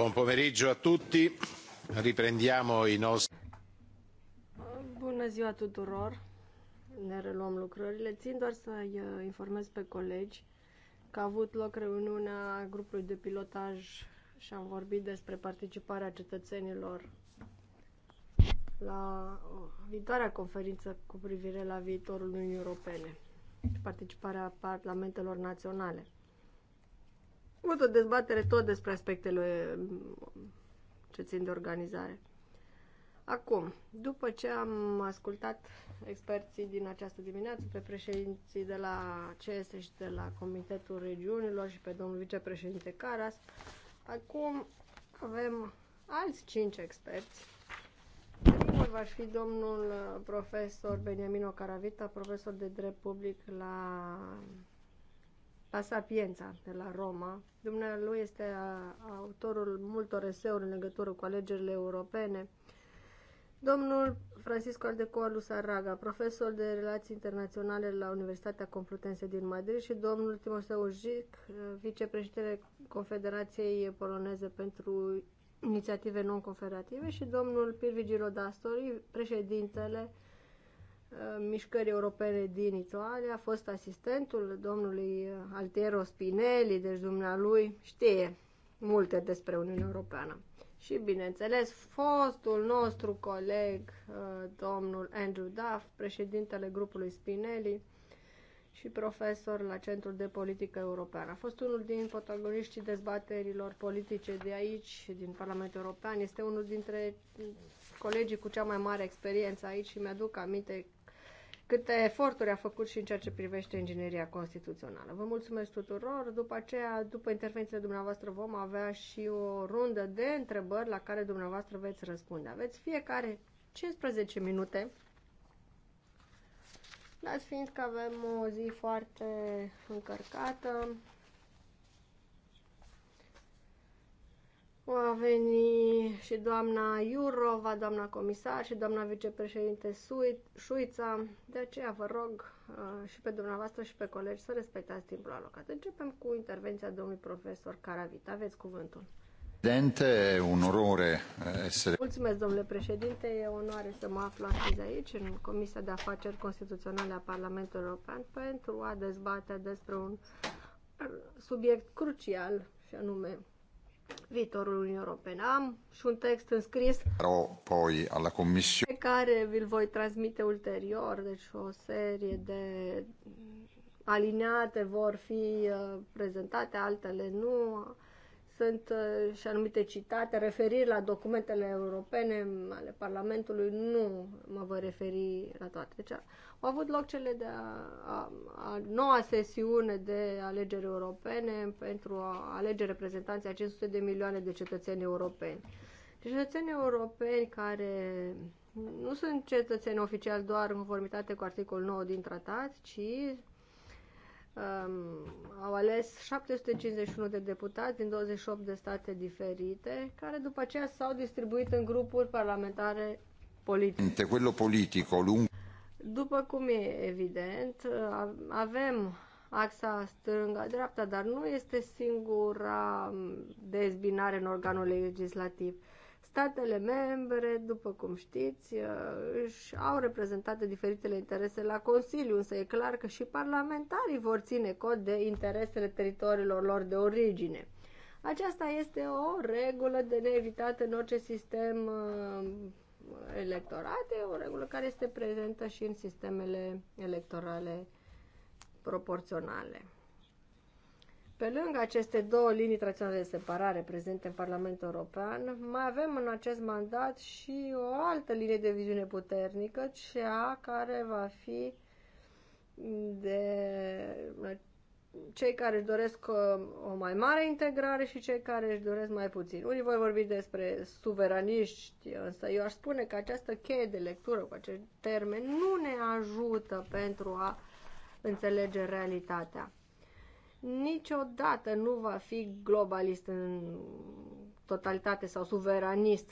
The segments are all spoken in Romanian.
Buon pomeriggio a tutti. Riprendiamo i nostri. Bună ziua tuturor. Ne reluăm lucrările. Țin doar să uh, informez pe colegi că a avut loc reuniunea grupului de pilotaj și am vorbit despre participarea cetățenilor la uh, viitoarea conferință cu privire la viitorul Uniunii Europene și participarea parlamentelor naționale avut o dezbatere tot despre aspectele mm, ce țin de organizare. Acum, după ce am ascultat experții din această dimineață, pe președinții de la CS și de la Comitetul Regiunilor și pe domnul vicepreședinte Caras, acum avem alți cinci experți. Primul va fi domnul profesor Beniamino Caravita, profesor de drept public la la sapienza, de la Roma. Dumnealui este autorul multor eseuri în legătură cu alegerile europene. Domnul Francisco Aldecoa Saraga, profesor de relații internaționale la Universitatea Complutense din Madrid și domnul Timoseu Jic, vicepreședintele Confederației Poloneze pentru inițiative non confederative și domnul Pirvigi Rodastori, președintele Uh, mișcării europene din Italia, a fost asistentul domnului Altiero Spinelli, deci dumnealui știe multe despre Uniunea Europeană. Și, bineînțeles, fostul nostru coleg, uh, domnul Andrew Duff, președintele grupului Spinelli și profesor la Centrul de Politică Europeană. A fost unul din protagoniștii dezbaterilor politice de aici, din Parlamentul European. Este unul dintre colegii cu cea mai mare experiență aici și mi-aduc aminte câte eforturi a făcut și în ceea ce privește ingineria constituțională. Vă mulțumesc tuturor. După aceea, după intervențiile dumneavoastră, vom avea și o rundă de întrebări la care dumneavoastră veți răspunde. Aveți fiecare 15 minute. Dar fiind că avem o zi foarte încărcată, A veni și doamna Iurova, doamna comisar și doamna vicepreședinte Șuița. De aceea vă rog și pe dumneavoastră și pe colegi să respectați timpul alocat. Începem cu intervenția domnului profesor Caravit. Aveți cuvântul. Președinte, un onoare să. Mulțumesc, domnule președinte. E onoare să mă aflu astăzi aici, în Comisia de Afaceri Constituționale a Parlamentului European, pentru a dezbate despre un subiect crucial, și anume viitorul Uniunii Europene. Am și un text înscris poi alla pe care vi-l voi transmite ulterior, deci o serie de alineate vor fi uh, prezentate, altele nu sunt uh, și anumite citate, referiri la documentele europene ale Parlamentului, nu mă voi referi la toate. Deci au avut loc cele de a, a, a noua sesiune de alegeri europene pentru a alege reprezentanții a 500 de milioane de cetățeni europeni. Deci cetățeni europeni care nu sunt cetățeni oficiali doar în conformitate cu articolul 9 din tratat, ci um, au ales 751 de deputați din 28 de state diferite, care după aceea s-au distribuit în grupuri parlamentare politice. Quello politico, lung... După cum e evident, avem axa stânga-dreapta, dar nu este singura um, dezbinare în organul legislativ. Statele membre, după cum știți, uh, își au reprezentate diferitele interese la Consiliu, însă e clar că și parlamentarii vor ține cont de interesele teritoriilor lor de origine. Aceasta este o regulă de neevitat în orice sistem uh, electorat, e o regulă care este prezentă și în sistemele electorale proporționale. Pe lângă aceste două linii tradiționale de separare prezente în Parlamentul European, mai avem în acest mandat și o altă linie de viziune puternică, cea care va fi de cei care își doresc uh, o mai mare integrare și cei care își doresc mai puțin. Unii voi vorbi despre suveraniști, însă eu aș spune că această cheie de lectură cu acest termen nu ne ajută pentru a înțelege realitatea niciodată nu va fi globalist în totalitate sau suveranist.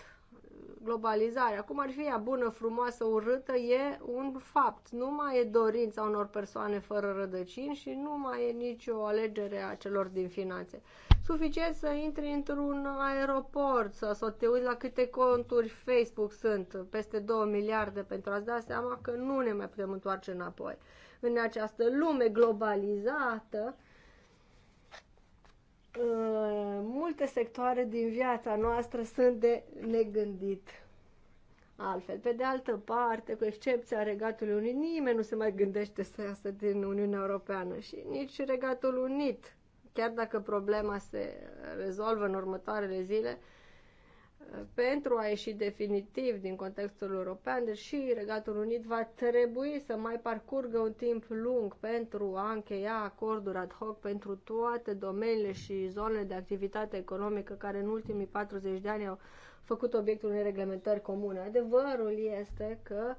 Globalizarea, cum ar fi ea bună, frumoasă, urâtă, e un fapt. Nu mai e dorința unor persoane fără rădăcini și nu mai e nicio alegere a celor din finanțe. Suficient să intri într-un aeroport sau să te uiți la câte conturi Facebook sunt, peste 2 miliarde, pentru a-ți da seama că nu ne mai putem întoarce înapoi. În această lume globalizată, Uh, multe sectoare din viața noastră sunt de negândit altfel. Pe de altă parte, cu excepția Regatului Unit, nimeni nu se mai gândește să iasă din Uniunea Europeană și nici Regatul Unit, chiar dacă problema se rezolvă în următoarele zile, pentru a ieși definitiv din contextul european, deși Regatul Unit va trebui să mai parcurgă un timp lung pentru a încheia acorduri ad hoc pentru toate domeniile și zonele de activitate economică care în ultimii 40 de ani au făcut obiectul unei reglementări comune. Adevărul este că uh,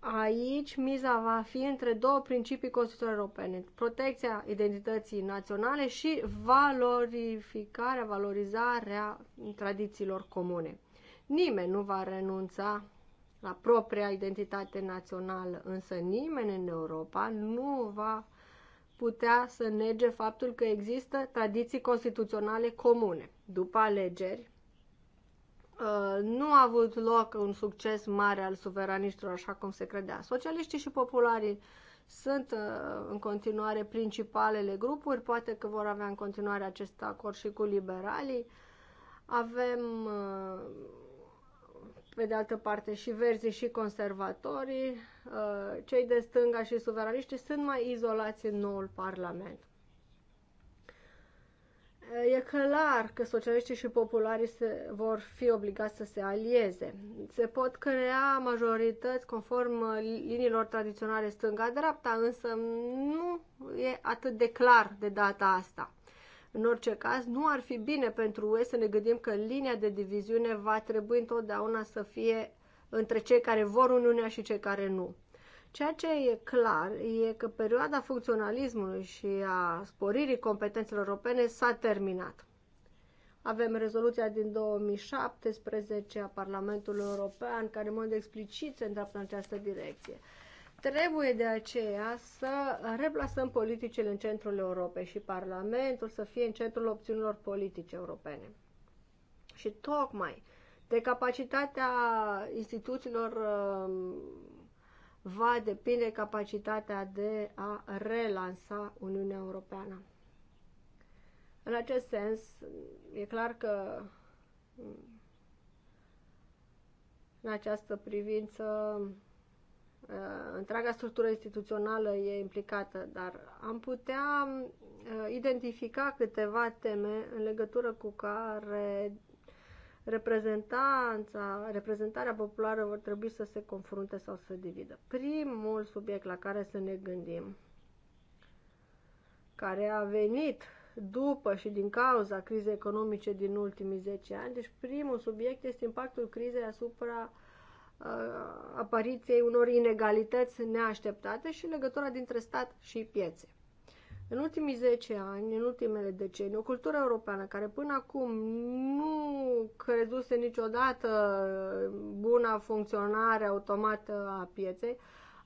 Aici miza va fi între două principii constituționale europene, protecția identității naționale și valorificarea, valorizarea tradițiilor comune. Nimeni nu va renunța la propria identitate națională, însă nimeni în Europa nu va putea să nege faptul că există tradiții constituționale comune. După alegeri, Uh, nu a avut loc un succes mare al suveraniștilor, așa cum se credea. Socialiștii și popularii sunt uh, în continuare principalele grupuri, poate că vor avea în continuare acest acord și cu liberalii. Avem, uh, pe de altă parte, și verzii și conservatorii. Cei de stânga și suveraniștii sunt mai izolați în noul parlament. E clar că socialiștii și popularii se, vor fi obligați să se alieze. Se pot crea majorități conform liniilor tradiționale stânga-dreapta, însă nu e atât de clar de data asta. În orice caz, nu ar fi bine pentru UE să ne gândim că linia de diviziune va trebui întotdeauna să fie între cei care vor Uniunea și cei care nu. Ceea ce e clar e că perioada funcționalismului și a sporirii competențelor europene s-a terminat. Avem rezoluția din 2017 a Parlamentului European care în mod explicit se îndreaptă în această direcție. Trebuie de aceea să replasăm politicile în centrul Europei și Parlamentul să fie în centrul opțiunilor politice europene. Și tocmai de capacitatea instituțiilor um, va depinde capacitatea de a relansa Uniunea Europeană. În acest sens, e clar că în această privință întreaga structură instituțională e implicată, dar am putea uh, identifica câteva teme în legătură cu care reprezentanța, reprezentarea populară vor trebui să se confrunte sau să se dividă. Primul subiect la care să ne gândim, care a venit după și din cauza crizei economice din ultimii 10 ani, deci primul subiect este impactul crizei asupra uh, apariției unor inegalități neașteptate și legătura dintre stat și piețe. În ultimii 10 ani, în ultimele decenii, o cultură europeană care până acum nu creduse niciodată buna funcționare automată a pieței,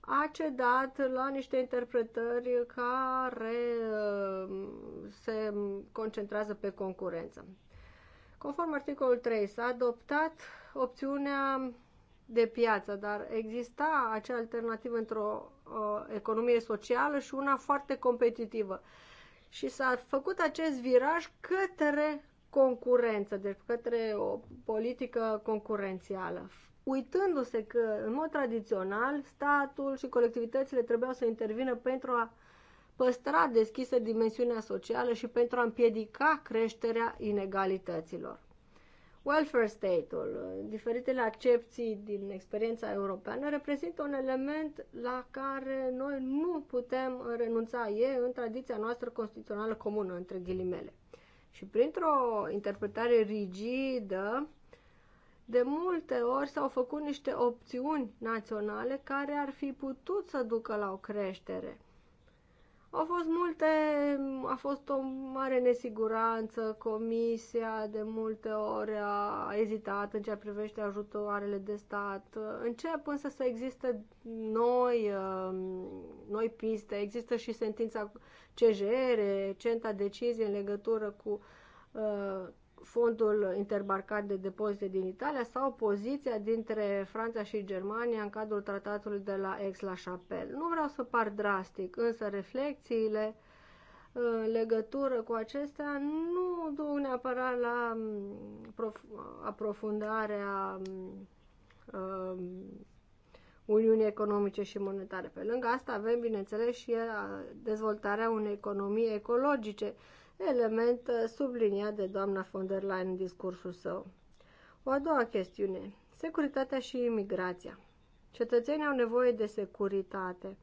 a cedat la niște interpretări care uh, se concentrează pe concurență. Conform articolul 3, s-a adoptat opțiunea de piață, dar exista acea alternativă într-o economie socială și una foarte competitivă. Și s-a făcut acest viraj către concurență, deci către o politică concurențială. Uitându-se că, în mod tradițional, statul și colectivitățile trebuiau să intervină pentru a păstra deschisă dimensiunea socială și pentru a împiedica creșterea inegalităților. Welfare state-ul, diferitele accepții din experiența europeană, reprezintă un element la care noi nu putem renunța. E în tradiția noastră constituțională comună, între ghilimele. Și printr-o interpretare rigidă, de multe ori s-au făcut niște opțiuni naționale care ar fi putut să ducă la o creștere au fost multe, a fost o mare nesiguranță, comisia de multe ori a ezitat în ceea privește ajutoarele de stat. Încep însă să existe noi, um, noi piste, există și sentința CJR, centa decizie în legătură cu uh, fondul interbarcat de depozite din Italia sau poziția dintre Franța și Germania în cadrul tratatului de la Aix-la-Chapelle. Nu vreau să par drastic, însă reflexiile în legătură cu acestea nu duc neapărat la mm, aprofundarea mm, um, Uniunii Economice și Monetare. Pe lângă asta avem, bineînțeles, și uh, dezvoltarea unei economii ecologice, element uh, subliniat de doamna von der Leyen în discursul său. O a doua chestiune, securitatea și imigrația. Cetățenii au nevoie de securitate,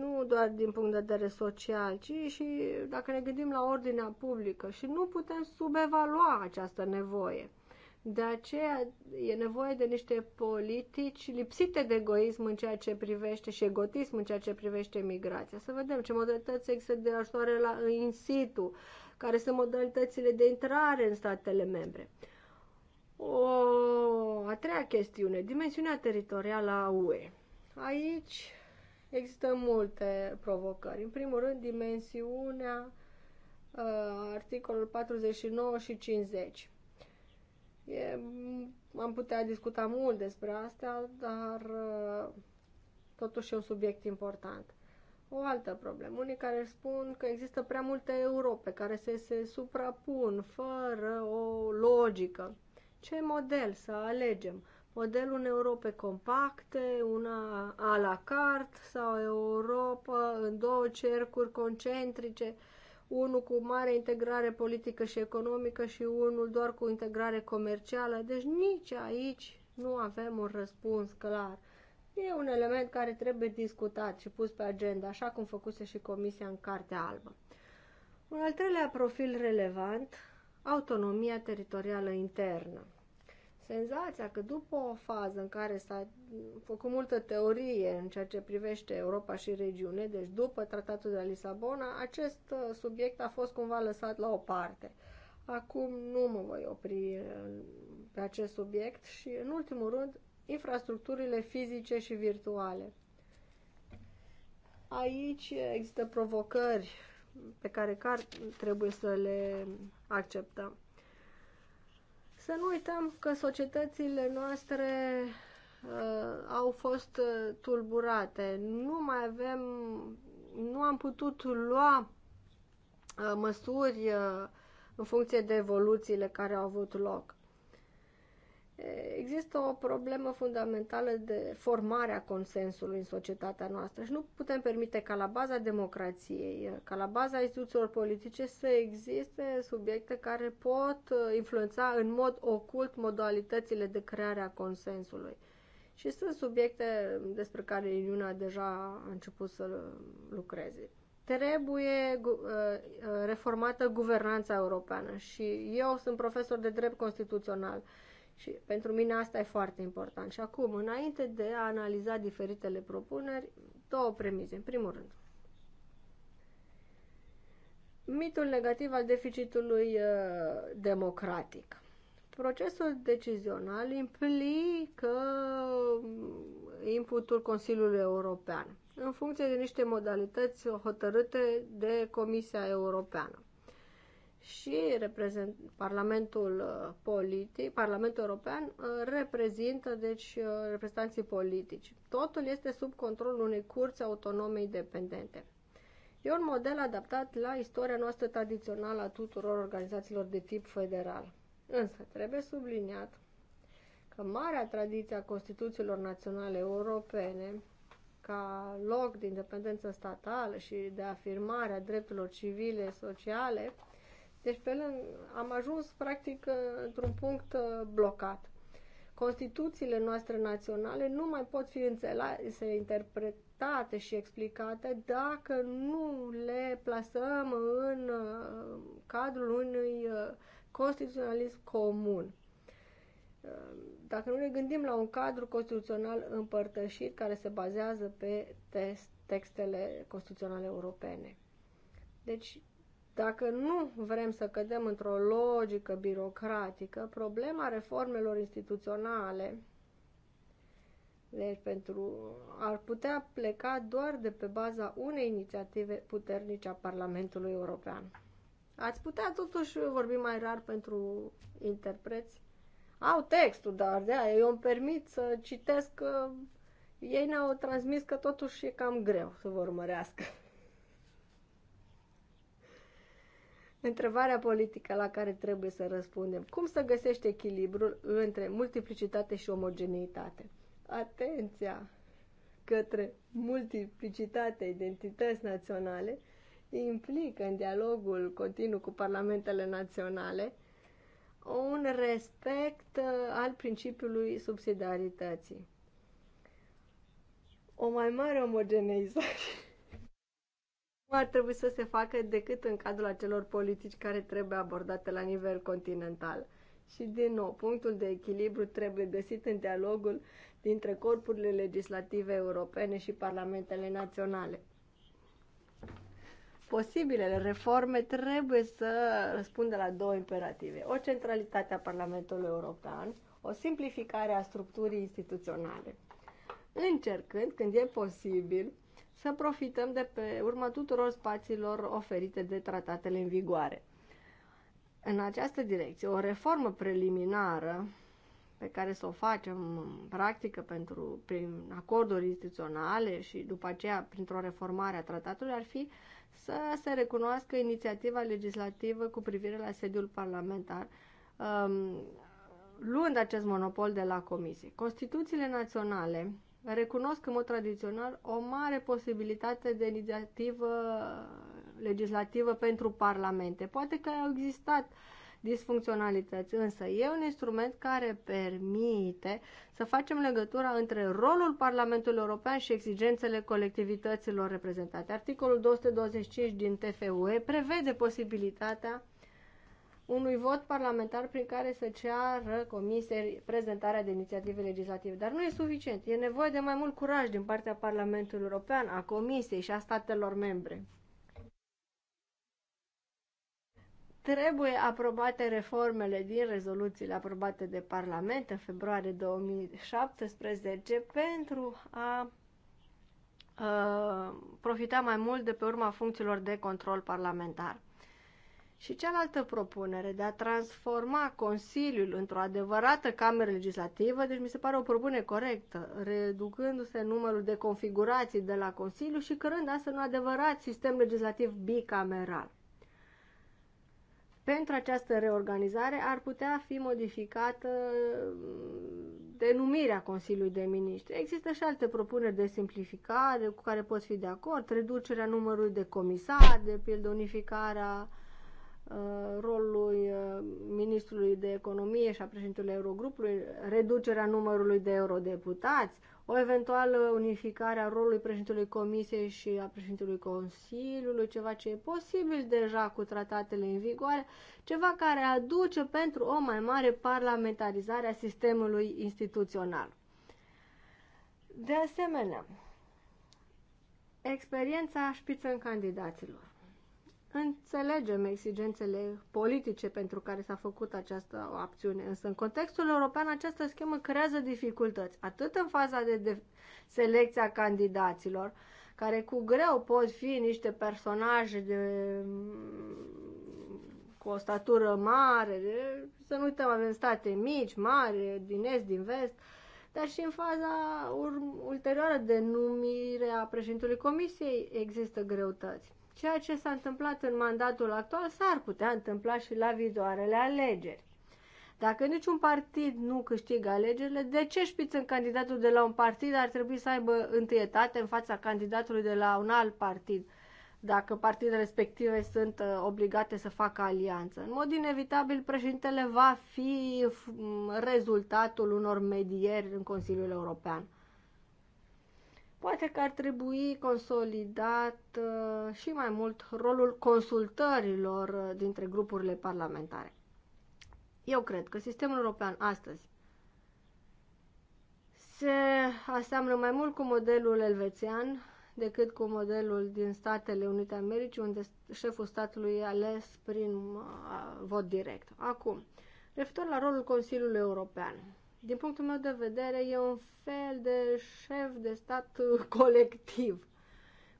nu doar din punct de vedere social, ci și dacă ne gândim la ordinea publică și nu putem subevalua această nevoie. De aceea e nevoie de niște politici lipsite de egoism în ceea ce privește și egotism în ceea ce privește migrația. Să vedem ce modalități există de ajutoare la in situ, care sunt modalitățile de intrare în statele membre. O a treia chestiune, dimensiunea teritorială a UE. Aici există multe provocări. În primul rând, dimensiunea uh, articolul 49 și 50 E, am putea discuta mult despre asta, dar uh, totuși e un subiect important. O altă problemă. Unii care spun că există prea multe Europe care se, se suprapun fără o logică. Ce model să alegem? Modelul în Europe compacte, una a la carte sau Europa în două cercuri concentrice? unul cu mare integrare politică și economică și unul doar cu integrare comercială. Deci nici aici nu avem un răspuns clar. E un element care trebuie discutat și pus pe agenda, așa cum făcuse și Comisia în Cartea Albă. Un al treilea profil relevant, autonomia teritorială internă senzația că după o fază în care s-a făcut multă teorie în ceea ce privește Europa și regiune, deci după tratatul de la Lisabona, acest uh, subiect a fost cumva lăsat la o parte. Acum nu mă voi opri uh, pe acest subiect și, în ultimul rând, infrastructurile fizice și virtuale. Aici există provocări pe care trebuie să le acceptăm. Să nu uităm că societățile noastre uh, au fost uh, tulburate. Nu mai avem, nu am putut lua uh, măsuri uh, în funcție de evoluțiile care au avut loc. Există o problemă fundamentală de formare a consensului în societatea noastră și nu putem permite ca la baza democrației, ca la baza instituțiilor politice să existe subiecte care pot uh, influența în mod ocult modalitățile de creare a consensului. Și sunt subiecte despre care Uniunea deja a început să lucreze. Trebuie uh, reformată guvernanța europeană și eu sunt profesor de drept constituțional. Și pentru mine asta e foarte important. Și acum, înainte de a analiza diferitele propuneri, două premize. În primul rând, mitul negativ al deficitului uh, democratic. Procesul decizional implică um, inputul Consiliului European în funcție de niște modalități hotărâte de Comisia Europeană și reprezent, Parlamentul uh, politic, Parlamentul European uh, reprezintă deci uh, reprezentanții politici. Totul este sub controlul unei curți autonome independente. E un model adaptat la istoria noastră tradițională a tuturor organizațiilor de tip federal. Însă, trebuie subliniat că marea tradiție a Constituțiilor Naționale Europene, ca loc de independență statală și de afirmare a drepturilor civile, sociale, deci pe el am ajuns practic într-un punct uh, blocat. Constituțiile noastre naționale nu mai pot fi înțelese, interpretate și explicate dacă nu le plasăm în uh, cadrul unui uh, constituționalism comun. Dacă nu ne gândim la un cadru constituțional împărtășit care se bazează pe textele constituționale europene. Deci, dacă nu vrem să cădem într-o logică birocratică, problema reformelor instituționale deci pentru ar putea pleca doar de pe baza unei inițiative puternice a Parlamentului European. Ați putea totuși vorbi mai rar pentru interpreți? Au textul, dar de aia eu îmi permit să citesc că ei ne-au transmis că totuși e cam greu să vă urmărească. întrebarea politică la care trebuie să răspundem. Cum să găsești echilibrul între multiplicitate și omogeneitate? Atenția către multiplicitatea identități naționale implică în dialogul continuu cu parlamentele naționale un respect uh, al principiului subsidiarității. O mai mare omogeneizare ar trebui să se facă decât în cadrul acelor politici care trebuie abordate la nivel continental. Și, din nou, punctul de echilibru trebuie găsit în dialogul dintre corpurile legislative europene și parlamentele naționale. Posibilele reforme trebuie să răspundă la două imperative. O centralitate a Parlamentului European, o simplificare a structurii instituționale. Încercând, când e posibil, să profităm de pe urma tuturor spațiilor oferite de tratatele în vigoare. În această direcție, o reformă preliminară pe care să o facem în practică pentru, prin acorduri instituționale și după aceea printr-o reformare a tratatului ar fi să se recunoască inițiativa legislativă cu privire la sediul parlamentar, um, luând acest monopol de la Comisie. Constituțiile naționale recunosc în mod tradițional o mare posibilitate de inițiativă legislativă pentru parlamente. Poate că au existat disfuncționalități, însă e un instrument care permite să facem legătura între rolul Parlamentului European și exigențele colectivităților reprezentate. Articolul 225 din TFUE prevede posibilitatea unui vot parlamentar prin care să ceară comisiei prezentarea de inițiative legislative. Dar nu e suficient. E nevoie de mai mult curaj din partea Parlamentului European, a comisiei și a statelor membre. Trebuie aprobate reformele din rezoluțiile aprobate de Parlament în februarie 2017 pentru a uh, profita mai mult de pe urma funcțiilor de control parlamentar. Și cealaltă propunere de a transforma Consiliul într-o adevărată cameră legislativă, deci mi se pare o propunere corectă, reducându-se numărul de configurații de la Consiliu și creând astfel un adevărat sistem legislativ bicameral. Pentru această reorganizare ar putea fi modificată mm, denumirea Consiliului de Miniștri. Există și alte propuneri de simplificare cu care poți fi de acord, reducerea numărului de comisari, de pildă unificarea uh, Uh, rolului uh, ministrului de economie și a președintelui Eurogrupului, reducerea numărului de eurodeputați, o eventuală unificare a rolului președintelui Comisiei și a președintelui Consiliului, ceva ce e posibil deja cu tratatele în vigoare, ceva care aduce pentru o mai mare parlamentarizare a sistemului instituțional. De asemenea, experiența șpiță în candidaților. Înțelegem exigențele politice pentru care s-a făcut această opțiune, însă în contextul european această schemă creează dificultăți, atât în faza de, de selecție a candidaților, care cu greu pot fi niște personaje de, cu o statură mare, de, să nu uităm, avem state mici, mari, din est, din vest, dar și în faza ulterioară de numire a președintelui comisiei există greutăți. Ceea ce s-a întâmplat în mandatul actual s-ar putea întâmpla și la viitoarele alegeri. Dacă niciun partid nu câștigă alegerile, de ce în candidatul de la un partid ar trebui să aibă întâietate în fața candidatului de la un alt partid? dacă partidele respective sunt uh, obligate să facă alianță. În mod inevitabil, președintele va fi mm, rezultatul unor medieri în Consiliul European. Poate că ar trebui consolidat uh, și mai mult rolul consultărilor uh, dintre grupurile parlamentare. Eu cred că sistemul european astăzi se aseamnă mai mult cu modelul elvețian decât cu modelul din Statele Unite Americii, unde șeful statului e ales prin uh, vot direct. Acum, referitor la rolul Consiliului European, din punctul meu de vedere, e un fel de șef de stat colectiv.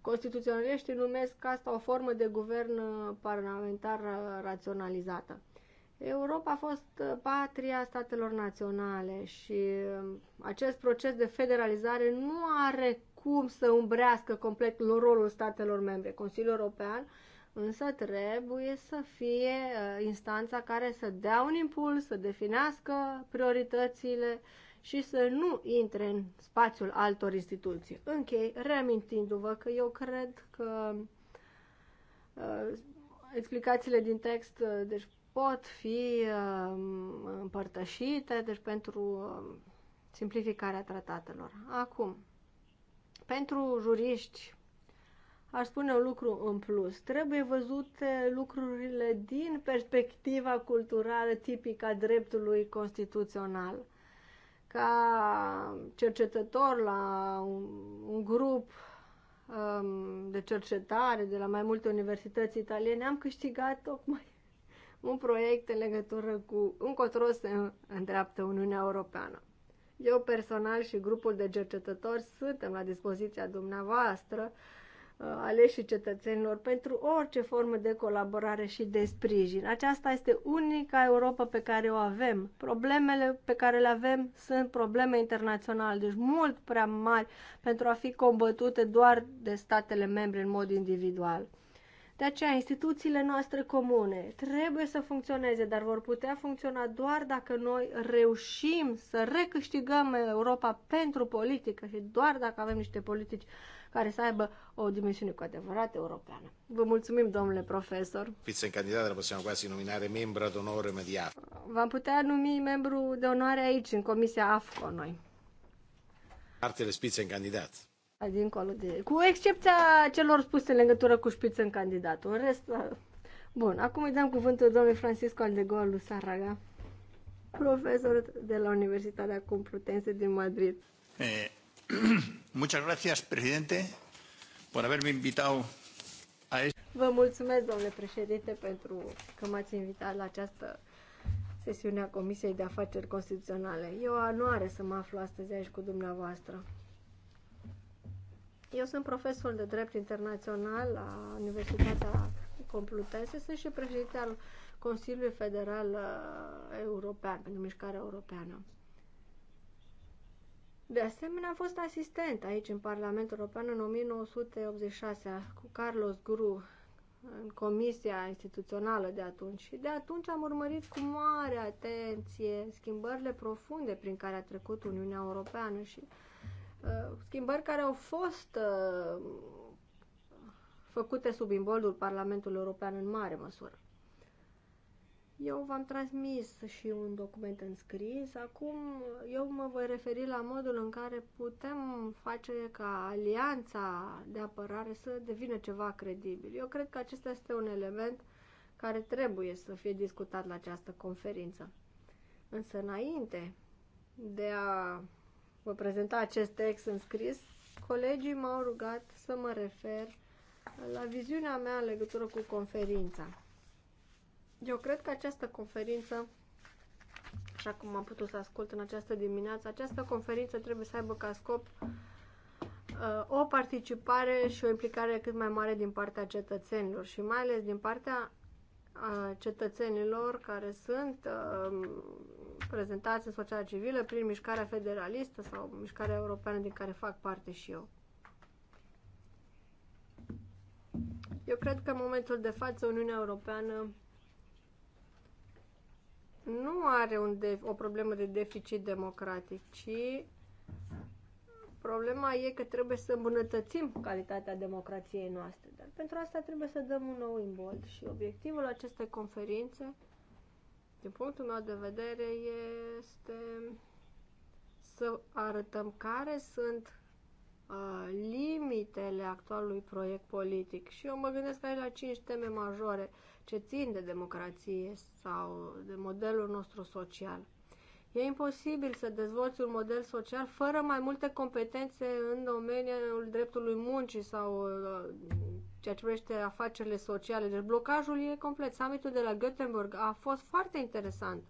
Constituționaliștii numesc asta o formă de guvern uh, parlamentar uh, raționalizată. Europa a fost uh, patria statelor naționale și um, acest proces de federalizare nu are cum să umbrească complet rolul statelor membre. Consiliul European însă trebuie să fie uh, instanța care să dea un impuls, să definească prioritățile și să nu intre în spațiul altor instituții. Închei, reamintindu-vă că eu cred că uh, explicațiile din text uh, deci pot fi uh, împărtășite deci pentru uh, simplificarea tratatelor. Acum, pentru juriști Aș spune un lucru în plus. Trebuie văzute lucrurile din perspectiva culturală tipică a dreptului constituțional. Ca cercetător la un, un grup um, de cercetare de la mai multe universități italiene, am câștigat tocmai un proiect în legătură cu încotro se îndreaptă Uniunea Europeană. Eu personal și grupul de cercetători suntem la dispoziția dumneavoastră uh, Uh, aleșii cetățenilor pentru orice formă de colaborare și de sprijin. Aceasta este unica Europa pe care o avem. Problemele pe care le avem sunt probleme internaționale, deci mult prea mari pentru a fi combătute doar de statele membre în mod individual. De aceea, instituțiile noastre comune trebuie să funcționeze, dar vor putea funcționa doar dacă noi reușim să recâștigăm Europa pentru politică și doar dacă avem niște politici care să aibă o dimensiune cu adevărat europeană. Vă mulțumim, domnule profesor. Fiți în candidat, la possiamo quasi nominare membra onoare mediat. V-am putea numi membru de onoare aici, în Comisia AFCO, noi. Artele spiță în candidat. Da, dincolo de... Cu excepția celor spuse în legătură cu spiță în candidat. În rest... Da. Bun, acum îi dăm cuvântul domnului Francisco Aldegolu Saraga, profesor de la Universitatea Complutense din Madrid. E... Eh, Muchas gracias, presidente, por haberme invitado a Vă mulțumesc, domnule președinte, pentru că m-ați invitat la această sesiune a Comisiei de Afaceri Constituționale. E o anoare să mă aflu astăzi aici cu dumneavoastră. Eu sunt profesor de drept internațional la Universitatea Complutense, sunt și președinte al Consiliului Federal uh, European, pentru Mișcarea Europeană. De asemenea, a fost asistent aici în Parlamentul European în 1986 cu Carlos Gru în comisia instituțională de atunci și de atunci am urmărit cu mare atenție schimbările profunde prin care a trecut Uniunea Europeană și uh, schimbări care au fost uh, făcute sub imboldul Parlamentului European în mare măsură. Eu v-am transmis și un document în scris. Acum eu mă voi referi la modul în care putem face ca alianța de apărare să devină ceva credibil. Eu cred că acesta este un element care trebuie să fie discutat la această conferință. Însă înainte de a vă prezenta acest text în scris, colegii m-au rugat să mă refer la viziunea mea în legătură cu conferința. Eu cred că această conferință, așa cum am putut să ascult în această dimineață, această conferință trebuie să aibă ca scop uh, o participare și o implicare cât mai mare din partea cetățenilor și mai ales din partea uh, cetățenilor care sunt uh, prezentați în societatea civilă prin mișcarea federalistă sau mișcarea europeană din care fac parte și eu. Eu cred că în momentul de față Uniunea Europeană nu are un de- o problemă de deficit democratic, ci problema e că trebuie să îmbunătățim calitatea democrației noastre. Dar pentru asta trebuie să dăm un nou imbold și obiectivul acestei conferințe, din punctul meu de vedere, este să arătăm care sunt uh, limitele actualului proiect politic. Și eu mă gândesc aici la cinci teme majore. Uh, ce țin de democrație sau de modelul nostru social. E imposibil să dezvolți un model social fără mai multe competențe în domeniul dreptului muncii sau uh, ceea ce privește afacerile sociale. Deci blocajul e complet. Summitul de la Göteborg a fost foarte interesant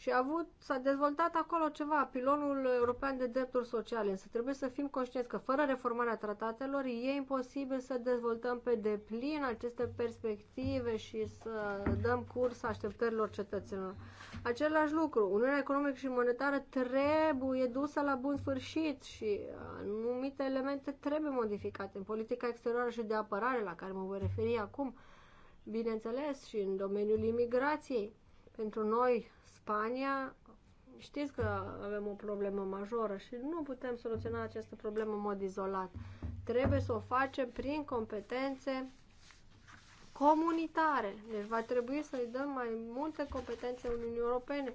și a avut, s-a dezvoltat acolo ceva, pilonul european de drepturi sociale, însă trebuie să fim conștienți că fără reformarea tratatelor e imposibil să dezvoltăm pe deplin aceste perspective și să dăm curs așteptărilor cetățenilor. Același lucru, Uniunea Economică și Monetară trebuie dusă la bun sfârșit și anumite elemente trebuie modificate în politica exterioară și de apărare, la care mă voi referi acum, bineînțeles, și în domeniul imigrației. Pentru noi, Spania, știți că avem o problemă majoră și nu putem soluționa această problemă în mod izolat. Trebuie să o facem prin competențe comunitare. Deci va trebui să-i dăm mai multe competențe Uniunii Europene.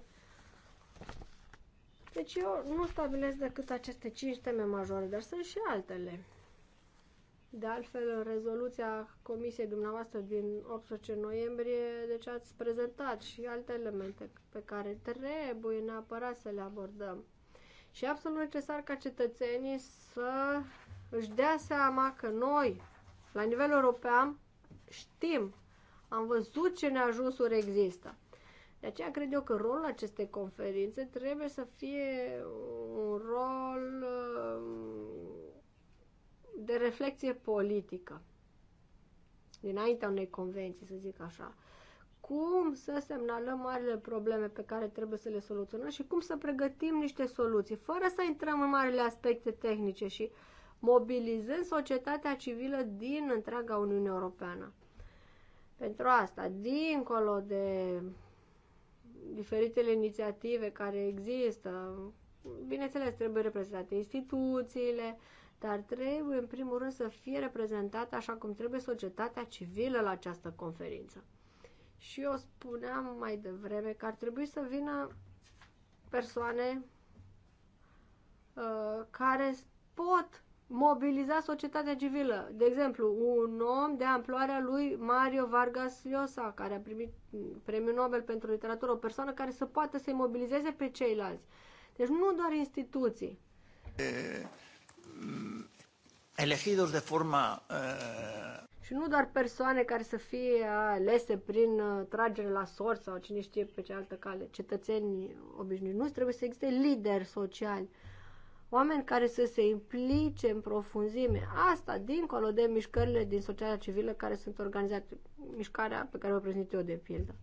Deci eu nu stabilesc decât aceste 5 teme majore, dar sunt și altele. De altfel, rezoluția comisiei dumneavoastră din 18 noiembrie, deci ați prezentat și alte elemente pe care trebuie neapărat să le abordăm. Și absolut necesar ca cetățenii să își dea seama că noi, la nivel european, știm, am văzut ce neajunsuri există. De aceea cred eu că rolul acestei conferințe trebuie să fie un rol um, de reflexie politică, dinaintea unei convenții, să zic așa, cum să semnalăm marile probleme pe care trebuie să le soluționăm și cum să pregătim niște soluții, fără să intrăm în marile aspecte tehnice și mobilizând societatea civilă din întreaga Uniune Europeană. Pentru asta, dincolo de diferitele inițiative care există, bineînțeles, trebuie reprezentate instituțiile, uh, dar trebuie în primul rând să fie reprezentată așa cum trebuie societatea civilă la această conferință. Și eu spuneam mai devreme că ar trebui să vină persoane uh, care pot mobiliza societatea civilă. De exemplu, un om de amploarea lui Mario Vargas Llosa, care a primit mm, premiul Nobel pentru literatură, o persoană care să poată să-i mobilizeze pe ceilalți. Deci nu doar instituții. E Mm, elegidos de forma... Uh... Și nu doar persoane care să fie alese prin uh, tragere la sort sau cine știe pe ce altă cale, cetățeni obișnuiți. Nu trebuie să existe lideri sociali, oameni care să se implice în profunzime. Asta dincolo de mișcările din societatea civilă care sunt organizate, mișcarea pe care o prezint eu de pildă.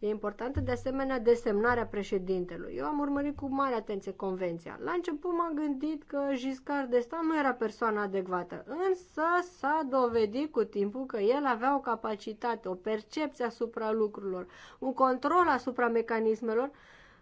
E importantă de asemenea desemnarea președintelui. Eu am urmărit cu mare atenție convenția. La început m-am gândit că Giscard d'Estaing nu era persoana adecvată, însă s-a dovedit cu timpul că el avea o capacitate, o percepție asupra lucrurilor, un control asupra mecanismelor,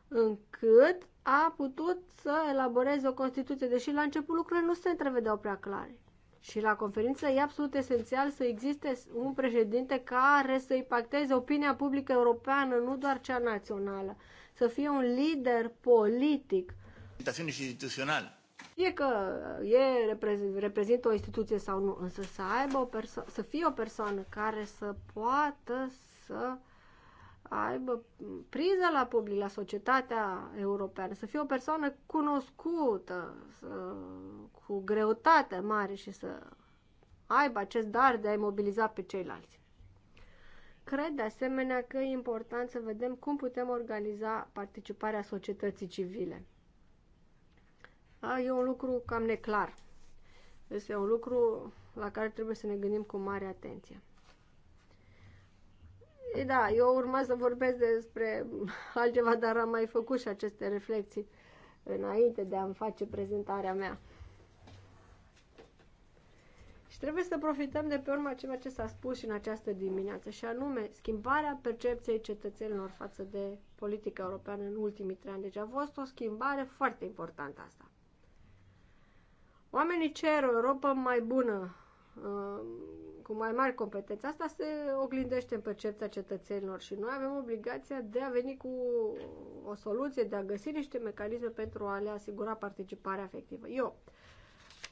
încât a putut să elaboreze o Constituție, deși la început lucrurile nu se întrevedeau prea clare. Și la conferință e absolut esențial să existe un președinte care să impacteze opinia publică europeană, nu doar cea națională. Să fie un lider politic. instituțională. Fie că e, reprezintă o instituție sau nu, însă să aibă o perso- să fie o persoană care să poată să aibă priză la public, la societatea europeană, să fie o persoană cunoscută, să, cu greutate mare și să aibă acest dar de a mobiliza pe ceilalți. Cred de asemenea că e important să vedem cum putem organiza participarea societății civile. A, e un lucru cam neclar. Este un lucru la care trebuie să ne gândim cu mare atenție. Da, eu urma să vorbesc despre altceva, dar am mai făcut și aceste reflexii înainte de a-mi face prezentarea mea. Și trebuie să profităm de pe urma ceea ce s-a spus și în această dimineață, și anume schimbarea percepției cetățenilor față de politica europeană în ultimii trei ani. Deci a fost o schimbare foarte importantă asta. Oamenii cer o Europa mai bună, Uh, cu mai mari competențe. Asta se oglindește în percepția cetățenilor și noi avem obligația de a veni cu o soluție, de a găsi niște mecanisme pentru a le asigura participarea efectivă. Eu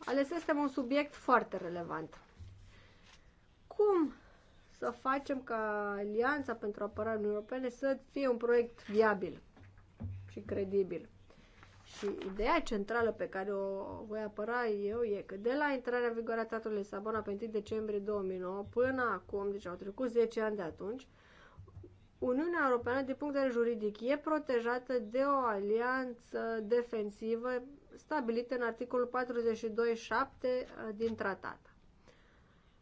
alesesem un subiect foarte relevant. Cum să facem ca Alianța pentru Apărare Europene să fie un proiect viabil și credibil? Și ideea centrală pe care o voi apăra eu e că de la intrarea vigoare a Tratatului Lisabona pe 1 decembrie 2009 până acum, deci au trecut 10 ani de atunci, Uniunea Europeană, din punct de vedere juridic, e protejată de o alianță defensivă stabilită în articolul 42.7 uh, din tratat.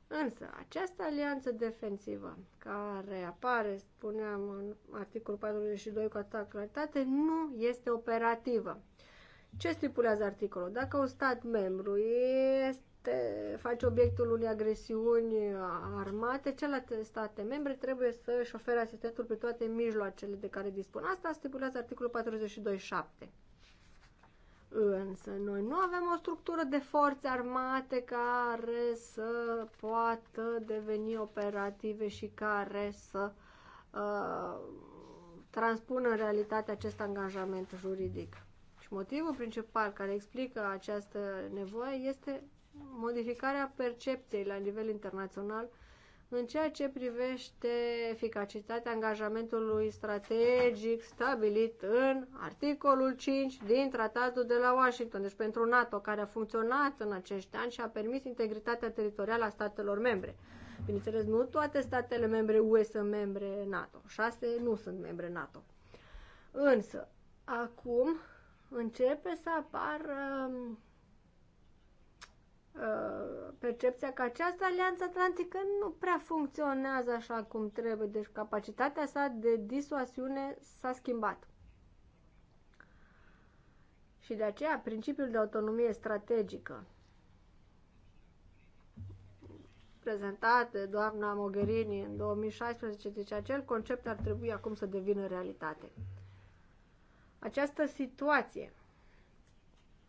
Însă, această alianță defensivă care apare, spuneam, în articolul 42 cu atâta claritate, nu este operativă. Ce stipulează articolul? Dacă un stat membru este, face obiectul unei agresiuni armate, celelalte state membre trebuie să își ofere asistentul pe toate mijloacele de care dispun. Asta stipulează articolul 42.7. Însă noi nu avem o structură de forțe armate care să poată deveni operative și care să uh, transpună în realitate acest angajament juridic. Și motivul principal care explică această nevoie este modificarea percepției la nivel internațional în ceea ce privește eficacitatea angajamentului strategic stabilit în articolul 5 din Tratatul de la Washington, deci pentru NATO, care a funcționat în acești ani și a permis integritatea teritorială a statelor membre. Bineînțeles, nu toate statele membre UE sunt membre NATO. Șase nu sunt membre NATO. Însă, acum, începe să apară um, uh, percepția că această alianță atlantică nu prea funcționează așa cum trebuie, deci capacitatea sa de disuasiune s-a schimbat. Și de aceea principiul de autonomie strategică prezentat de doamna Mogherini în 2016, deci acel concept ar trebui acum să devină realitate. Această situație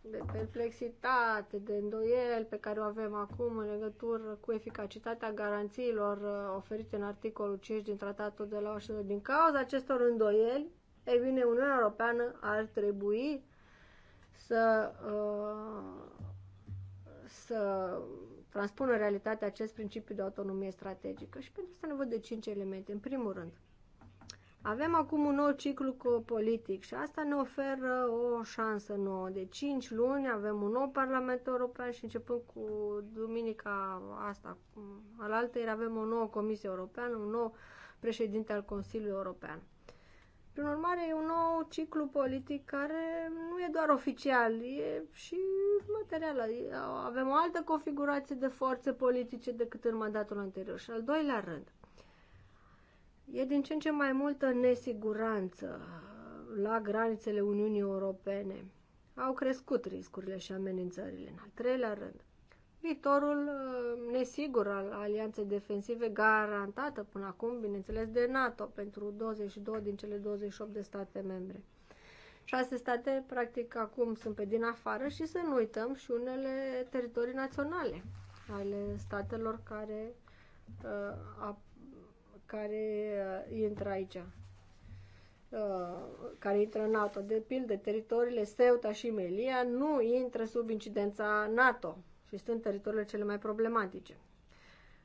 de perplexitate, de îndoiel pe care o avem acum în legătură cu eficacitatea garanțiilor uh, oferite în articolul 5 din Tratatul de la Washington. Din cauza acestor îndoieli, e bine, Uniunea Europeană ar trebui să, uh, să transpună în realitate acest principiu de autonomie strategică. Și pentru asta nevoie de cinci elemente. În primul rând, avem acum un nou ciclu politic și asta ne oferă o șansă nouă. De 5 luni avem un nou Parlament European și începând cu duminica asta, al altei avem o nouă Comisie Europeană, un nou președinte al Consiliului European. Prin urmare, e un nou ciclu politic care nu e doar oficial, e și material. Avem o altă configurație de forțe politice decât în mandatul anterior. Și al doilea rând, E din ce în ce mai multă nesiguranță la granițele Uniunii Europene. Au crescut riscurile și amenințările. În al treilea rând, viitorul uh, nesigur al alianței defensive garantată până acum, bineînțeles, de NATO pentru 22 din cele 28 de state membre. Șase state, practic, acum sunt pe din afară și să nu uităm și unele teritorii naționale ale statelor care uh, care uh, intră aici, uh, care intră în NATO. De pildă, teritoriile Ceuta și Melia nu intră sub incidența NATO și sunt teritoriile cele mai problematice.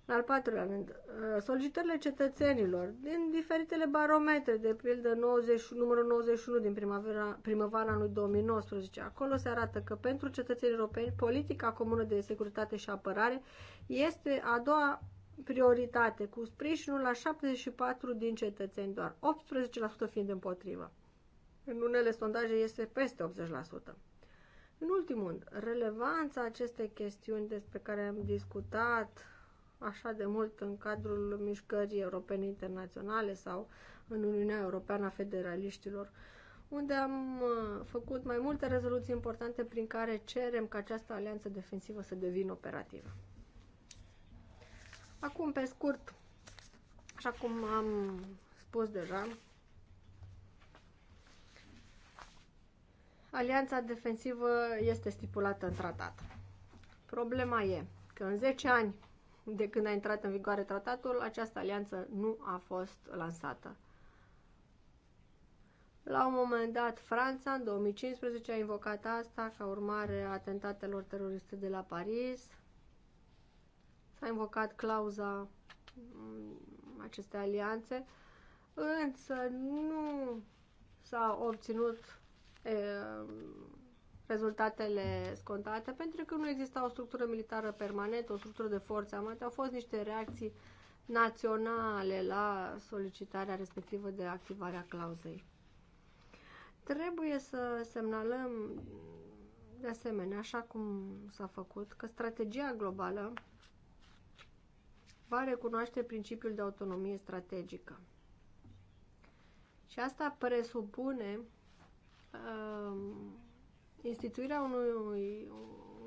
În al patrulea rând, uh, solicitările cetățenilor din diferitele barometre, de pildă 90, numărul 91 din primavera, primăvara anului 2019. Acolo se arată că pentru cetățenii europeni politica comună de securitate și apărare este a doua prioritate, cu sprijinul la 74 din cetățeni doar, 18% fiind împotrivă. În unele sondaje este peste 80%. În ultimul rând, relevanța acestei chestiuni despre care am discutat așa de mult în cadrul mișcării europene internaționale sau în Uniunea Europeană a Federaliștilor, unde am uh, făcut mai multe rezoluții importante prin care cerem ca această alianță defensivă să devină operativă. Acum, pe scurt, așa cum am spus deja, alianța defensivă este stipulată în tratat. Problema e că în 10 ani de când a intrat în vigoare tratatul, această alianță nu a fost lansată. La un moment dat, Franța, în 2015, a invocat asta ca urmare a atentatelor teroriste de la Paris. S-a invocat clauza mm, acestei alianțe, însă nu s-a obținut e, rezultatele scontate pentru că nu exista o structură militară permanentă, o structură de forțe armate, au fost niște reacții naționale la solicitarea respectivă de activarea clauzei. Trebuie să semnalăm de asemenea, așa cum s-a făcut, că strategia globală va recunoaște principiul de autonomie strategică. Și asta presupune uh, instituirea unui,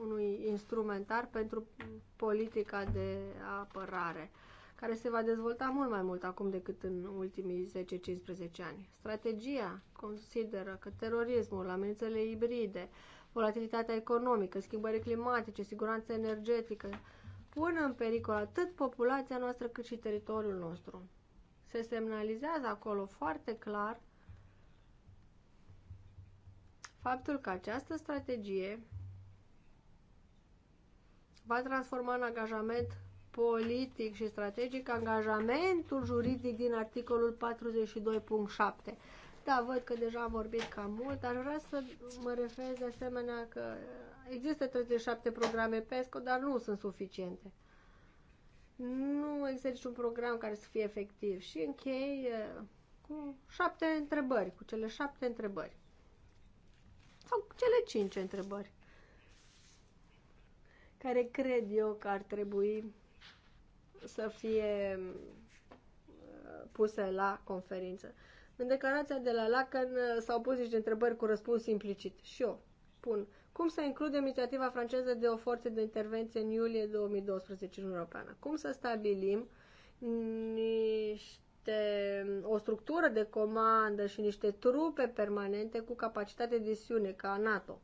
unui instrumentar pentru politica de apărare, care se va dezvolta mult mai mult acum decât în ultimii 10-15 ani. Strategia consideră că terorismul, amenințele ibride, volatilitatea economică, schimbările climatice, siguranța energetică, uh, pună în pericol atât populația noastră cât și teritoriul nostru. Se semnalizează acolo foarte clar faptul că această strategie va transforma în angajament politic și strategic angajamentul juridic din articolul 42.7. Da, văd că deja am vorbit cam mult, dar vreau să mă refer de asemenea că Există 37 programe PESCO, dar nu sunt suficiente. Nu există niciun program care să fie efectiv. Și închei uh, cu șapte întrebări, cu cele șapte întrebări. Sau cu cele cinci întrebări. Care cred eu că ar trebui să fie uh, puse la conferință. În declarația de la Lacan uh, s-au pus niște întrebări cu răspuns implicit. Și eu pun cum să includem inițiativa franceză de o forță de intervenție în iulie 2012 în Europeană? Cum să stabilim niște, o structură de comandă și niște trupe permanente cu capacitate de siune ca NATO?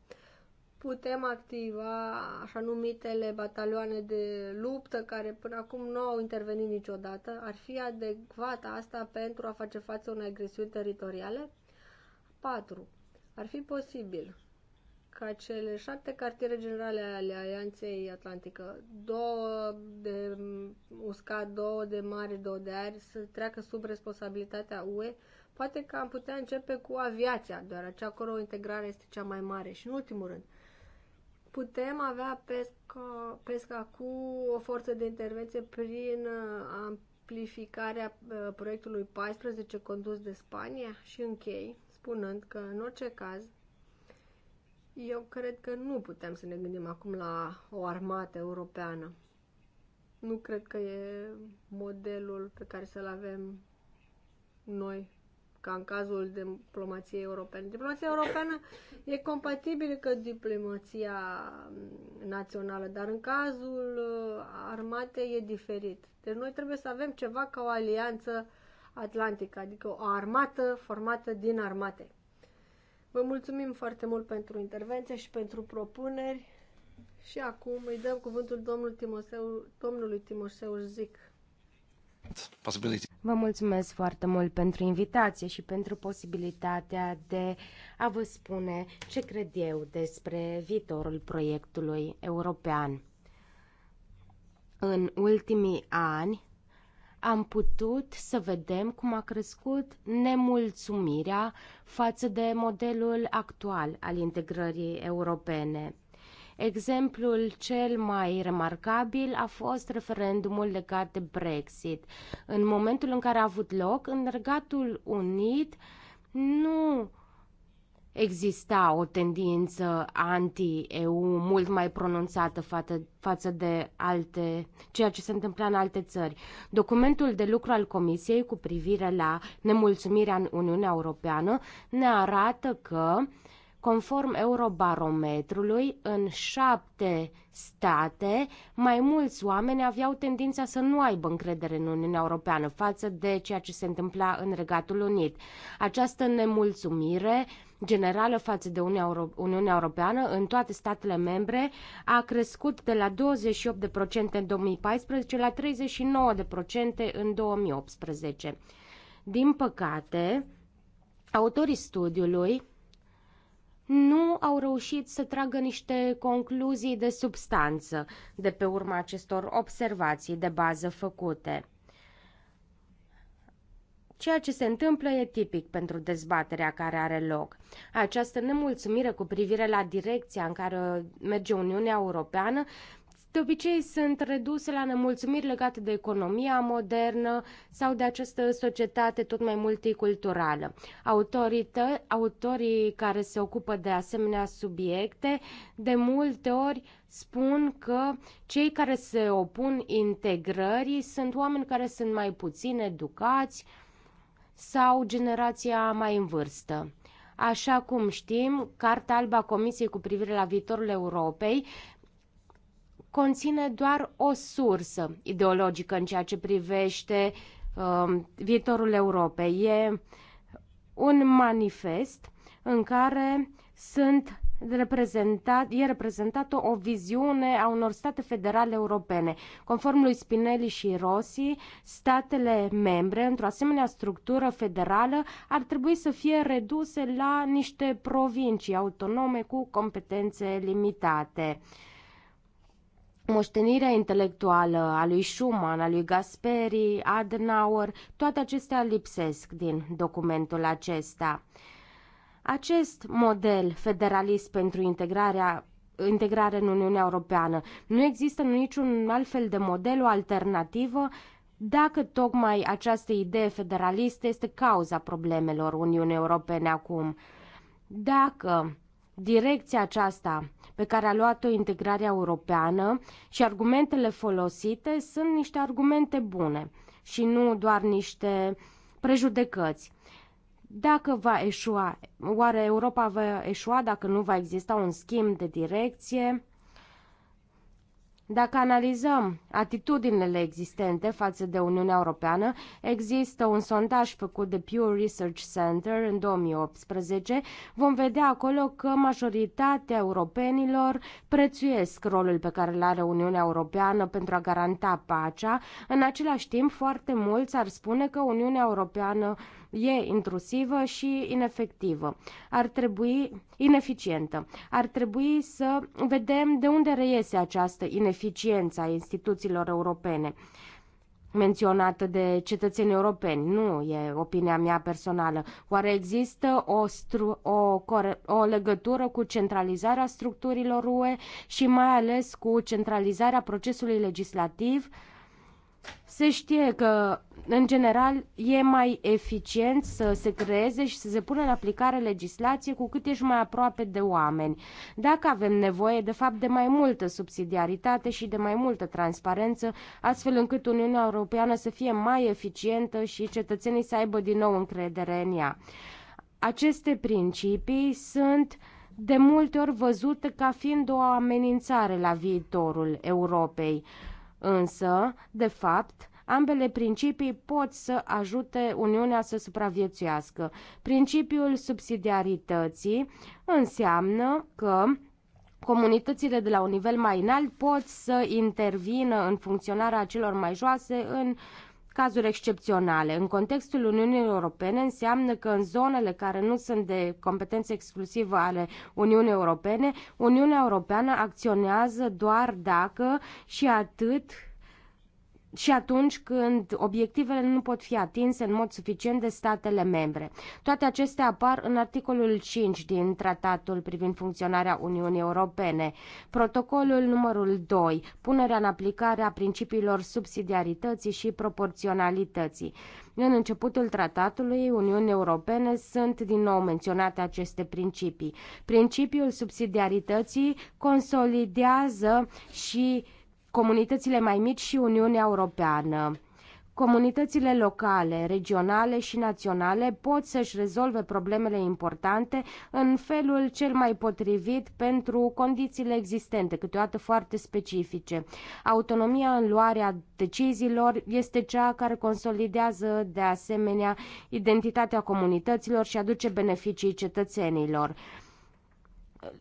Putem activa așa numitele batalioane de luptă care până acum nu au intervenit niciodată. Ar fi adecvată asta pentru a face față unei agresiuni teritoriale? 4. Ar fi posibil ca cele șapte cartiere generale ale Alianței Atlantică, două de uscat, două de mare, două de aer, să treacă sub responsabilitatea UE, poate că am putea începe cu aviația, deoarece acolo integrarea este cea mai mare. Și în ultimul rând, putem avea pesca, pesca cu o forță de intervenție prin amplificarea uh, proiectului 14 condus de Spania și închei spunând că în orice caz eu cred că nu putem să ne gândim acum la o armată europeană. Nu cred că e modelul pe care să-l avem noi, ca în cazul diplomației europene. Diplomația europeană e compatibilă cu diplomația națională, dar în cazul uh, armatei e diferit. Deci noi trebuie să avem ceva ca o alianță atlantică, adică o armată formată din armate. Vă mulțumim foarte mult pentru intervenție și pentru propuneri. Și acum îi dăm cuvântul domnului Timoseu, domnului Timoseu Zic. Vă mulțumesc foarte mult pentru invitație și pentru posibilitatea de a vă spune ce cred eu despre viitorul proiectului european. În ultimii ani, am putut să vedem cum a crescut nemulțumirea față de modelul actual al integrării europene. Exemplul cel mai remarcabil a fost referendumul legat de Brexit. În momentul în care a avut loc, în Regatul Unit nu exista o tendință anti-EU mult mai pronunțată față de alte, ceea ce se întâmpla în alte țări. Documentul de lucru al Comisiei cu privire la nemulțumirea în Uniunea Europeană ne arată că Conform Eurobarometrului, în șapte state, mai mulți oameni aveau tendința să nu aibă încredere în Uniunea Europeană față de ceea ce se întâmpla în Regatul Unit. Această nemulțumire uh, generală față de Uniunea Europeană în toate statele membre a crescut de la 28% în 2014 la 39% în 2018. Din păcate, autorii studiului nu au reușit să tragă niște concluzii de substanță de pe urma acestor observații de bază făcute. Ceea ce se întâmplă e tipic pentru dezbaterea care are loc. Această nemulțumire cu privire la direcția în care merge Uniunea Europeană de obicei sunt reduse la nemulțumiri legate de economia modernă sau de această societate tot mai multiculturală. Autorită, autorii care se ocupă de asemenea subiecte de multe ori spun că cei care se opun integrării sunt oameni care sunt mai puțin educați, sau generația mai în vârstă. Așa cum știm, Carta Alba a Comisiei cu privire la viitorul Europei conține doar o sursă ideologică în ceea ce privește uh, viitorul Europei. E un manifest în care sunt reprezentat, e reprezentată o viziune a unor state federale europene. Conform lui Spinelli și Rossi, statele membre, într-o asemenea structură federală, ar trebui să fie reduse la niște provincii autonome cu competențe limitate moștenirea intelectuală a lui Schumann, a lui Gasperi, Adenauer, toate acestea lipsesc din documentul acesta acest model federalist pentru integrarea integrare în Uniunea Europeană. Nu există niciun alt fel de model, o alternativă, dacă tocmai această idee federalistă este cauza problemelor Uniunii Europene acum. Dacă direcția aceasta pe care a luat-o integrarea europeană și argumentele folosite sunt niște argumente bune și nu doar niște prejudecăți. Dacă va eșua, oare Europa va eșua dacă nu va exista un schimb de direcție? Dacă analizăm atitudinile existente față de Uniunea Europeană, există un sondaj făcut de Pew Research Center în 2018. Vom vedea acolo că majoritatea europenilor prețuiesc rolul pe care îl are Uniunea Europeană pentru a garanta pacea. În același timp, foarte mulți ar spune că Uniunea Europeană uh, E intrusivă și inefectivă. Ar trebui ineficientă. Ar trebui să vedem de unde reiese această ineficiență a instituțiilor europene menționată de cetățenii europeni. Nu e opinia mea personală. Oare există o, stru- o, o legătură cu centralizarea structurilor UE și mai ales cu centralizarea procesului legislativ? Se știe că în general, e mai eficient să se creeze și să se pună în aplicare legislație cu cât ești mai aproape de oameni. Dacă avem nevoie, de fapt, de mai multă subsidiaritate și de mai multă transparență, astfel încât Uniunea Europeană să fie mai eficientă și cetățenii să aibă din nou încredere în ea. Aceste principii sunt de multe ori văzute ca fiind o amenințare la viitorul Europei. Însă, de fapt, Ambele principii pot să ajute Uniunea să supraviețuiască. Principiul subsidiarității înseamnă că comunitățile de la un nivel mai înalt pot să intervină în funcționarea celor mai joase în cazuri excepționale. În contextul Uniunii Europene înseamnă că în zonele care nu sunt de competențe exclusivă ale Uniunii Europene, Uniunea Europeană acționează doar dacă și atât și atunci când obiectivele nu pot fi atinse în mod suficient de statele membre. Toate acestea apar în articolul 5 din Tratatul privind funcționarea Uniunii Europene, protocolul numărul 2, punerea în aplicare a principiilor subsidiarității și proporționalității. În începutul tratatului Uniunii Europene sunt din nou menționate aceste principii. Principiul subsidiarității consolidează și uh, comunitățile mai mici și Uniunea Europeană. Comunitățile locale, regionale și naționale pot să-și rezolve problemele importante în felul cel mai potrivit pentru condițiile existente, câteodată foarte specifice. Autonomia în luarea deciziilor este cea care consolidează de asemenea identitatea comunităților și aduce beneficii cetățenilor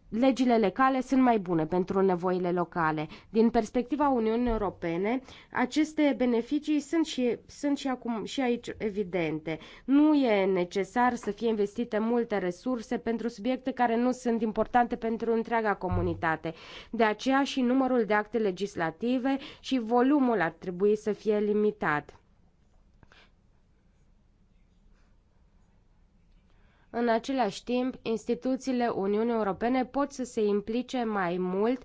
legile locale sunt mai bune pentru nevoile locale. Din perspectiva Uniunii Europene, aceste beneficii sunt și, sunt și acum și aici evidente. Nu e necesar să fie investite multe resurse pentru subiecte care nu sunt importante pentru întreaga comunitate. De aceea și numărul de acte legislative și volumul ar trebui să fie limitat. În același timp, instituțiile Uniunii Europene pot să se implice mai mult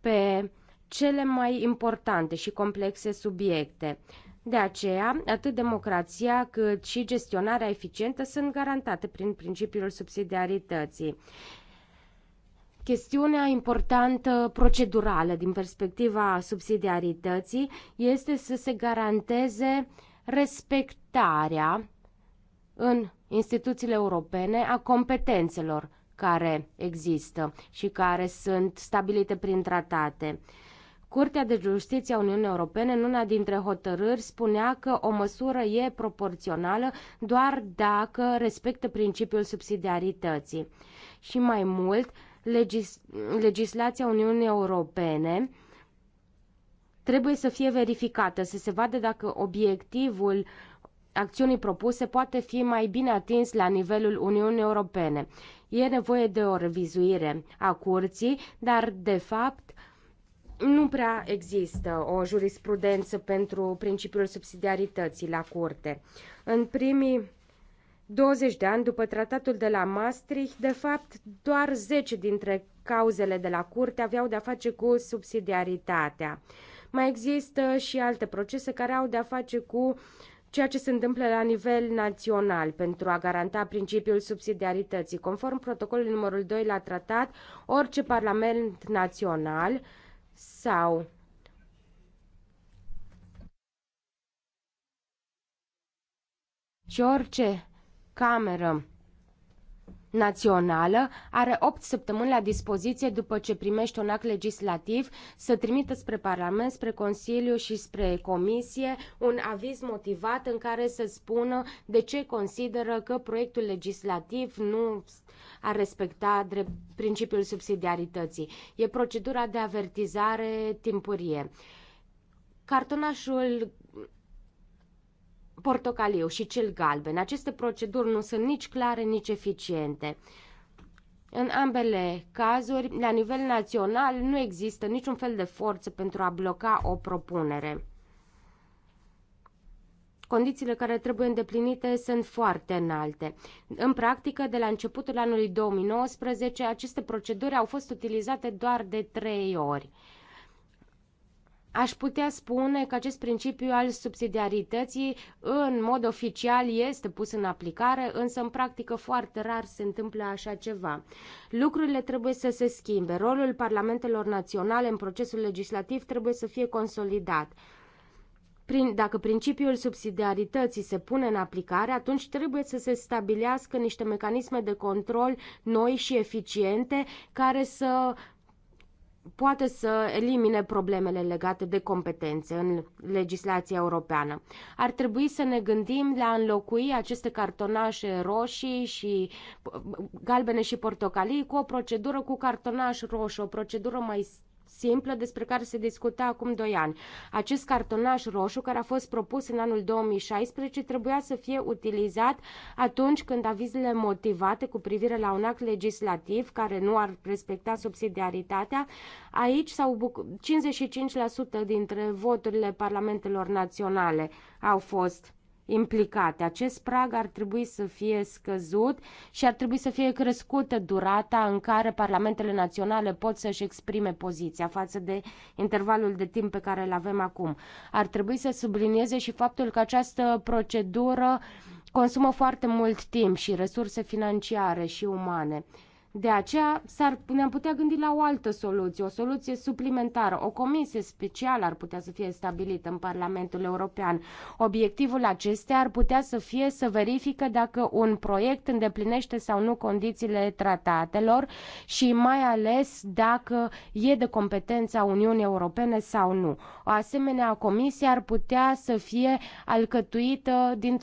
pe cele mai importante și complexe subiecte. De aceea, atât democrația cât și gestionarea eficientă sunt garantate prin principiul subsidiarității. Chestiunea importantă procedurală din perspectiva subsidiarității este să se garanteze respectarea în instituțiile europene a competențelor care există și care sunt stabilite prin tratate. Curtea de Justiție a Uniunii Europene, în una dintre hotărâri, spunea că o măsură e proporțională doar dacă respectă principiul subsidiarității. Și mai mult, legis- legislația Uniunii Europene trebuie să fie verificată, să se vadă dacă obiectivul acțiunii propuse poate fi mai bine atins la nivelul Uniunii Europene. E nevoie de o revizuire a curții, dar, de fapt, nu prea există o jurisprudență pentru principiul subsidiarității la curte. În primii 20 de ani după tratatul de la Maastricht, de fapt, doar 10 dintre cauzele de la curte aveau de-a face cu subsidiaritatea. Mai există și alte procese care au de-a face cu ceea ce se întâmplă la nivel național pentru a garanta principiul subsidiarității. Conform protocolului numărul 2 la tratat, orice parlament național sau și orice cameră națională are 8 săptămâni la dispoziție după ce primește un act legislativ să trimită spre Parlament, spre Consiliu și spre Comisie un aviz motivat în care să spună de ce consideră că proiectul legislativ nu a respecta drept principiul subsidiarității. E procedura de avertizare timpurie. Cartonașul portocaliu și cel galben. Aceste proceduri nu sunt nici clare, nici eficiente. În ambele cazuri, la nivel național, nu există niciun fel de forță pentru a bloca o propunere. Condițiile care trebuie îndeplinite sunt foarte înalte. În practică, de la începutul anului 2019, aceste proceduri au fost utilizate doar de trei ori. Aș putea spune că acest principiu al subsidiarității în mod oficial este pus în aplicare, însă în practică foarte rar se întâmplă așa ceva. Lucrurile trebuie să se schimbe. Rolul parlamentelor naționale în procesul legislativ trebuie să fie consolidat prin, dacă principiul subsidiarității se pune în aplicare, atunci trebuie să se stabilească niște mecanisme de control noi și eficiente care să poate să elimine problemele legate de competențe în legislația europeană. Ar trebui să ne gândim la înlocui aceste cartonașe roșii și galbene și portocalii cu o procedură cu cartonaș roșu, o procedură mai simplă despre care se discuta acum 2 ani. Acest cartonaș roșu care a fost propus în anul 2016 trebuia să fie utilizat atunci când avizele motivate cu privire la un act legislativ care nu ar respecta subsidiaritatea, aici s-au 55% dintre voturile parlamentelor naționale au fost implicate. Acest prag ar trebui să fie scăzut și ar trebui să fie crescută durata în care parlamentele naționale pot să-și exprime poziția față de intervalul de timp pe care îl avem acum. Ar trebui să sublinieze și faptul că această procedură consumă foarte mult timp și resurse financiare și umane. De aceea s-ar, ne-am putea gândi la o altă soluție, o soluție suplimentară. O comisie specială ar putea să fie stabilită în Parlamentul European. Obiectivul acestea ar putea să fie să verifică dacă un proiect îndeplinește sau nu condițiile tratatelor și mai ales dacă e de competența Uniunii Europene sau nu. O asemenea comisie ar putea să fie alcătuită din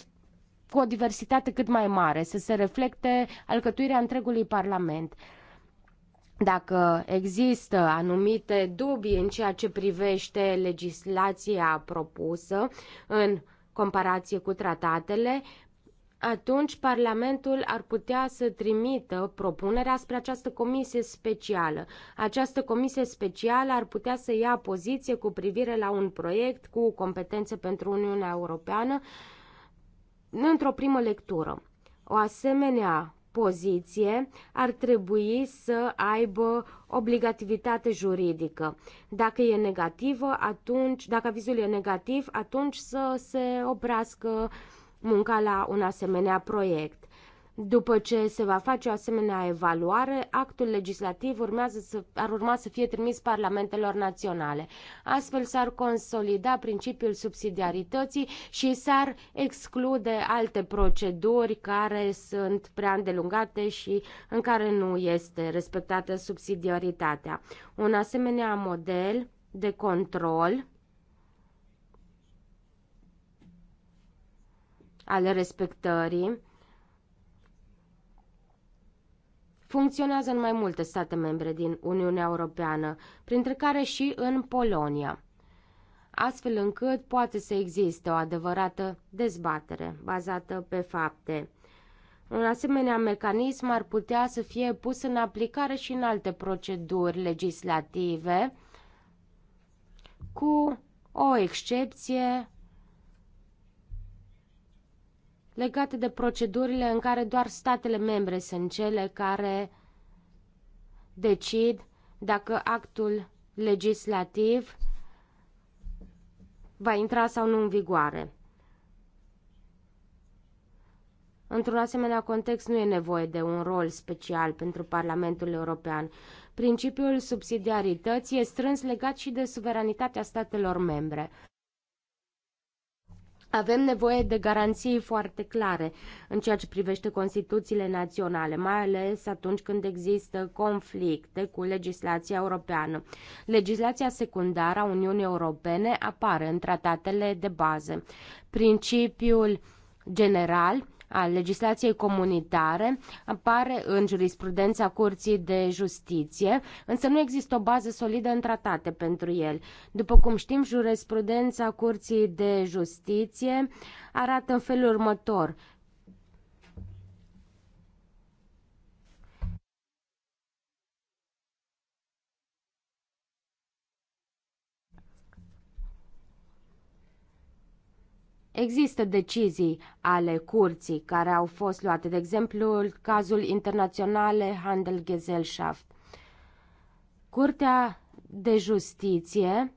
cu o diversitate cât mai mare, să se reflecte alcătuirea întregului Parlament dacă există anumite dubii în ceea ce privește legislația propusă în comparație cu tratatele, atunci Parlamentul ar putea să trimită propunerea spre această comisie specială. Această comisie specială ar putea să ia poziție cu privire la un proiect cu competențe pentru Uniunea Europeană într-o primă lectură. O asemenea poziție ar trebui să aibă obligativitate juridică. Dacă e negativă, atunci, dacă avizul e negativ, atunci să se oprească munca la un asemenea proiect. După ce se va face o asemenea evaluare, actul legislativ urmează să, ar urma să fie trimis parlamentelor naționale. Astfel s-ar consolida principiul subsidiarității și s-ar exclude alte proceduri care sunt prea îndelungate și în care nu este respectată subsidiaritatea. Un asemenea model de control al respectării funcționează în mai multe state membre din Uniunea Europeană, printre care și în Polonia, astfel încât poate să existe o adevărată dezbatere bazată pe fapte. Un asemenea mecanism ar putea să fie pus în aplicare și în alte proceduri legislative, cu o excepție legate de procedurile în care doar statele membre sunt cele care decid dacă actul legislativ va intra sau nu în vigoare. Într-un asemenea context nu e nevoie de un rol special pentru Parlamentul European. Principiul subsidiarității e strâns legat și de suveranitatea statelor membre. Avem nevoie de garanții foarte clare în ceea ce privește Constituțiile naționale, mai ales atunci când există conflicte cu legislația europeană. Legislația secundară a Uniunii Europene apare în tratatele de bază. Principiul general a legislației comunitare apare în jurisprudența Curții de Justiție, însă nu există o bază solidă în tratate pentru el. După cum știm, jurisprudența Curții de Justiție arată în felul următor Există decizii ale curții care au fost luate, de exemplu cazul Handel Gesellschaft. Curtea de Justiție,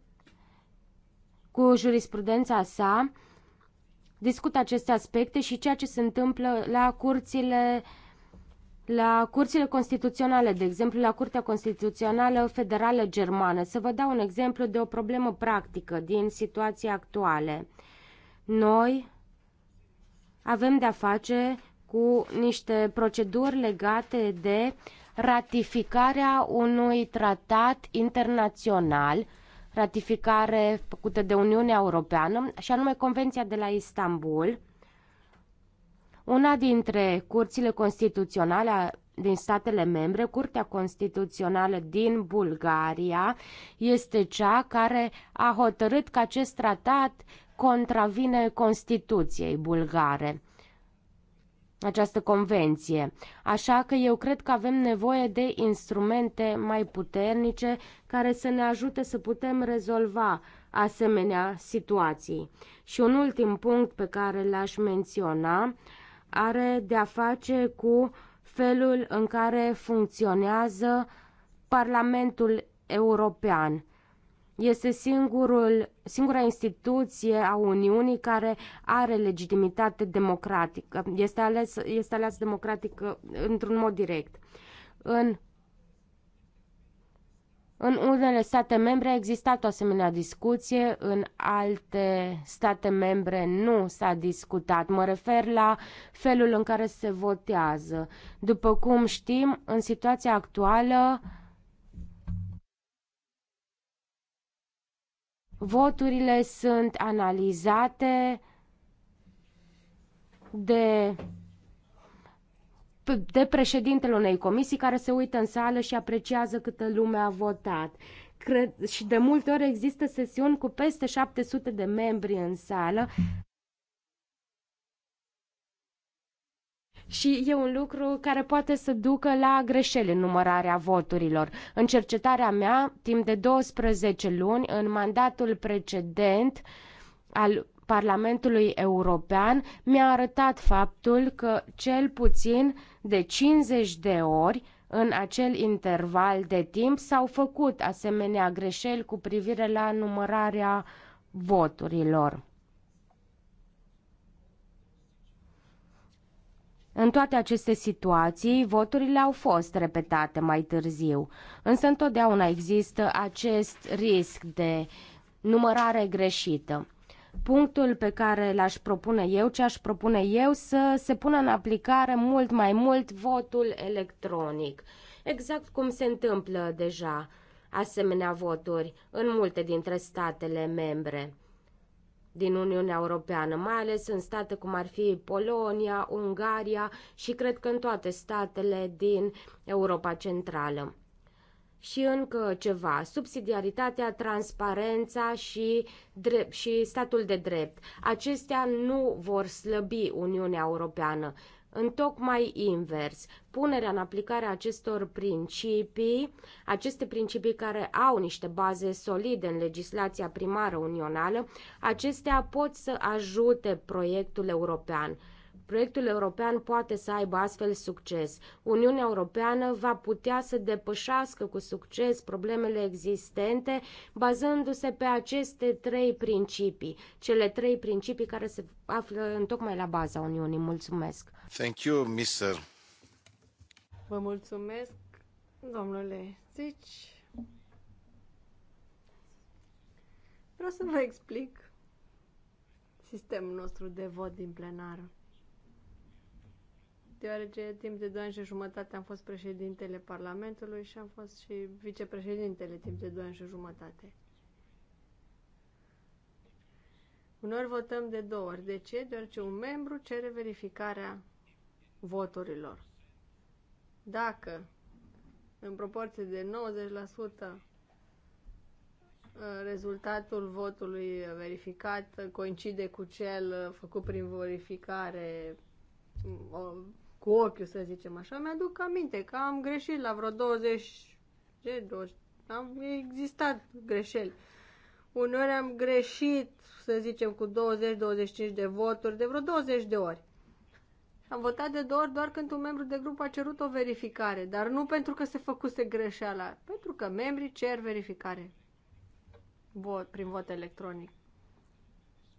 cu jurisprudența sa, discută aceste aspecte și ceea ce se întâmplă la curțile la curțile constituționale, de exemplu la Curtea Constituțională Federală Germană. Să vă dau un exemplu de o problemă practică din situația actuală. Noi avem de-a face cu niște proceduri legate de ratificarea unui tratat internațional, ratificare făcută de Uniunea Europeană, și anume Convenția de la Istanbul. Una dintre curțile constituționale din statele membre, Curtea Constituțională din Bulgaria, este cea care a hotărât că acest tratat contravine Constituției bulgare această convenție. Așa că eu cred că avem nevoie de instrumente mai puternice care să ne ajute să putem rezolva asemenea situații. Și un ultim punct pe care l-aș menționa are de a face cu felul în care funcționează Parlamentul European. Este singurul singura instituție a Uniunii care are legitimitate democratică, este aleasă este ales democratic uh, într-un mod direct. În în unele state membre a existat o asemenea discuție, în alte state membre nu s-a discutat. Mă refer la felul în care se votează. După cum știm, în situația actuală, Voturile sunt analizate de de președintele unei comisii care se uită în sală și apreciază câtă lume a votat. Cred, și de multe ori există sesiuni cu peste 700 de membri în sală și e un lucru care poate să ducă la greșeli în numărarea voturilor. În cercetarea mea, timp de 12 luni, în mandatul precedent al Parlamentului European, mi-a arătat faptul că cel puțin de 50 de ori în acel interval de timp s-au făcut asemenea greșeli cu privire la numărarea voturilor. În toate aceste situații, voturile au fost repetate mai târziu, însă întotdeauna există acest risc de numărare greșită. Punctul pe care l-aș propune eu, ce aș propune eu, să se pună în aplicare mult mai mult votul electronic, exact cum se întâmplă deja asemenea voturi în multe dintre statele membre din Uniunea Europeană, mai ales în state cum ar fi Polonia, Ungaria și cred că în toate statele din Europa Centrală. Și încă ceva, subsidiaritatea, transparența și, drept, și statul de drept. Acestea nu vor slăbi Uniunea Europeană în tocmai invers. Punerea în aplicare a acestor principii, aceste principii care au niște baze solide în legislația primară unională, acestea pot să ajute proiectul european Proiectul european poate să aibă astfel succes. Uniunea Europeană va putea să depășească cu succes problemele existente bazându-se pe aceste trei principii, cele trei principii care se află în tocmai la baza Uniunii. Mulțumesc! Thank you, Mr. Vă mulțumesc, domnule Zici. Vreau să vă explic sistemul nostru de vot din plenară deoarece timp de 2 ani și jumătate am fost președintele Parlamentului și am fost și vicepreședintele timp de 2 ani și jumătate. Unor votăm de două ori. De ce? Deoarece un membru cere verificarea voturilor. Dacă în proporție de 90% rezultatul votului verificat coincide cu cel făcut prin verificare cu ochiul, să zicem așa, mi-aduc aminte că am greșit la vreo 20, 20 am existat greșeli. Uneori am greșit, să zicem, cu 20-25 de voturi, de vreo 20 de ori. Am votat de două ori doar când un membru de grup a cerut o verificare, dar nu pentru că se făcuse greșeala, pentru că membrii cer verificare vot, prin vot electronic.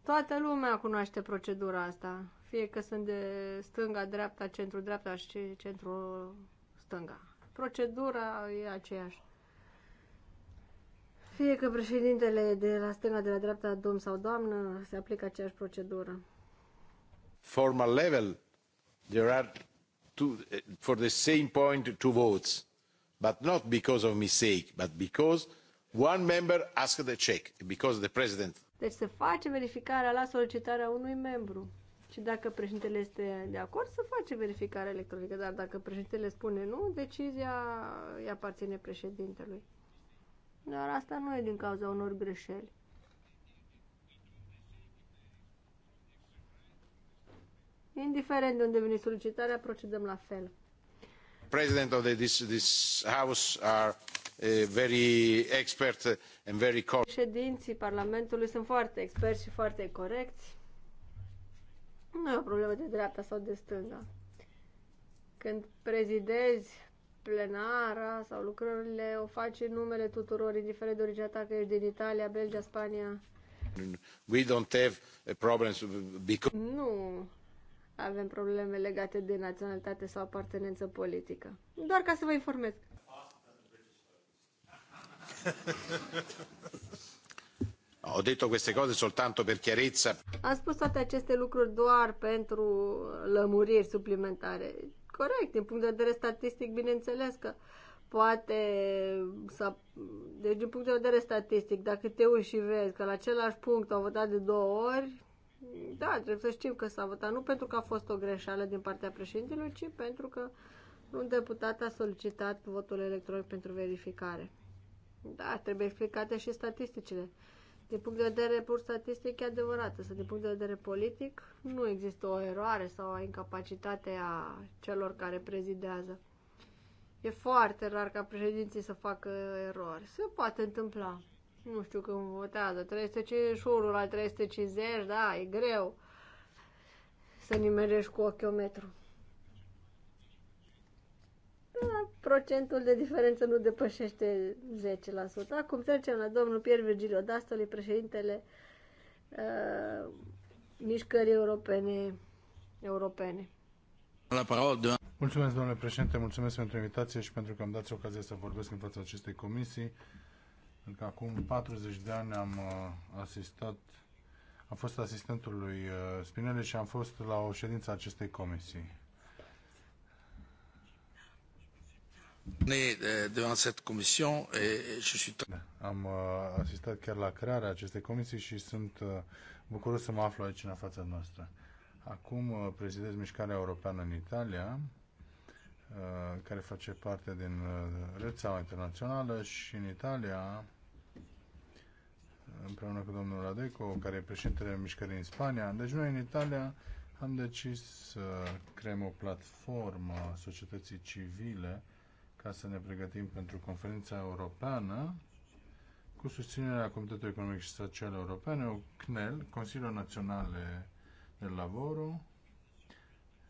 Toată lumea cunoaște procedura asta fie că sunt de stânga, dreapta, centru, dreapta și centru, stânga. Procedura e aceeași. Fie că președintele de la stânga, de la dreapta, domn sau doamnă, se aplică aceeași procedură. Formal level, there are two, eh, for the same point two votes, but not because of mistake, but because one member asked the check, because the president. Deci se face verificarea la solicitarea unui membru. Și dacă președintele este de acord, să face verificarea electronică. Dar dacă președintele spune nu, decizia îi aparține președintelui. Dar asta nu e din cauza unor greșeli. Indiferent de unde vine solicitarea, procedăm la fel. President of the, this, this house are uh, very expert and very Președinții Parlamentului sunt foarte experți și foarte corecți. Nu e o problemă de dreapta sau de stânga. Când prezidezi plenara sau lucrările, o faci în numele tuturor, indiferent de originea ta, că ești din Italia, Belgia, Spania. We don't have uh, problems because... Nu avem probleme legate de naționalitate sau apartenență politică. Doar ca să vă informez. Ho detto queste cose soltanto per chiarezza. Am spus toate aceste lucruri doar pentru lămuriri suplimentare. Corect, din punct de vedere statistic, bineînțeles că poate să... Deci, din punct de vedere statistic, dacă te uiți și vezi că la același punct au votat de două ori, da, trebuie să știm că s-a votat nu pentru că a fost o greșeală din partea președintelui, ci pentru că un deputat a solicitat votul electronic pentru verificare. Da, trebuie explicate și statisticile. Din punct de vedere pur statistic e adevărat, însă din punct de vedere politic nu există o eroare sau o incapacitate a celor care prezidează. E foarte rar ca președinții să facă erori. Se poate întâmpla. Nu știu când votează. 351 la 350, da, e greu să nimerești cu ochiometru. Da, procentul de diferență nu depășește 10%. Acum trecem la domnul Pier Virgilio Dastoli, președintele uh, Mișcării Europene. europene. La parole, da. Mulțumesc, domnule președinte, mulțumesc pentru invitație și pentru că am dat ocazia să vorbesc în fața acestei comisii. Pentru că acum 40 de ani am uh, asistat, am fost asistentul lui uh, Spinele și am fost la o ședință a acestei comisii. Euh, am uh, asistat chiar la crearea acestei comisii și sunt uh, bucuros să mă aflu aici în fața noastră. Acum uh, prezidez Mișcarea Europeană în Italia, care face parte din rețeaua internațională și în Italia, împreună cu domnul Radeco, care e președintele Mișcării în Spania. Deci noi în Italia am decis să creăm o platformă societății civile ca să ne pregătim pentru conferința europeană cu susținerea Comitetului Economic și Social European, CNEL, Consiliul Național de Lavoro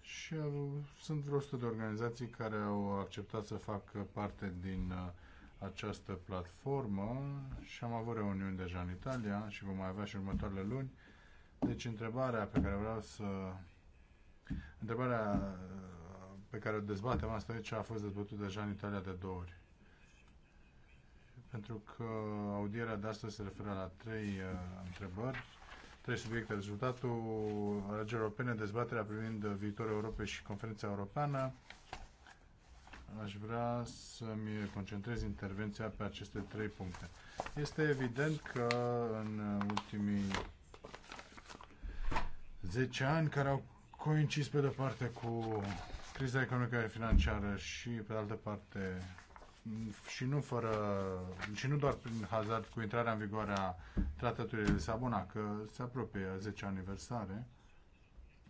și sunt vreo 100 de organizații care au acceptat să facă parte din uh, această platformă și am avut reuniuni deja în Italia și vom mai avea și următoarele luni. Deci întrebarea pe care vreau să... Întrebarea pe care o dezbatem asta aici a fost dezbătut deja în Italia de două ori. Pentru că audierea de astăzi se referă la trei uh, întrebări, trei subiecte. Rezultatul alegerilor europene, dezbaterea privind viitorul Europei și conferința europeană. Aș vrea să-mi concentrez intervenția pe aceste trei puncte. Este evident că în ultimii 10 ani care au coincis pe de parte cu criza economică financiară și, pe de altă parte, și nu, fără, și nu doar prin hazard cu intrarea în vigoare a tratatului de Lisabona, că se apropie 10 aniversare,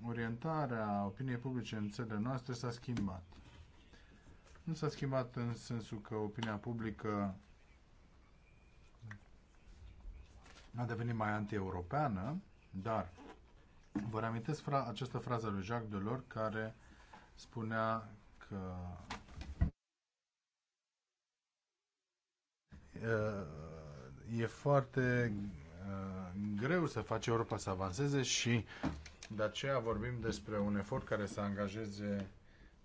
orientarea opiniei publice în țările noastre s-a schimbat. Nu s-a schimbat în sensul că opinia publică a devenit mai anti-europeană, dar vă reamintesc fra- această frază lui Jacques Delors care spunea că uh, e foarte uh, greu să faci Europa să avanseze și de aceea vorbim despre un efort care să angajeze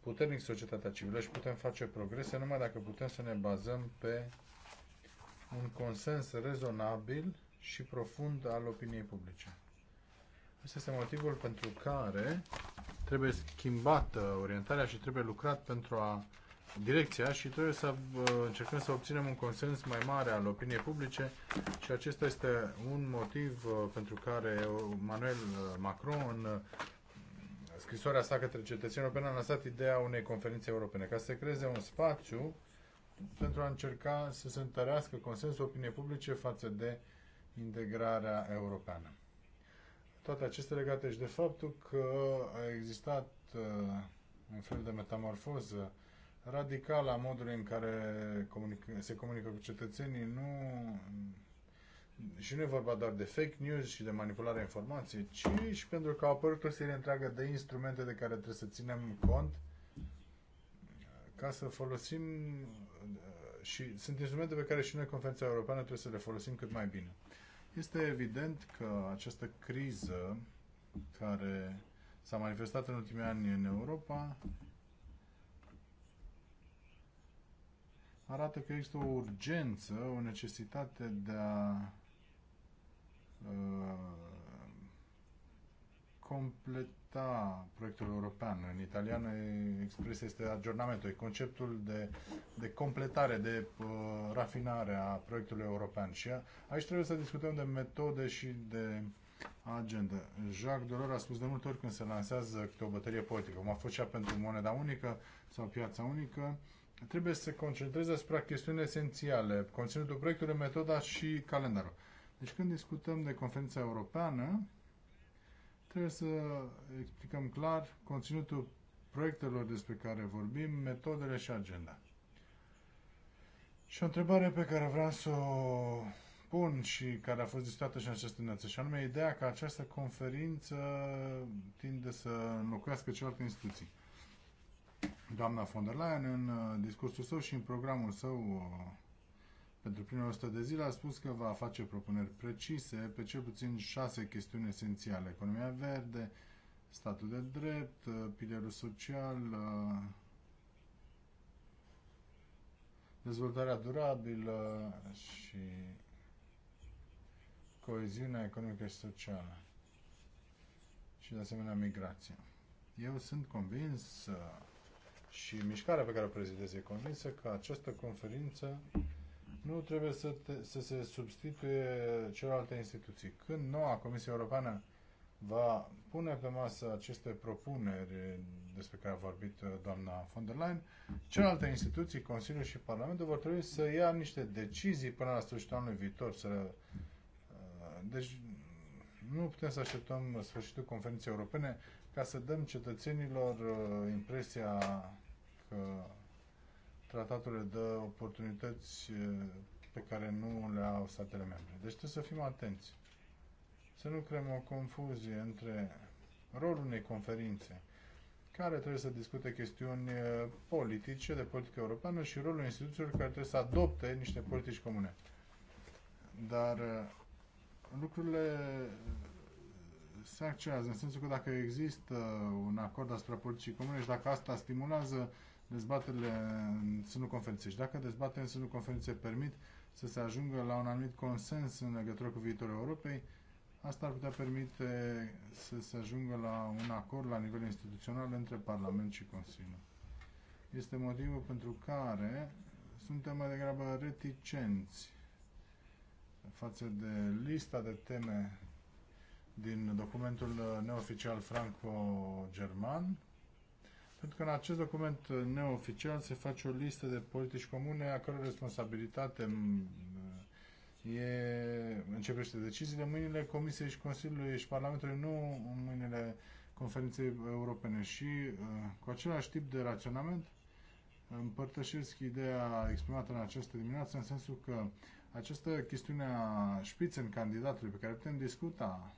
puternic societatea civilă și putem face progrese numai dacă putem să ne bazăm pe un consens rezonabil și profund al opiniei publice. Asta este motivul pentru care trebuie schimbată orientarea și trebuie lucrat pentru a direcția și trebuie să uh, încercăm să obținem un consens mai mare al opiniei publice și acesta este un motiv uh, pentru care Manuel uh, Macron în scrisoarea sa către cetățenii europeni a lăsat ideea unei conferințe europene ca să se creeze un spațiu pentru a încerca să se întărească consensul opiniei publice față de integrarea europeană toate acestea legate și de faptul că a existat uh, un fel de metamorfoză radicală a modului în care comunică, se comunică cu cetățenii. Nu, și nu e vorba doar de fake news și de manipularea informației, ci și pentru că au apărut o serie întreagă de instrumente de care trebuie să ținem cont ca să folosim uh, și sunt instrumente pe care și noi, Conferința Europeană, trebuie să le folosim cât mai bine. Este evident că această criză care s-a manifestat în ultimii ani în Europa arată că există o urgență, o necesitate de a uh, complet, adapta proiectul european. În italiană expres este aggiornamento, e conceptul de, de completare, de uh, rafinare a proiectului european. Și a, aici trebuie să discutăm de metode și de agenda. Jacques Delors a spus de multe ori când se lansează câte o bătălie politică, cum a fost cea pentru moneda unică sau piața unică, trebuie să se concentreze asupra chestiuni esențiale, conținutul proiectului, metoda și calendarul. Deci când discutăm de conferința europeană, Trebuie să explicăm clar conținutul proiectelor despre care vorbim, metodele și agenda. Și o întrebare pe care vreau să o pun și care a fost discutată și în această dimineață, și anume ideea că această conferință tinde să înlocuiască celelalte instituții. Doamna von der Leyen, în uh, discursul său și în programul său uh, pentru primele 100 de zile a spus că va face propuneri precise pe cel puțin șase chestiuni esențiale. Economia verde, statul de drept, uh, pilierul social, uh, dezvoltarea durabilă și coeziunea economică și socială și de asemenea migrația. Eu sunt convins uh, și mișcarea pe care o prezidez e convinsă că această conferință nu trebuie să, te, să se substituie celelalte instituții. Când noua Comisie Europeană va pune pe masă aceste propuneri despre care a vorbit uh, doamna von der Leyen, celelalte instituții, Consiliul și Parlamentul, vor trebui să ia niște decizii până la sfârșitul anului viitor. Să, uh, deci nu putem să așteptăm sfârșitul conferinței europene ca să dăm cetățenilor uh, impresia că tratatul le dă oportunități pe care nu le au statele membre. Deci trebuie să fim atenți. Să nu creăm o confuzie între rolul unei conferințe care trebuie să discute chestiuni politice, de politică europeană și rolul instituțiilor care trebuie să adopte niște politici comune. Dar lucrurile se accelerează, în sensul că dacă există un acord asupra politicii comune și dacă asta stimulează dezbaterile în sânul conferinței. Și dacă dezbaterile în sânul conferinței permit să se ajungă la un anumit consens în legătură cu viitorul Europei, asta ar putea permite să se ajungă la un acord la nivel instituțional între Parlament și Consiliu. Este motivul pentru care suntem mai degrabă reticenți față de lista de teme din documentul neoficial franco-german, pentru că în acest document uh, neoficial se face o listă de politici comune a căror responsabilitate mm, uh, e, începește deciziile mâinile Comisiei și Consiliului și Parlamentului, nu în mâinile conferinței europene. Și uh, cu același tip de raționament împărtășesc ideea exprimată în această dimineață, în sensul că această chestiune a în candidatului pe care putem discuta,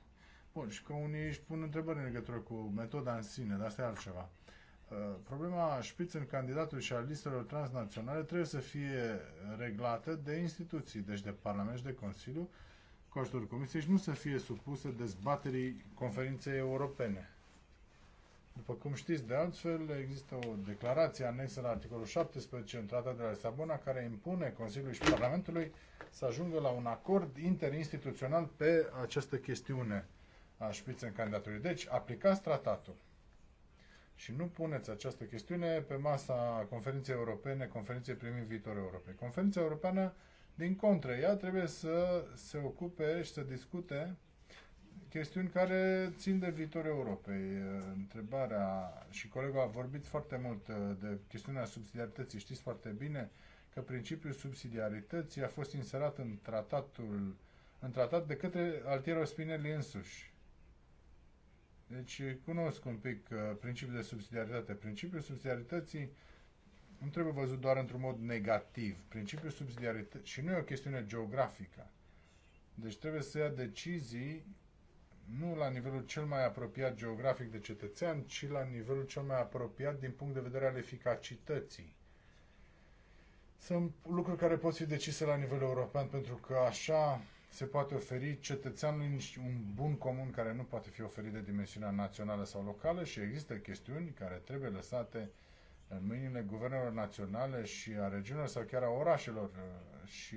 bun, și că unii își pun întrebări în legătură cu metoda în sine, dar asta e altceva. Uh, Uh, problema în candidatului și a listelor transnaționale trebuie să fie reglată de instituții, deci de Parlament și de Consiliu, costul Comisiei și nu să fie supuse dezbaterii conferinței europene. După cum știți, de altfel, există o declarație anexă la articolul 17 în Tratatul de la Lisabona care impune Consiliului și Parlamentului să ajungă la un acord interinstituțional pe această chestiune a șpiței candidatului. Deci, aplicați tratatul. Și nu puneți această chestiune pe masa conferinței europene, conferinței primii viitor Europei. Conferința europeană, din contră, ea trebuie să se ocupe și să discute chestiuni care țin de viitorul Europei. Întrebarea, și colegul a vorbit foarte mult uh, de chestiunea subsidiarității. Știți foarte bine că principiul subsidiarității a fost inserat în tratatul în tratat de către Altiero Spinelli însuși. Deci cunosc un pic uh, principiul de subsidiaritate. Principiul subsidiarității nu trebuie văzut doar într-un mod negativ. Principiul subsidiarității și nu e o chestiune geografică. Deci trebuie să ia decizii nu la nivelul cel mai apropiat geografic de cetățean, ci la nivelul cel mai apropiat din punct de vedere al eficacității. Sunt lucruri care pot fi decise la nivel european pentru că așa se poate oferi cetățeanului un bun comun care nu poate fi oferit de dimensiunea națională sau locală și există chestiuni care trebuie lăsate în mâinile guvernelor naționale și a regiunilor sau chiar a orașelor. Uh, și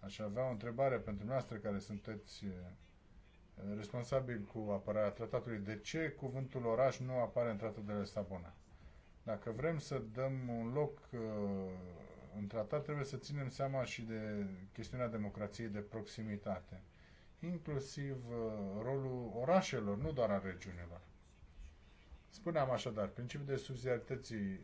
aș avea o întrebare pentru noastră care sunteți uh, responsabil cu apărarea tratatului. De ce cuvântul oraș nu apare în tratatul de Lisabona? Dacă vrem să dăm un loc uh, în tratat trebuie să ținem seama și de chestiunea democrației de proximitate, inclusiv uh, rolul orașelor, nu doar a regiunilor. Spuneam așadar, principiul de subsidiarității,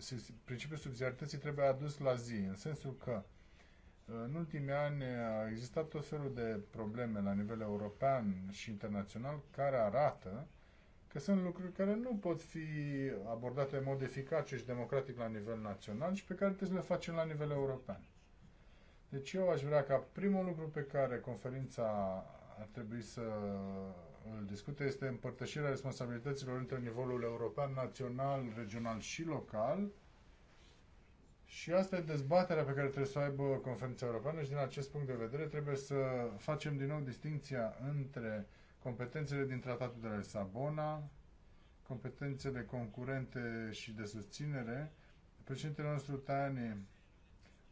uh, principiul subsidiarității trebuie adus la zi, în sensul că uh, în ultimii ani a existat tot felul de probleme la nivel european și internațional care arată că sunt lucruri care nu pot fi abordate în mod eficace și democratic la nivel național și pe care trebuie să le facem la nivel european. Deci eu aș vrea ca primul lucru pe care conferința ar trebui să îl discute este împărtășirea responsabilităților între nivelul european, național, regional și local. Și asta e dezbaterea pe care trebuie să o aibă conferința europeană și din acest punct de vedere trebuie să facem din nou distinția între uh, competențele din Tratatul de la Lisabona, competențele concurente și de susținere. Președintele nostru, Tani,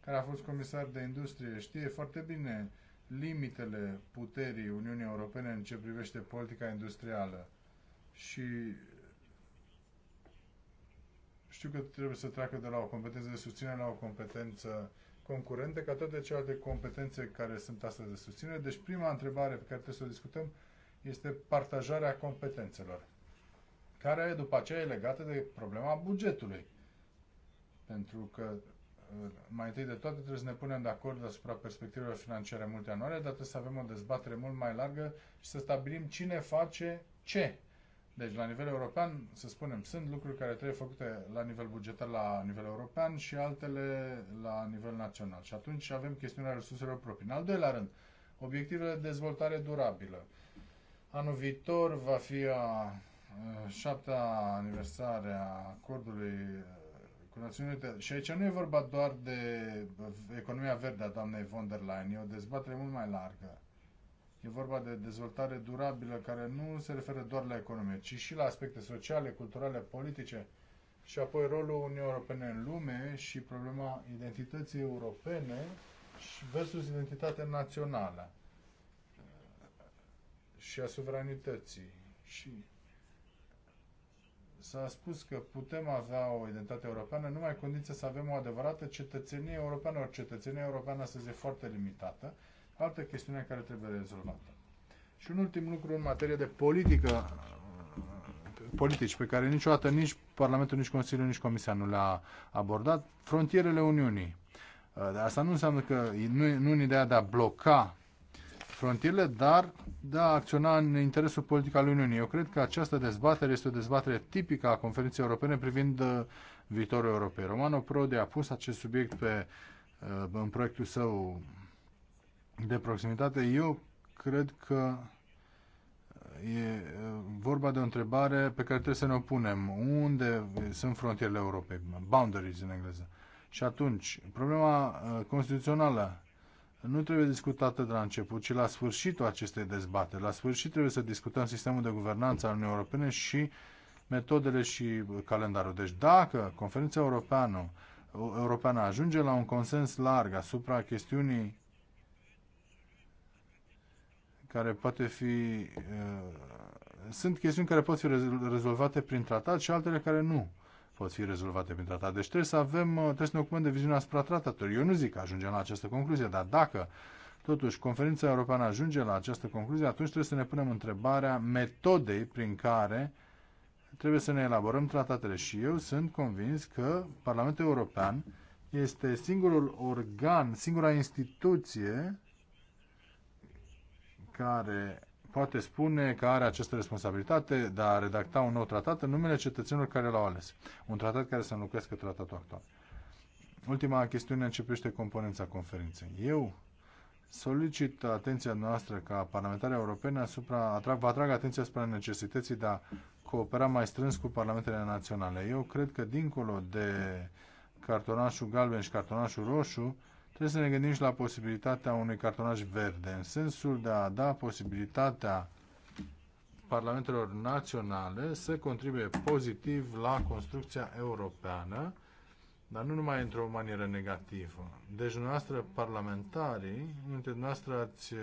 care a fost comisar de industrie, știe foarte bine limitele puterii Uniunii Europene în ce privește politica industrială. Și știu că trebuie să treacă de la o competență de susținere la o competență concurente, ca toate celelalte competențe care sunt astăzi de susținere. Deci prima întrebare pe care trebuie să o discutăm este partajarea competențelor, care după aceea e legată de problema bugetului. Pentru că uh, mai întâi de toate trebuie să ne punem de acord asupra perspectivelor financiare multianuale, dar trebuie să avem o dezbatere mult mai largă și să stabilim cine face ce. Deci, la nivel european, să spunem, sunt lucruri care trebuie făcute la nivel bugetar, la nivel european și altele la nivel național. Și atunci avem chestiunea resurselor proprii. În al doilea rând, obiectivele de dezvoltare durabilă. Anul viitor va fi a uh, uh, șaptea aniversare a acordului uh, cu Națiunile Unite. Și aici nu e vorba doar de economia verde a doamnei von der Leyen, e o dezbatere mult mai largă. E vorba de dezvoltare durabilă care nu se referă doar la economie, ci și la aspecte sociale, culturale, politice și apoi rolul Uniunii Europene în lume și problema identității europene versus identitatea națională și a suveranității. Și s-a spus că putem avea o identitate europeană numai în condiția să avem o adevărată cetățenie europeană. o cetățenie europeană astăzi e foarte limitată. Altă chestiune care trebuie rezolvată. Și un ultim lucru în materie de politică, politici pe care niciodată nici Parlamentul, nici Consiliul, nici Comisia nu le-a abordat, frontierele Uniunii. asta nu înseamnă că nu, nu în ideea de a bloca frontierele, dar de da a acționa în interesul politic al Uniunii. Eu cred că această dezbatere este o dezbatere tipică a conferinței europene privind uh, viitorul Europei. Romano Prodi a pus acest subiect pe, uh, în proiectul său de proximitate. Eu cred că uh, e vorba de o întrebare pe care trebuie să ne opunem. punem. Unde sunt frontierele Europei? Boundaries în engleză. Și atunci, problema constituțională nu trebuie discutată de la început, ci la sfârșitul acestei dezbateri. La sfârșit trebuie să discutăm sistemul de guvernanță al Uniunii Europene și metodele și calendarul. Deci dacă conferința europeană, europeană ajunge la un consens larg asupra chestiunii care poate fi uh, sunt chestiuni care pot fi rezolvate prin tratat și altele care nu pot fi rezolvate prin tratat. Deci trebuie să avem, uh, trebuie să ne ocupăm de viziunea asupra tratatelor. Eu nu zic că ajungem la această concluzie, dar dacă totuși conferința europeană ajunge la această concluzie, atunci trebuie să ne punem întrebarea metodei prin care trebuie să ne elaborăm tratatele. Și eu sunt convins că Parlamentul European este singurul organ, singura instituție care poate spune că are această responsabilitate de a redacta un nou tratat în numele cetățenilor care l-au ales. Un tratat care să înlocuiască tratatul actual. Ultima chestiune începește componența conferinței. Eu solicit atenția noastră ca parlamentari europene asupra, atrag, vă atrag atenția asupra necesității de a coopera mai strâns cu parlamentele naționale. Eu cred că dincolo de cartonașul galben și cartonașul roșu, Trebuie să ne gândim și la posibilitatea unui cartonaj verde, în sensul de a da posibilitatea parlamentelor naționale să contribuie pozitiv la construcția europeană, dar nu numai într-o manieră negativă. Deci, dumneavoastră, parlamentarii, dintre dumneavoastră ați uh,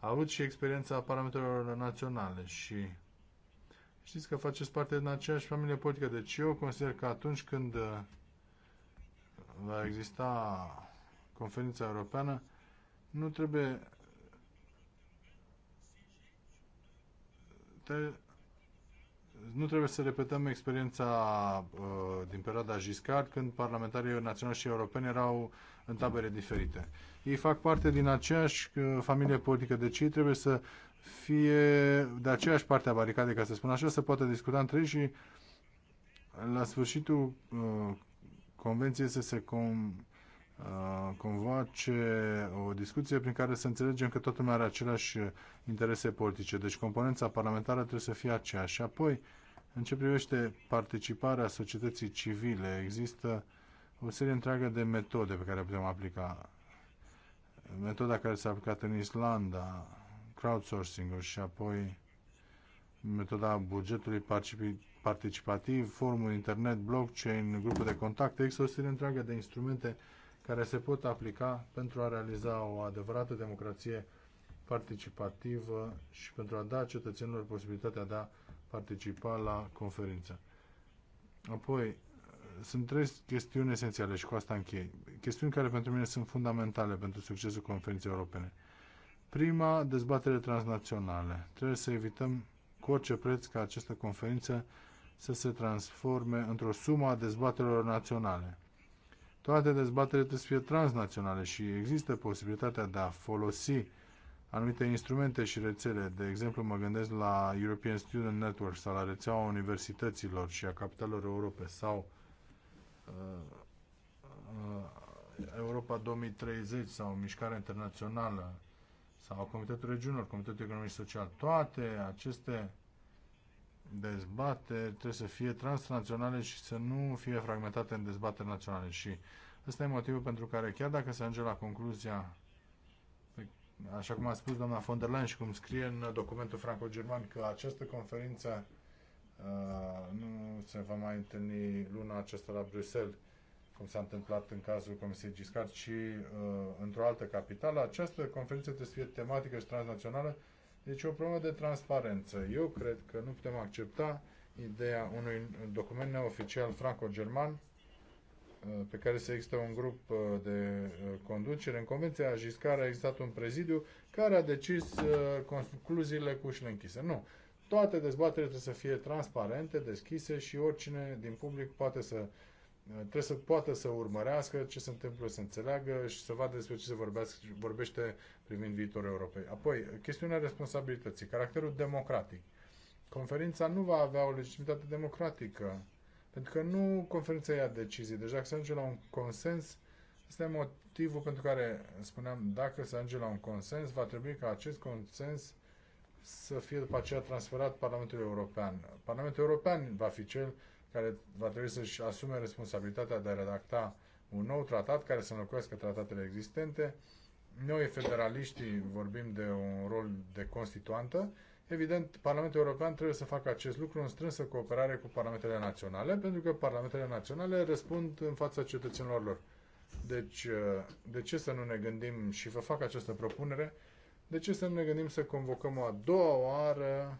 avut și experiența parlamentelor naționale și știți că faceți parte din aceeași familie politică. Deci eu consider că atunci când uh, va exista conferința europeană, nu trebuie nu trebuie să repetăm experiența uh, din perioada Giscard, când parlamentarii naționali și europeni erau în tabere diferite. Ei fac parte din aceeași uh, familie politică, deci ei trebuie să fie de aceeași parte a baricadei, ca să spun așa, să poată discuta între ei și la sfârșitul uh, convenției să se com- Uh, ce o discuție prin care să înțelegem că toată lumea are aceleași interese politice. Deci componența parlamentară trebuie să fie aceeași. Și apoi, în ce privește participarea societății civile, există o serie întreagă de metode pe care putem aplica. Metoda care s-a aplicat în Islanda, crowdsourcing-ul și apoi metoda bugetului participativ, forumul internet, blockchain, grupul de contact. Există o serie întreagă de instrumente care se pot aplica pentru a realiza o adevărată democrație participativă și pentru a da cetățenilor posibilitatea de a participa la conferință. Apoi, sunt trei chestiuni esențiale și cu asta închei. Chestiuni care pentru mine sunt fundamentale pentru succesul conferinței europene. Prima, dezbatere transnaționale. Trebuie să evităm cu orice preț ca această conferință să se transforme într-o sumă a dezbaterilor naționale. Toate dezbaterile trebuie să fie transnaționale și există posibilitatea de a folosi anumite instrumente și rețele. De exemplu, mă gândesc la European Student Network sau la rețeaua universităților și a capitalelor Europe sau uh, uh Europa 2030 sau Mișcarea Internațională sau Comitetul Regiunilor, Comitetul Economic Social. Toate aceste dezbateri trebuie să fie transnaționale și să nu fie fragmentate în dezbateri naționale. Și ăsta e motivul pentru care, chiar dacă se ajunge la concluzia, așa cum a spus doamna von der Leyen și cum scrie în documentul franco-german, că această conferință uh, nu se va mai întâlni luna aceasta la Bruxelles, cum s-a întâmplat în cazul Comisiei Giscard, ci uh, într-o altă capitală, această conferință trebuie să fie tematică și transnațională deci o problemă de transparență. Eu cred că nu putem accepta ideea unui document neoficial franco-german uh, pe care să există un grup uh, de uh, conducere. În Convenția Giscard a existat un prezidiu care a decis concluziile cu ușile închise. Nu. Toate dezbaterile trebuie să fie transparente, deschise și oricine din public poate să trebuie să poată să urmărească ce se întâmplă, să înțeleagă și să vadă despre ce se vorbească, vorbește privind viitorul Europei. Apoi, chestiunea responsabilității, caracterul democratic. Conferința nu va avea o legitimitate democratică, pentru că nu conferința ia decizii. Deja deci, că se ajunge la un consens, este motivul pentru care spuneam, dacă se ajunge la un consens, va trebui ca acest consens să fie după aceea transferat Parlamentului European. Parlamentul European va fi cel care va trebui să-și asume responsabilitatea de a redacta un nou tratat care să înlocuiască tratatele existente. Noi, federaliștii, vorbim de un rol de constituantă. Evident, Parlamentul European trebuie să facă acest lucru în strânsă cooperare cu parlamentele naționale, pentru că parlamentele naționale răspund în fața cetățenilor lor. Deci, uh, de ce să nu ne gândim și vă fac această propunere? De ce să nu ne gândim să convocăm o a doua oară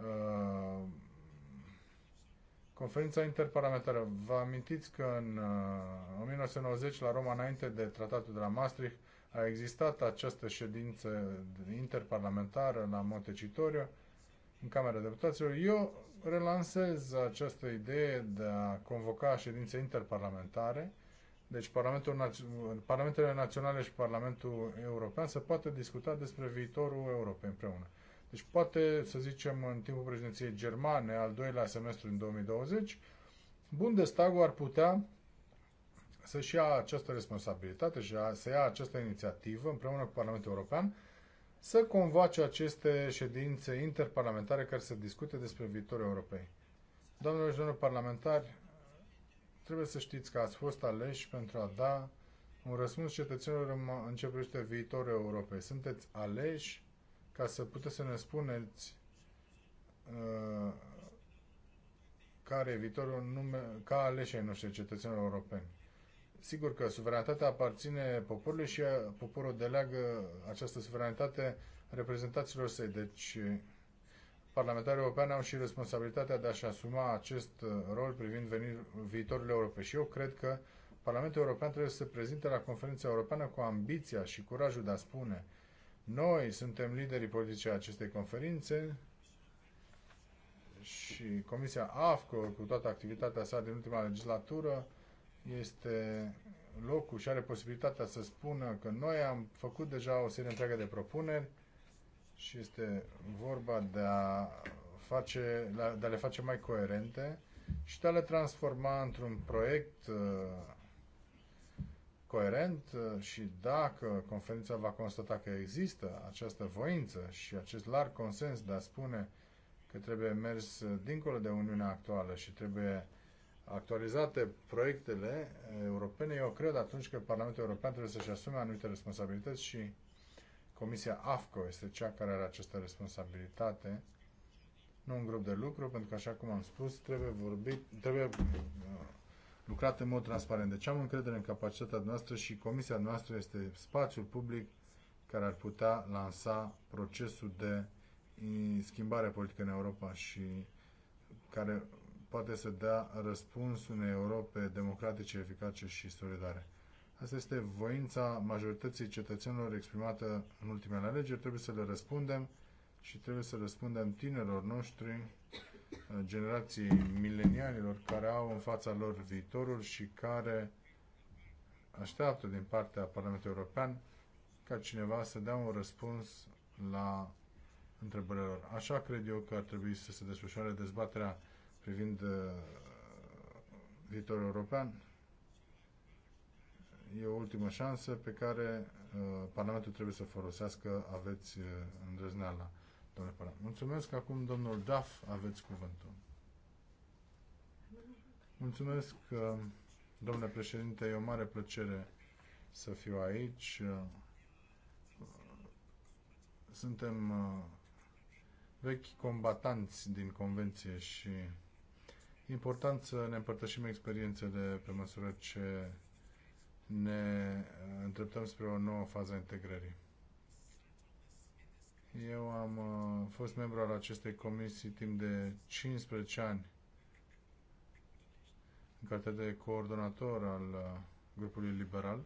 uh, Conferința interparlamentară. Vă amintiți că în 1990, uh, la Roma, înainte de tratatul de la Maastricht, a existat această ședință interparlamentară la Montecitorio, în Camera Deputaților. Eu relansez această idee de a convoca ședințe interparlamentare, deci Parlamentul, Parlamentele Naționale și Parlamentul European să poată discuta despre viitorul Europei împreună. Deci poate, să zicem, în timpul președinției germane, al doilea semestru din 2020, Bundestagul ar putea să-și ia această responsabilitate și să ia această inițiativă împreună cu Parlamentul European să convoace aceste ședințe interparlamentare care să discute despre viitorul Europei. Doamnelor și domnilor parlamentari, trebuie să știți că ați fost aleși pentru a da un răspuns cetățenilor în ce privește viitorul Europei. Sunteți aleși ca să puteți să ne spuneți uh, care e viitorul nume, ca aleși ai noștri cetățenilor europeni. Sigur că suveranitatea aparține poporului și poporul deleagă această suveranitate reprezentanților săi. Deci, parlamentarii europeni au și responsabilitatea de a-și asuma acest uh, rol privind venir, viitorul Europei. Și eu cred că Parlamentul European trebuie să se prezinte la conferința europeană cu ambiția și curajul de a spune – noi suntem liderii politice acestei conferințe și Comisia AFCO, cu toată activitatea sa din ultima legislatură, este locul și are posibilitatea să spună că noi am făcut deja o serie întreagă de propuneri și este vorba de a, face, de a le face mai coerente și de a le transforma într-un proiect uh, coerent uh, și dacă conferința va constata că există această voință și acest larg consens de a spune că trebuie mers dincolo de Uniunea actuală și trebuie actualizate proiectele europene, eu cred atunci că Parlamentul European trebuie să-și asume anumite responsabilități și Comisia AFCO este cea care are această responsabilitate, nu un grup de lucru, pentru că, așa cum am spus, trebuie vorbit, trebuie uh, lucrat în mod transparent. Deci am încredere în capacitatea noastră și comisia noastră este spațiul public care ar putea lansa procesul de schimbare politică în Europa și care poate să dea răspuns unei Europe democratice, eficace și solidare. Asta este voința majorității cetățenilor exprimată în ultimele alegeri. Trebuie să le răspundem și trebuie să răspundem tinerilor noștri generații milenialilor care au în fața lor viitorul și care așteaptă din partea Parlamentului European ca cineva să dea un răspuns la întrebările lor. Așa cred eu că ar trebui să se desfășoare dezbaterea privind uh, viitorul european. E o ultimă șansă pe care uh, Parlamentul trebuie să o folosească. Aveți uh, îndrăzneala doamnă Mulțumesc. Acum, domnul Daf, aveți cuvântul. Mulțumesc, uh, domnule președinte. E o mare plăcere să fiu aici. Uh, suntem uh, vechi combatanți din convenție și important să ne împărtășim experiențele pe măsură ce ne îndreptăm spre o nouă fază a integrării. Eu am uh, fost membru al acestei comisii timp de 15 ani în calitate de coordonator al uh, grupului liberal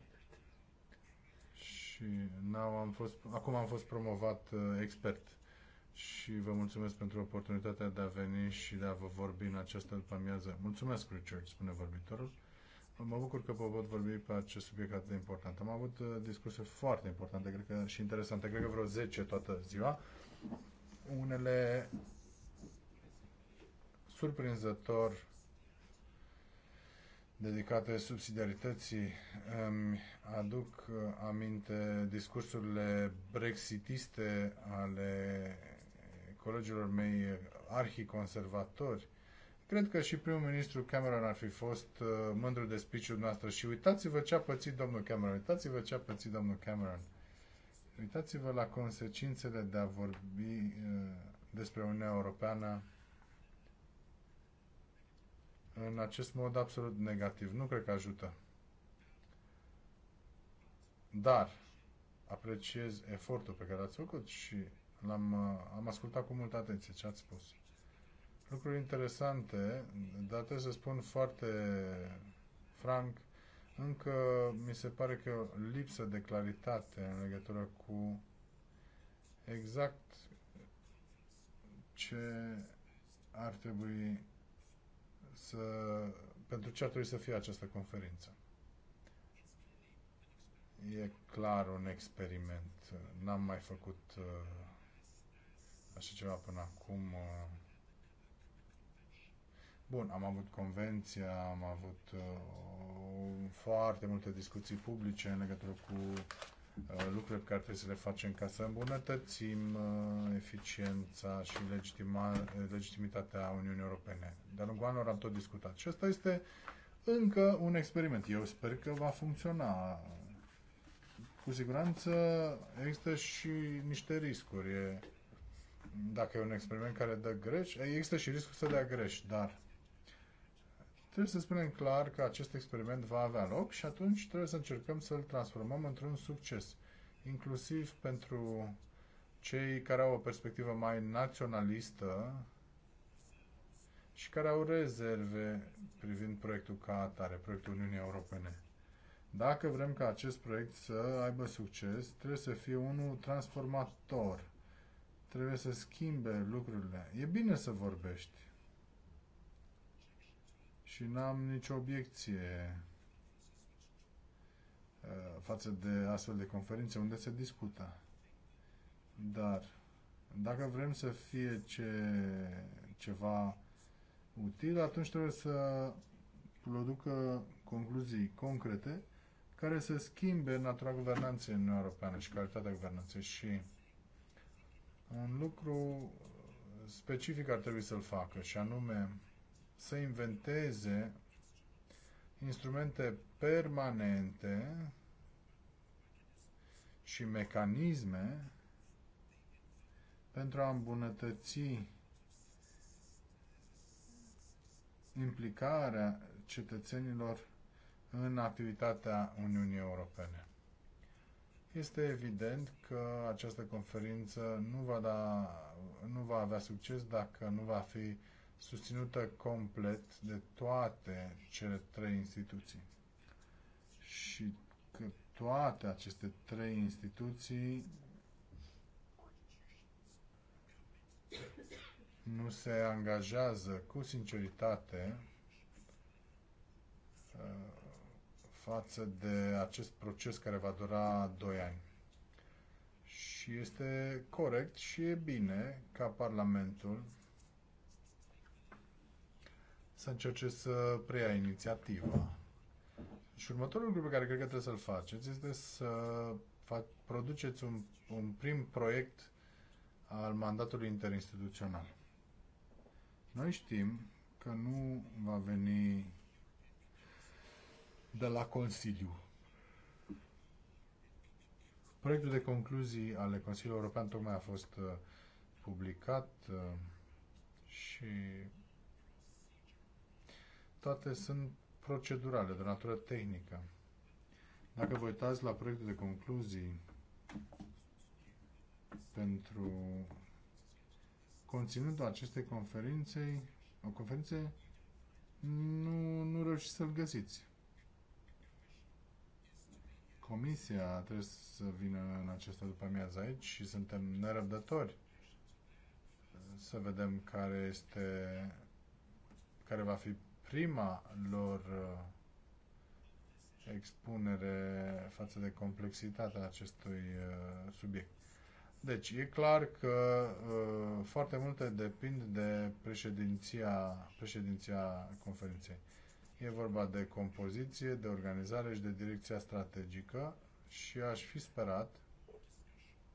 și am fost, acum am fost promovat uh, expert și vă mulțumesc pentru oportunitatea de a veni și de a vă vorbi în această după amiază. Mulțumesc, Richard, spune vorbitorul. Mă bucur că pot vorbi pe acest subiect atât de important. Am avut uh, discurse foarte importante cred că, și interesante, cred că vreo 10 toată ziua. Unele surprinzător dedicate subsidiarității îmi aduc uh, aminte discursurile brexitiste ale colegilor mei uh, arhiconservatori Cred că și primul ministru Cameron ar fi fost uh, mândru de speech noastră și uitați-vă ce a pățit domnul Cameron, uitați-vă ce a pățit domnul Cameron. Uitați-vă la consecințele de a vorbi uh, despre Uniunea Europeană în acest mod absolut negativ. Nu cred că ajută. Dar apreciez efortul pe care l-ați făcut și l-am, uh, am ascultat cu multă atenție ce ați spus lucruri interesante, dar trebuie să spun foarte franc, încă mi se pare că lipsă de claritate în legătură cu exact ce ar trebui să, pentru ce ar trebui să fie această conferință. E clar un experiment. N-am mai făcut uh, așa ceva până acum. Uh, Bun, am avut convenția, am avut uh, foarte multe discuții publice în legătură cu uh, lucrurile pe care trebuie să le facem ca să îmbunătățim uh, eficiența și legitima, legitimitatea Uniunii Europene. Dar lungul anilor am tot discutat. Și asta este încă un experiment. Eu sper că va funcționa. Cu siguranță există și niște riscuri. E, dacă e un experiment care dă greș, există și riscul să dea greș, dar Trebuie să spunem clar că acest experiment va avea loc și atunci trebuie să încercăm să îl transformăm într-un succes, inclusiv pentru cei care au o perspectivă mai naționalistă și care au rezerve privind proiectul ca atare, proiectul Uniunii Europene. Dacă vrem ca acest proiect să aibă succes, trebuie să fie unul transformator. Trebuie să schimbe lucrurile. E bine să vorbești și n-am nicio obiecție uh, față de astfel de conferințe unde se discută. Dar dacă vrem să fie ce, ceva util, atunci trebuie să producă concluzii concrete care să schimbe natura guvernanței în Uniunea Europeană și calitatea guvernanței. Și un lucru specific ar trebui să-l facă, și anume să inventeze instrumente permanente și mecanisme pentru a îmbunătăți implicarea cetățenilor în activitatea Uniunii Europene. Este evident că această conferință nu va, da, nu va avea succes dacă nu va fi susținută complet de toate cele trei instituții. Și că toate aceste trei instituții nu se angajează cu sinceritate uh, față de acest proces care va dura 2 ani. Și este corect și e bine ca Parlamentul să încerce să preia inițiativa. Și următorul lucru pe care cred că trebuie să-l faceți este să produceți un, un prim proiect al mandatului interinstituțional. Noi știm că nu va veni de la Consiliu. Proiectul de concluzii ale Consiliului European tocmai a fost uh, publicat uh, și toate sunt procedurale, de natură tehnică. Dacă vă uitați la proiectul de concluzii pentru conținutul acestei conferințe, o conferință, nu, nu reușiți să-l găsiți. Comisia trebuie să vină în această după amiază aici și suntem nerăbdători să vedem care este care va fi prima lor uh, expunere față de complexitatea acestui uh, subiect. Deci, e clar că uh, foarte multe depind de președinția, președinția conferinței. E vorba de compoziție, de organizare și de direcția strategică și aș fi sperat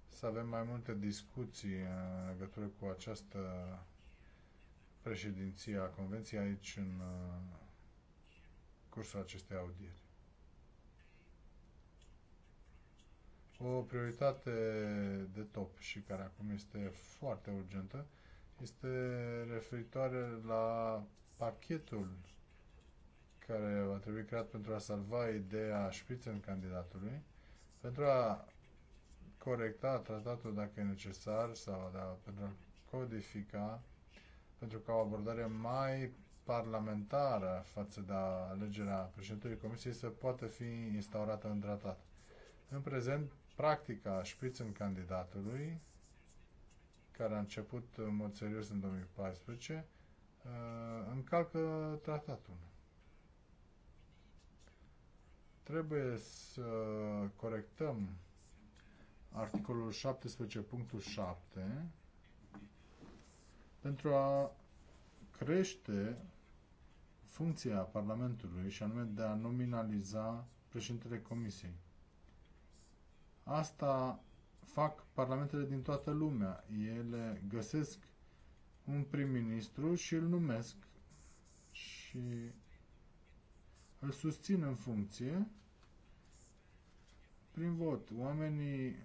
să avem mai multe discuții în legătură cu această președinția Convenției aici în uh, cursul acestei audieri. O prioritate de top și care acum este foarte urgentă este referitoare la pachetul care va trebui creat pentru a salva ideea în candidatului, pentru a corecta tratatul dacă e necesar sau da, pentru a codifica pentru că o abordare mai parlamentară față de alegerea președintelui Comisiei să poată fi instaurată în tratat. În prezent, practica în candidatului, care a început în mod serios în 2014, uh, încalcă tratatul. Trebuie să corectăm articolul 17.7 pentru a crește funcția Parlamentului și anume de a nominaliza președintele Comisiei. Asta fac parlamentele din toată lumea. Ele găsesc un prim-ministru și îl numesc și îl susțin în funcție prin vot. Oamenii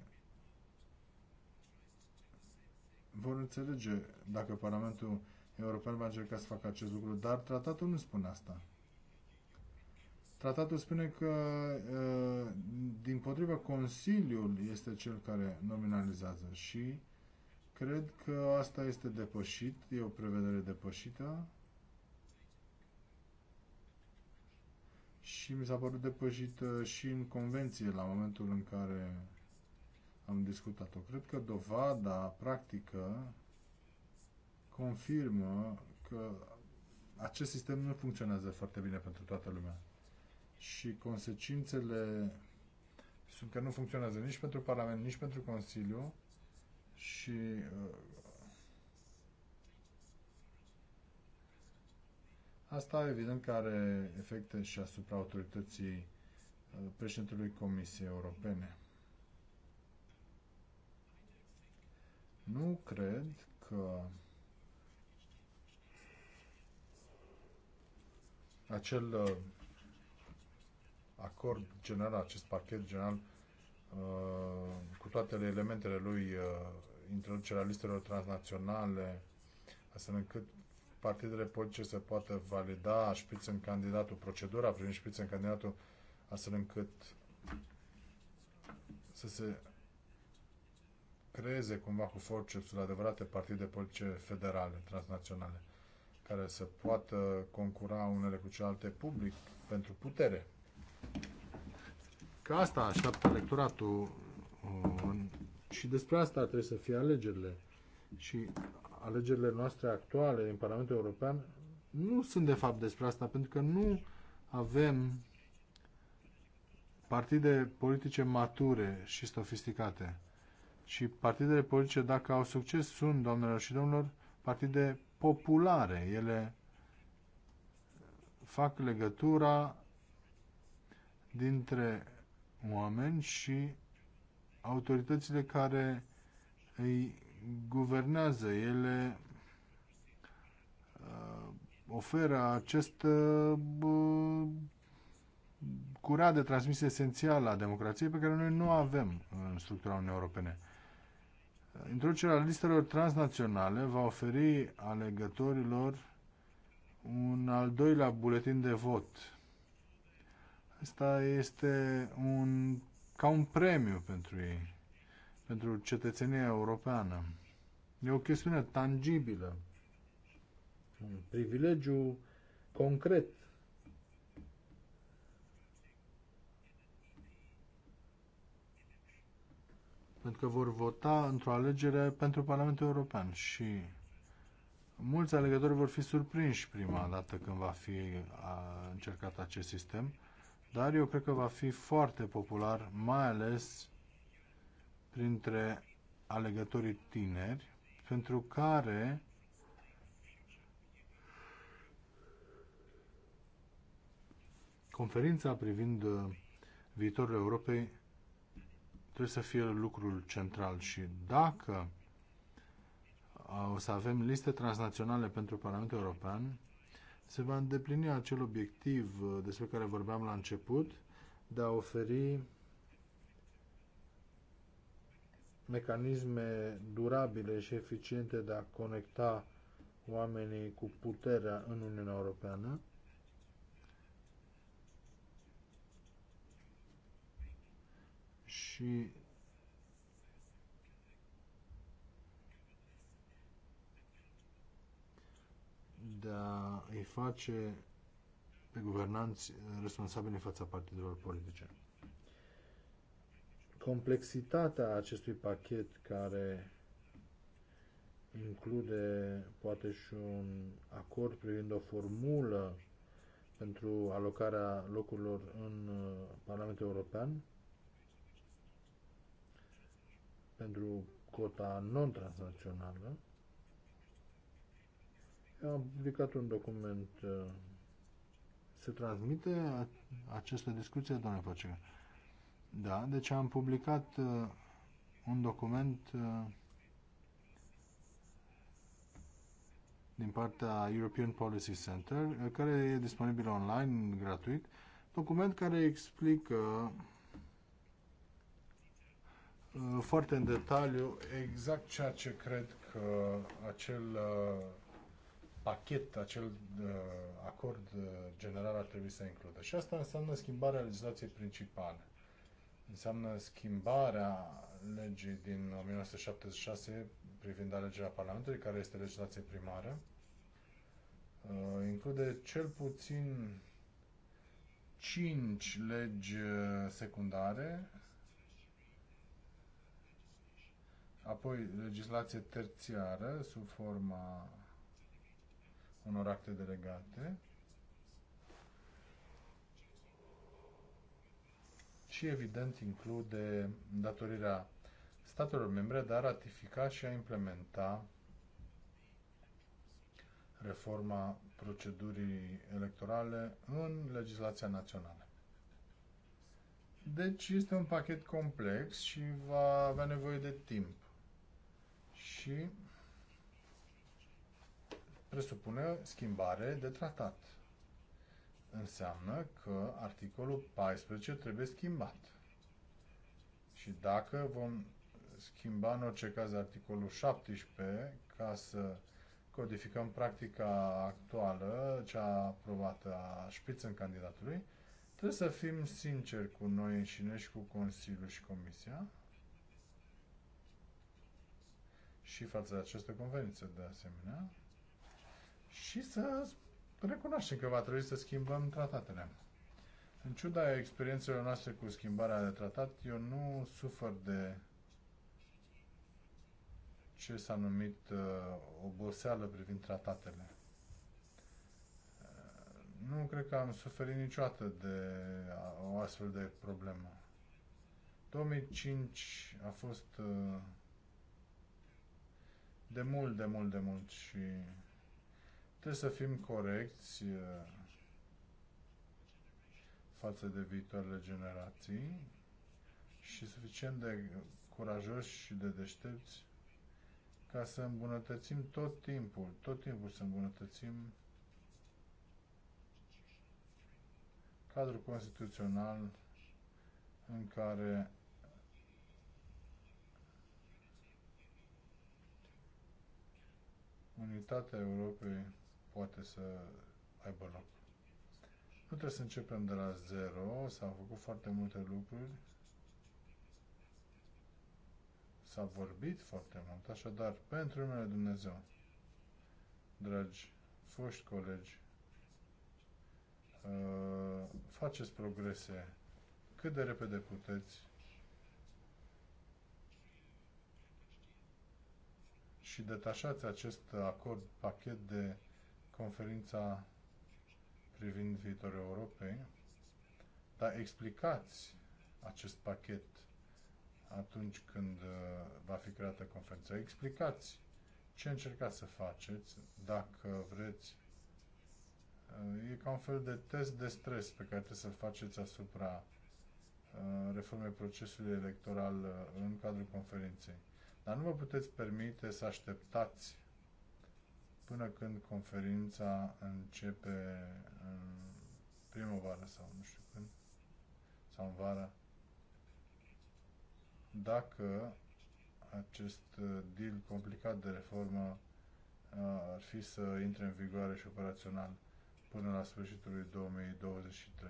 vor înțelege dacă Parlamentul European va încerca să facă acest lucru, dar tratatul nu spune asta. Tratatul spune că, din potrivă, Consiliul este cel care nominalizează și cred că asta este depășit, e o prevedere depășită și mi s-a părut depășită și în convenție la momentul în care am discutat-o. Cred că dovada practică confirmă că acest sistem nu funcționează foarte bine pentru toată lumea. Și consecințele sunt că nu funcționează nici pentru Parlament, nici pentru Consiliu și uh, asta evident că are efecte și asupra autorității uh, președintelui Comisiei Europene. Nu cred că acel uh, acord general, acest pachet general, uh, cu toate elementele lui, uh, introducerea listelor transnaționale, astfel încât partidele politice să poată valida în candidatul, procedura privind în candidatul, astfel încât să se creeze cumva cu forcepsul adevărate partide politice federale, transnaționale, care să poată concura unele cu celelalte public pentru putere. Ca asta așteaptă electoratul uh, și despre asta trebuie să fie alegerile. Și alegerile noastre actuale în Parlamentul European nu sunt de fapt despre asta, pentru că nu avem partide politice mature și sofisticate și partidele politice, dacă au succes, sunt, doamnelor și domnilor, partide populare. Ele fac legătura dintre oameni și autoritățile care îi guvernează. Ele uh, oferă acest uh, curea de transmisie esențială a democrației pe care noi nu avem în structura Uniunii Europene. Introducerea listelor transnaționale va oferi alegătorilor un al doilea buletin de vot. Asta este un, ca un premiu pentru ei, pentru cetățenia europeană. E o chestiune tangibilă, un privilegiu concret pentru că vor vota într-o alegere pentru Parlamentul European și mulți alegători vor fi surprinși prima dată când va fi încercat acest sistem, dar eu cred că va fi foarte popular, mai ales printre alegătorii tineri, pentru care conferința privind viitorul Europei Trebuie să fie lucrul central și dacă uh, o să avem liste transnaționale pentru Parlamentul European, se va îndeplini acel obiectiv uh, despre care vorbeam la început, de a oferi mecanisme durabile și eficiente de a conecta oamenii cu puterea în Uniunea Europeană și de a îi face pe guvernanți responsabili în fața partidelor politice. Complexitatea acestui pachet care include poate și un acord privind o formulă pentru alocarea locurilor în uh, Parlamentul European pentru cota non-transnațională. Am publicat un document. Uh, Se transmite această discuție, doamne Făcică? Da, deci am publicat uh, un document uh, din partea European Policy Center, care e disponibil online, gratuit, document care explică Uh, foarte în detaliu exact ceea ce cred că acel uh, pachet, acel uh, acord general ar trebui să includă. Și asta înseamnă schimbarea legislației principale. Înseamnă schimbarea legii din 1976 privind alegerea Parlamentului, care este legislație primară. Include cel puțin 5 legi secundare apoi legislație terțiară sub forma unor acte delegate și evident include datorirea statelor membre de a ratifica și a implementa reforma procedurii electorale în legislația națională. Deci este un pachet complex și va avea nevoie de timp și presupune schimbare de tratat. Înseamnă că articolul 14 trebuie schimbat. Și dacă vom schimba în orice caz articolul 17 ca să codificăm practica actuală, cea aprobată a în candidatului, trebuie să fim sinceri cu noi înșine și cu Consiliul și Comisia și față de aceste convenții, de asemenea, și să recunoaștem că va trebui să schimbăm tratatele. În ciuda experiențelor noastre cu schimbarea de tratat, eu nu sufăr de ce s-a numit uh, oboseală privind tratatele. Uh, nu cred că am suferit niciodată de o astfel de problemă. 2005 a fost uh, de mult, de mult, de mult și trebuie să fim corecți eh, față de viitoarele generații și suficient de curajoși și de deștepți ca să îmbunătățim tot timpul, tot timpul să îmbunătățim cadrul constituțional în care unitatea Europei poate să aibă loc. Nu trebuie să începem de la zero, s-au făcut foarte multe lucruri, s-a vorbit foarte mult, așadar, pentru numele Dumnezeu, dragi foști colegi, uh, faceți progrese cât de repede puteți și detașați acest acord pachet de conferința privind viitorul Europei, dar explicați acest pachet atunci când uh, va fi creată conferința. Explicați ce încercați să faceți, dacă vreți. Uh, e ca un fel de test de stres pe care trebuie să-l faceți asupra uh, reformei procesului electoral în cadrul conferinței. Dar nu vă puteți permite să așteptați până când conferința începe în primăvară sau nu știu când, sau în vară. Dacă acest uh, deal complicat de reformă uh, ar fi să intre în vigoare și operațional până la sfârșitul lui 2023.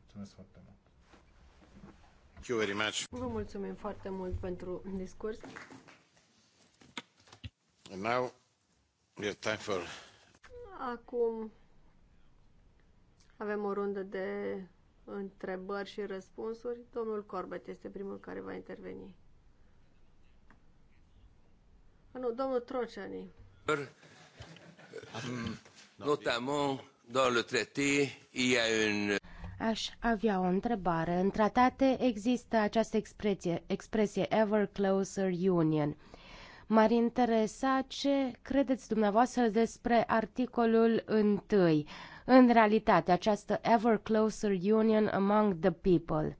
Mulțumesc foarte mult! you very much. Vă mulțumim foarte mult pentru discurs. And now we have time for... Acum avem o rundă de întrebări și răspunsuri. Domnul Corbett este primul care va interveni. Ah, nu, domnul Trociani. Notamment dans le traité, il y a une Aș avea o întrebare. În tratate există această expresie, expresie Ever Closer Union. M-ar interesa ce credeți dumneavoastră despre articolul 1. În realitate, această Ever Closer Union Among the People.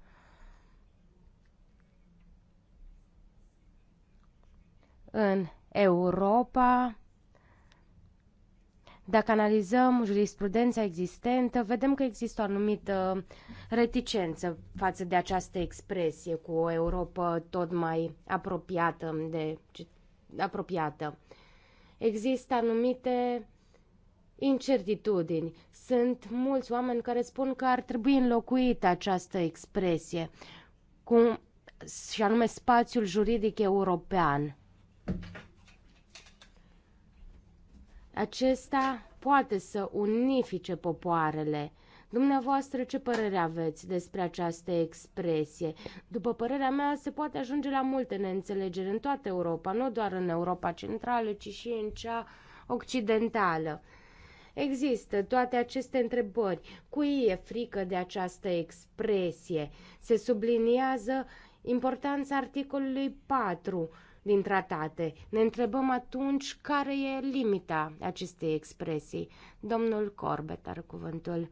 În Europa, dacă analizăm jurisprudența existentă, vedem că există o anumită reticență față de această expresie cu o Europa tot mai apropiată de apropiată. Există anumite incertitudini. Sunt mulți oameni care spun că ar trebui înlocuită această expresie cu și anume spațiul juridic european. Acesta poate să unifice popoarele. Dumneavoastră, ce părere aveți despre această expresie? După părerea mea, se poate ajunge la multe neînțelegeri în toată Europa, nu doar în Europa Centrală, ci și în cea occidentală. Există toate aceste întrebări. Cui e frică de această expresie? Se subliniază importanța articolului 4 din tratate. Ne întrebăm atunci care e limita acestei expresii. Domnul Corbet are cuvântul.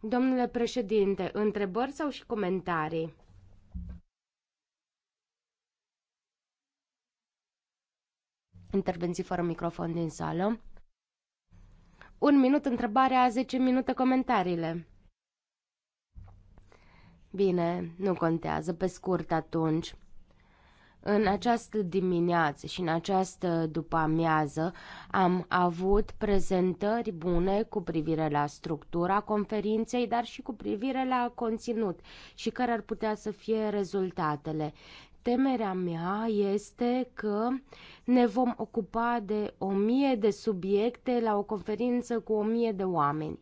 Domnule președinte, întrebări sau și comentarii? Intervenții fără microfon din sală. Un minut întrebarea, 10 minute comentariile. Bine, nu contează, pe scurt atunci. În această dimineață și în această după-amiază am avut prezentări bune cu privire la structura conferinței, dar și cu privire la conținut și care ar putea să fie rezultatele. Temerea mea este că ne vom ocupa de o mie de subiecte la o conferință cu o mie de oameni.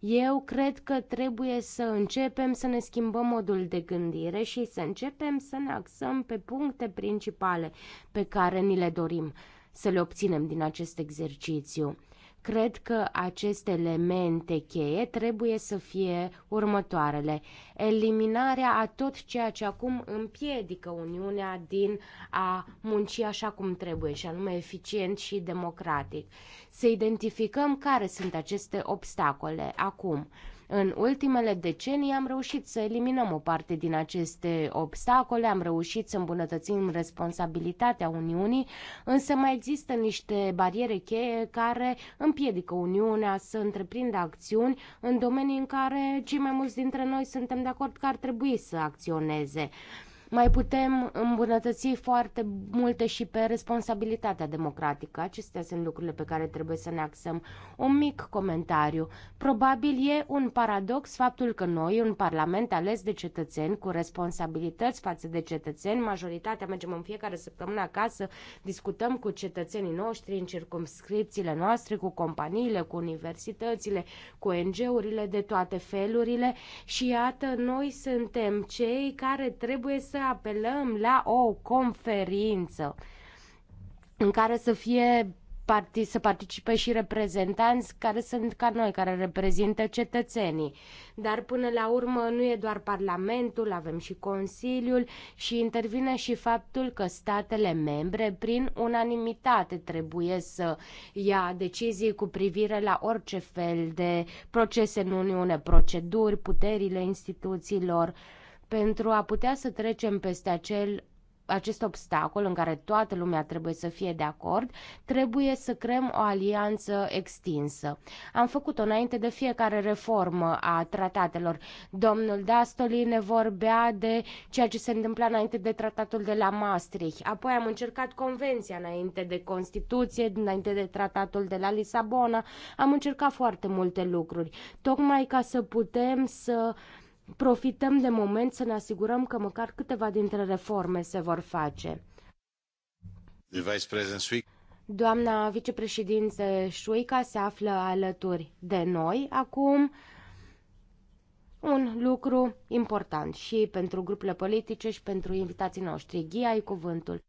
Eu cred că trebuie să începem să ne schimbăm modul de gândire și să începem să ne axăm pe puncte principale pe care ni le dorim să le obținem din acest exercițiu. Cred că aceste elemente cheie trebuie să fie următoarele. Eliminarea a tot ceea ce acum împiedică Uniunea din a munci așa cum trebuie, și anume eficient și democratic. Să identificăm care sunt aceste obstacole acum. În ultimele decenii am reușit să eliminăm o parte din aceste obstacole, am reușit să îmbunătățim responsabilitatea Uniunii, însă mai există niște bariere cheie care împiedică Uniunea să întreprindă acțiuni în domenii în care cei mai mulți dintre noi suntem de acord că ar trebui să acționeze. Mai putem îmbunătăți foarte multe și pe responsabilitatea democratică. Acestea sunt lucrurile pe care trebuie să ne axăm. Un mic comentariu. Probabil e un paradox faptul că noi, un parlament ales de cetățeni cu responsabilități față de cetățeni, majoritatea mergem în fiecare săptămână acasă, discutăm cu cetățenii noștri în circumscripțiile noastre, cu companiile, cu universitățile, cu ONG-urile de toate felurile și iată, noi suntem cei care trebuie să să apelăm la o conferință în care să fie să participe și reprezentanți care sunt ca noi, care reprezintă cetățenii. Dar până la urmă nu e doar Parlamentul, avem și Consiliul și intervine și faptul că statele membre prin unanimitate trebuie să ia decizii cu privire la orice fel de procese în Uniune, proceduri, puterile instituțiilor pentru a putea să trecem peste acel acest obstacol în care toată lumea trebuie să fie de acord, trebuie să creăm o alianță extinsă. Am făcut-o înainte de fiecare reformă a tratatelor. Domnul Dastoli ne vorbea de ceea ce se întâmpla înainte de tratatul de la Maastricht. Apoi am încercat convenția înainte de Constituție, înainte de tratatul de la Lisabona. Am încercat foarte multe lucruri, tocmai ca să putem să uh, profităm de moment să ne asigurăm că măcar câteva dintre reforme se vor face. Doamna vicepreședinte Șuica se află alături de noi acum. Un lucru important și pentru grupurile politice și pentru invitații noștri. Ghia ai cuvântul.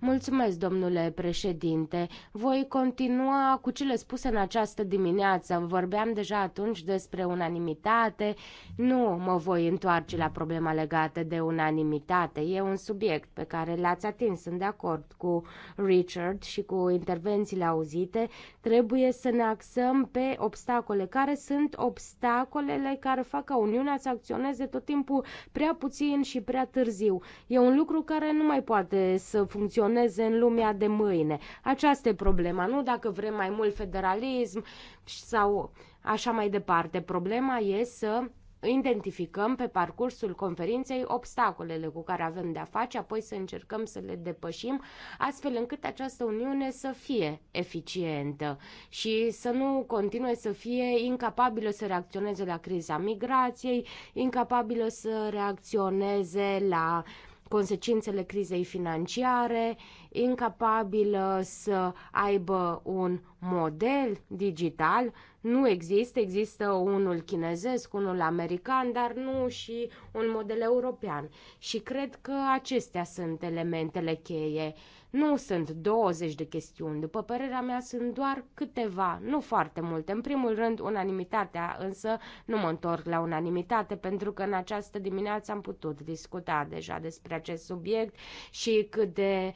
Mulțumesc, domnule președinte. Voi continua cu cele spuse în această dimineață. Vorbeam deja atunci despre unanimitate. Nu mă voi întoarce la problema legată de unanimitate. E un subiect pe care l-ați atins. Sunt de acord cu Richard și cu intervențiile auzite. Trebuie să ne axăm pe obstacole. Care sunt obstacolele care fac ca Uniunea să acționeze tot timpul prea puțin și prea târziu? E un lucru care nu mai poate să funcționeze funcționeze în lumea de mâine. Aceasta e problema, nu dacă vrem mai mult federalism sau așa mai departe. Problema e să identificăm pe parcursul conferinței obstacolele cu care avem de-a face, apoi să încercăm să le depășim, astfel încât această uniune să fie eficientă și să nu continue să fie incapabilă să reacționeze la criza migrației, incapabilă să reacționeze la consecințele crizei financiare, incapabilă să aibă un model digital. Nu există, există unul chinezesc, unul american, dar nu și un model european. Și cred că acestea sunt elementele cheie. Uh, nu sunt 20 de chestiuni, după părerea mea sunt doar câteva, nu foarte multe. În primul rând, unanimitatea, însă nu mă întorc la unanimitate pentru că în această dimineață am putut discuta deja despre acest subiect și cât de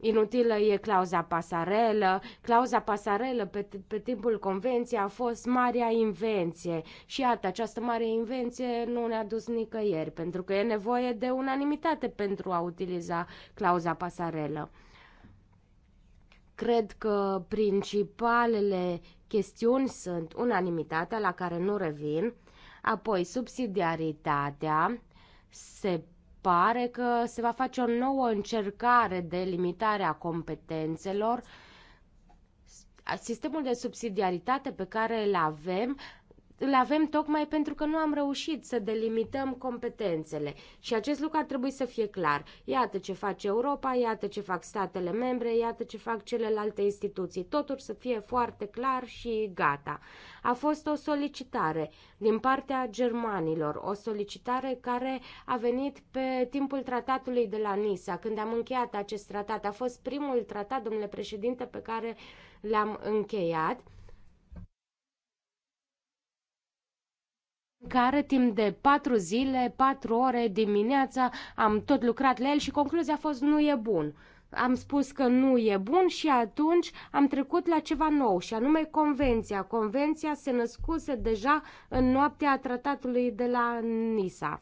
Inutilă e clauza pasarelă. Clauza pasarelă pe, pe timpul convenției a fost marea invenție. Și iată, această mare invenție nu ne-a dus nicăieri, pentru că e nevoie de unanimitate pentru a utiliza clauza pasarelă. Cred că principalele chestiuni sunt unanimitatea la care nu revin, apoi subsidiaritatea, se pare că se va face o nouă încercare de limitare a competențelor. Sistemul de subsidiaritate pe care îl avem îl avem tocmai pentru că nu am reușit să delimităm competențele și acest lucru ar trebui să fie clar. Iată ce face Europa, iată ce fac statele membre, iată ce fac celelalte instituții. Totul să fie foarte clar și gata. A fost o solicitare din partea germanilor, o solicitare care a venit pe timpul tratatului de la Nisa, când am încheiat acest tratat. A fost primul tratat, domnule președinte, pe care l-am încheiat care timp de patru zile, patru ore dimineața am tot lucrat la el și concluzia a fost nu e bun. Am spus că nu e bun și atunci am trecut la ceva nou și anume convenția. Convenția se născuse deja în noaptea tratatului de la Nisa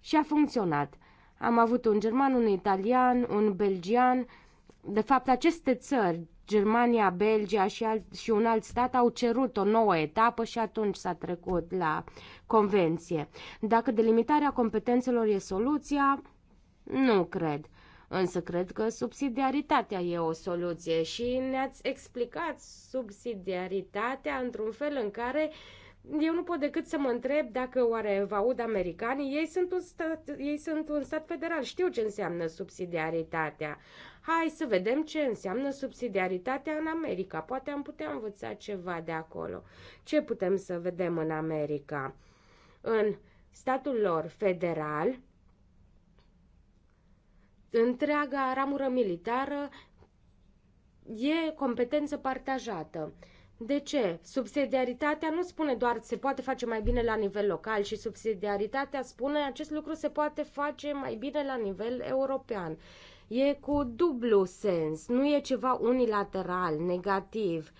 și a funcționat. Am avut un german, un italian, un belgian, de fapt aceste țări Germania, Belgia și, alt, și un alt stat au cerut o nouă etapă și atunci s-a trecut la convenție. Dacă delimitarea competențelor e soluția, nu cred. Însă cred că subsidiaritatea e o soluție și ne-ați explicat subsidiaritatea într-un fel în care uh, eu nu pot decât să mă întreb dacă oare vă aud americanii, ei sunt, un stat, ei sunt un stat federal, știu ce înseamnă subsidiaritatea. Hai să vedem ce înseamnă subsidiaritatea în America, poate am putea învăța ceva de acolo. Ce putem să vedem în America? În statul lor federal, întreaga ramură militară e competență partajată. De ce? Subsidiaritatea nu spune doar se poate face mai bine la nivel local și subsidiaritatea spune acest lucru se poate face mai bine la nivel european. E cu dublu sens, nu e ceva unilateral, negativ.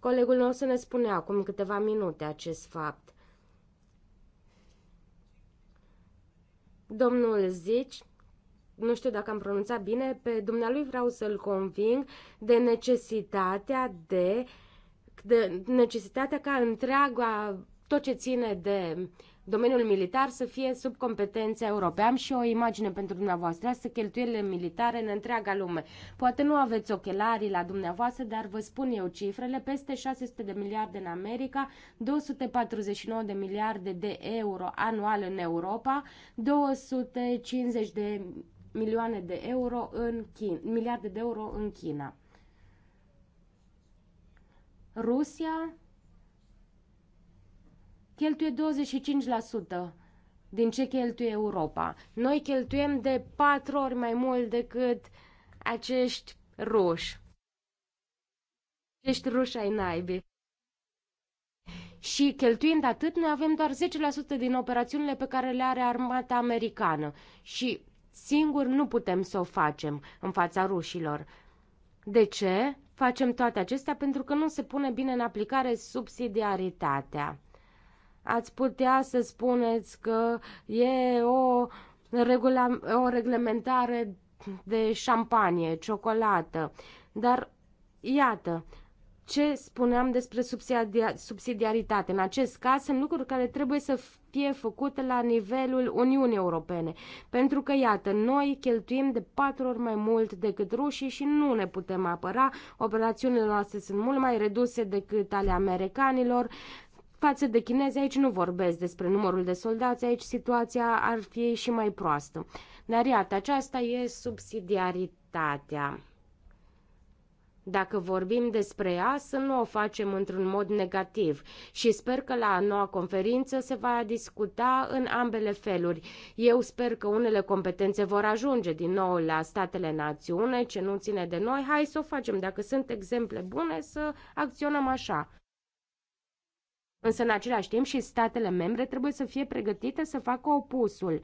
Colegul nostru ne spune acum câteva minute acest fapt. Domnul Zici, nu știu dacă am pronunțat bine, pe dumnealui vreau să-l conving de necesitatea de de necesitatea ca întreaga, tot ce ține de domeniul militar să fie sub competența europeană. Am și o imagine pentru dumneavoastră, să cheltuielile militare în întreaga lume. Poate nu aveți ochelarii la dumneavoastră, dar vă spun eu cifrele, peste 600 de miliarde în America, 249 de miliarde de euro anual în Europa, 250 de milioane de euro în China, miliarde de euro în China. Rusia cheltuie 25% din ce cheltuie Europa. Noi cheltuiem de patru ori mai mult decât acești ruși. Acești ruși ai naibii. Și cheltuind atât, noi avem doar 10% din operațiunile pe care le are armata americană. Și singur nu putem să o facem în fața rușilor. De ce? Facem toate acestea pentru că nu se pune bine în aplicare subsidiaritatea. Ați putea să spuneți că e o, regula, o reglementare de șampanie, ciocolată, dar iată, ce spuneam despre subsidiaritate. În acest caz sunt lucruri care trebuie să fie făcute la nivelul Uniunii Europene. Pentru că, iată, noi cheltuim de patru ori mai mult decât rușii și nu ne putem apăra. Operațiunile noastre sunt mult mai reduse decât ale americanilor. Față de chinezi aici nu vorbesc despre numărul de soldați, aici situația ar fi și mai proastă. Dar iată, aceasta e subsidiaritatea. Dacă vorbim despre ea, să nu o facem într-un mod negativ și sper că la noua conferință se va discuta în ambele feluri. Eu sper că unele competențe vor ajunge din nou la statele națiune, ce nu ține de noi. Hai să o facem. Dacă sunt exemple bune, să acționăm așa. Însă, în același timp, și statele membre trebuie să fie pregătite să facă opusul,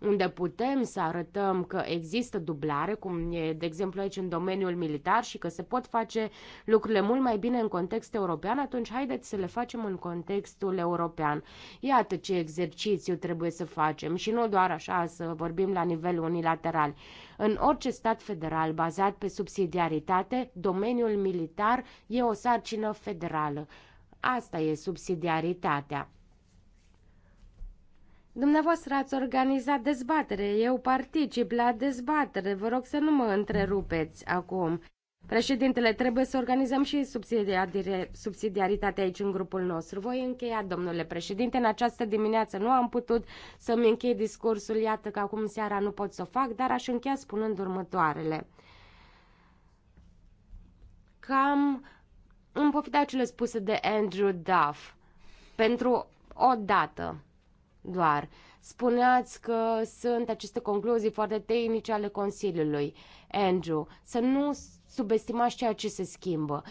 unde putem să arătăm că există dublare, cum e, de exemplu, aici în domeniul militar și că se pot face lucrurile mult mai bine în context european, atunci haideți să le facem în contextul european. Iată ce exercițiu trebuie să facem și nu doar așa să vorbim la nivel unilateral. În orice stat federal bazat pe subsidiaritate, domeniul militar e o sarcină federală. Asta e subsidiaritatea. Dumneavoastră ați organizat dezbatere, eu particip la dezbatere, vă rog să nu mă întrerupeți acum. Președintele, trebuie să organizăm și subsidiaritatea aici în grupul nostru. Voi încheia, domnule președinte, în această dimineață nu am putut să-mi închei discursul, iată că acum seara nu pot să o fac, dar aș încheia spunând următoarele. Cam îmi pofita cele spuse de Andrew Duff pentru o dată doar. Spuneați că sunt aceste concluzii foarte tehnice ale Consiliului. Andrew, să nu subestimați ceea ce se schimbă.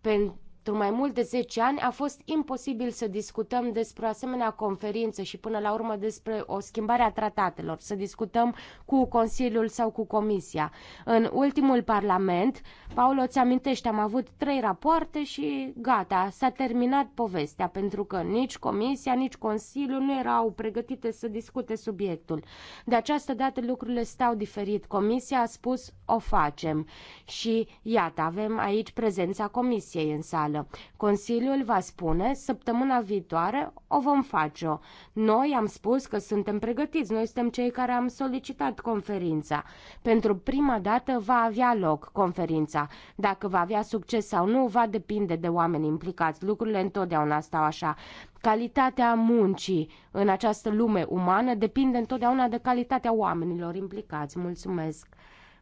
Pentru pentru mai mult de 10 ani a fost imposibil să discutăm despre o asemenea conferință și până la urmă despre o schimbare a tratatelor, să discutăm cu Consiliul sau cu Comisia. În ultimul Parlament, Paolo ți amintește, am avut trei rapoarte și gata, s-a terminat povestea, pentru că nici Comisia, nici Consiliul nu erau pregătite să discute subiectul. De această dată lucrurile stau diferit. Comisia a spus o facem și iată, avem aici prezența Comisiei în sală. Europeană. Consiliul va spune săptămâna viitoare o vom face-o. Noi am spus că suntem pregătiți, noi suntem cei care am solicitat conferința. Pentru prima dată va avea loc conferința. Dacă va avea succes sau nu, va depinde de oameni implicați. Lucrurile întotdeauna stau așa. Calitatea muncii în această lume umană depinde întotdeauna de calitatea oamenilor implicați. Mulțumesc!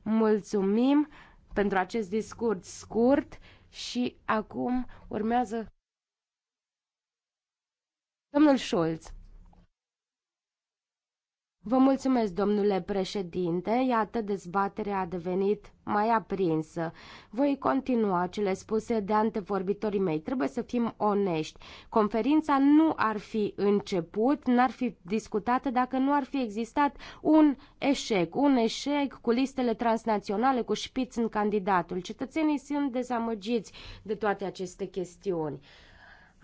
Mulțumim pentru acest discurs scurt și acum urmează domnul Scholz. Vă mulțumesc, domnule președinte, iată dezbaterea a devenit mai aprinsă. Voi continua cele spuse de antevorbitorii mei. Trebuie să fim onești. Conferința nu ar fi început, n-ar fi discutată dacă nu ar fi existat un eșec. Un eșec cu listele transnaționale, cu șpiț în candidatul. Cetățenii sunt dezamăgiți de toate aceste chestiuni.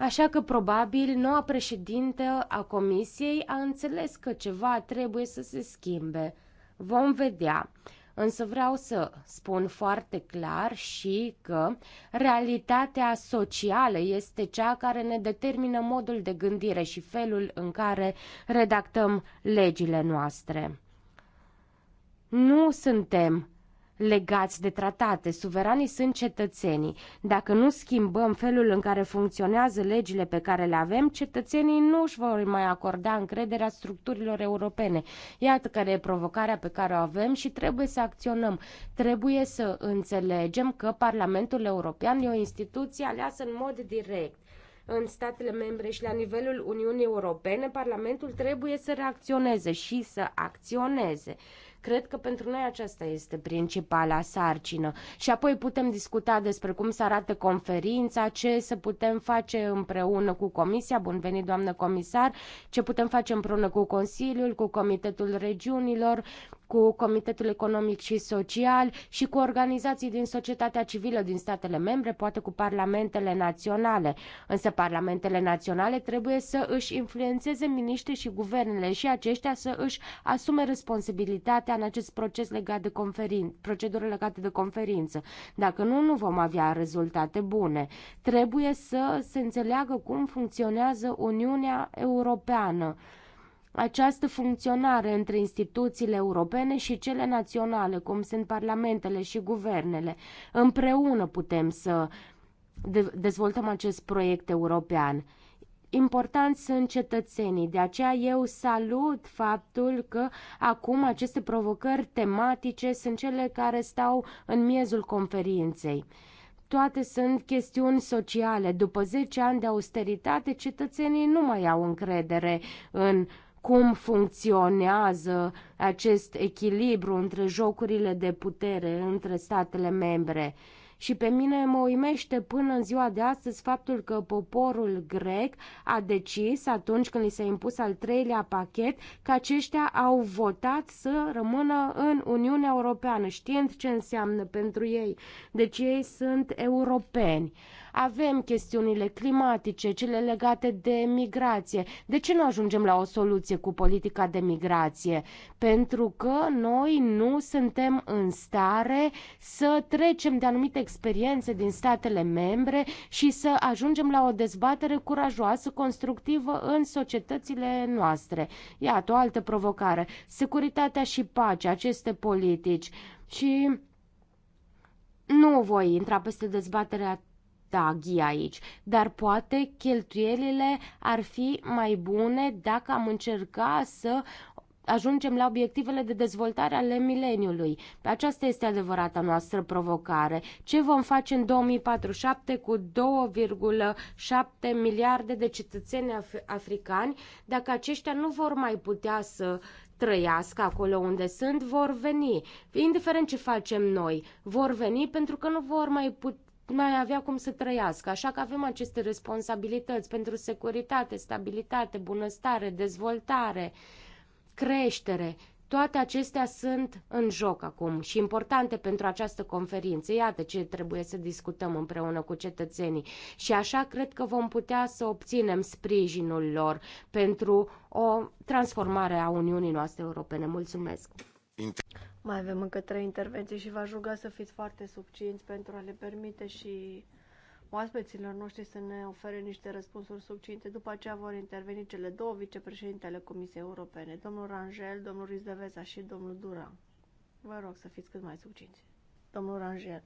Așa că probabil noua președintă a comisiei a înțeles că ceva trebuie să se schimbe. Vom vedea. Însă vreau să spun foarte clar și că realitatea socială este cea care ne determină modul de gândire și felul în care redactăm legile noastre. Nu suntem legați de tratate. Suveranii sunt cetățenii. Dacă nu schimbăm felul în care funcționează legile pe care le avem, cetățenii nu își vor mai acorda încrederea structurilor europene. Iată care e provocarea pe care o avem și trebuie să acționăm. Trebuie să înțelegem că Parlamentul European e o instituție aleasă în mod direct în statele membre și la nivelul Uniunii Europene, Parlamentul trebuie să reacționeze și să acționeze. Cred că pentru noi aceasta este principala sarcină. Și apoi putem discuta despre cum să arate conferința, ce să putem face împreună cu Comisia, bun venit doamnă comisar, ce putem face împreună cu Consiliul, cu Comitetul Regiunilor, cu Comitetul Economic și Social și cu organizații din societatea civilă din statele membre, poate cu parlamentele naționale. Însă parlamentele naționale trebuie să își influențeze miniștri și guvernele și aceștia să își asume responsabilitatea în acest proces legat de conferință, procedură legată de conferință. Dacă nu, nu vom avea rezultate bune. Trebuie să se înțeleagă cum funcționează Uniunea Europeană această funcționare între instituțiile europene și cele naționale, cum sunt parlamentele și guvernele. Împreună putem să dezvoltăm acest proiect european importanți sunt cetățenii. De aceea eu salut faptul că acum aceste provocări tematice sunt cele care stau în miezul conferinței. Toate sunt chestiuni sociale. După 10 ani de austeritate, cetățenii nu mai au încredere în cum funcționează acest echilibru între jocurile de putere între statele membre. Și pe mine mă uimește până în ziua de astăzi faptul că poporul grec a decis, atunci când li s-a impus al treilea pachet, că aceștia au votat să rămână în Uniunea Europeană, știind ce înseamnă pentru ei. Deci ei sunt europeni. Avem chestiunile climatice, cele legate de migrație. De ce nu ajungem la o soluție cu politica de migrație? Pentru că noi nu suntem în stare să trecem de anumite experiențe din statele membre și să ajungem la o dezbatere curajoasă, constructivă în societățile noastre. Iată, o altă provocare. Securitatea și pacea, aceste politici. Și nu voi intra peste dezbaterea taghi aici, dar poate cheltuielile ar fi mai bune dacă am încerca să ajungem la obiectivele de dezvoltare ale mileniului. Aceasta este adevărata noastră provocare. Ce vom face în 2047 cu 2,7 miliarde de cetățeni af- africani dacă aceștia nu vor mai putea să trăiască acolo unde sunt, vor veni. Indiferent ce facem noi, vor veni pentru că nu vor mai putea mai avea cum să trăiască. Așa că avem aceste responsabilități pentru securitate, stabilitate, bunăstare, dezvoltare, creștere. Toate acestea sunt în joc acum și importante pentru această conferință. Iată ce trebuie să discutăm împreună cu cetățenii și așa cred că vom putea să obținem sprijinul lor pentru o transformare a Uniunii noastre europene. Mulțumesc! Inter mai avem încă trei intervenții și v-aș ruga să fiți foarte subcinți pentru a le permite și oaspeților noștri să ne ofere niște răspunsuri subcinte. După aceea vor interveni cele două ale Comisiei Europene, domnul Rangel, domnul Rizdeveza și domnul Duran. Vă rog să fiți cât mai subcinți. Domnul Rangel.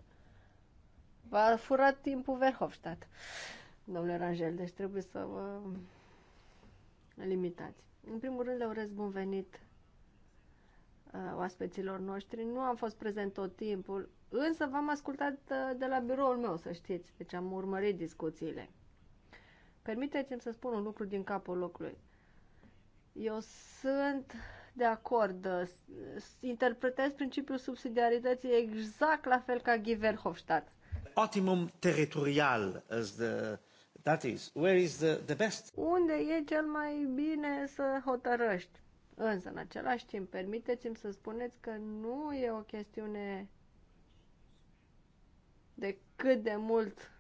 V-a furat timpul Verhofstadt, domnule Rangel, deci trebuie să vă limitați. În primul rând le urez bun venit oaspeților noștri. Nu am fost prezent tot timpul, însă v-am ascultat de la biroul meu, să știți, deci am urmărit discuțiile. Permiteți-mi să spun un lucru din capul locului. Eu sunt de acord, interpretez principiul subsidiarității exact la fel ca Giverhofstadt. Optimum teritorial, as the, that is, where is the, the best? Unde e cel mai bine să hotărăști? Însă, în același timp, permiteți-mi să spuneți că nu e o chestiune de cât de mult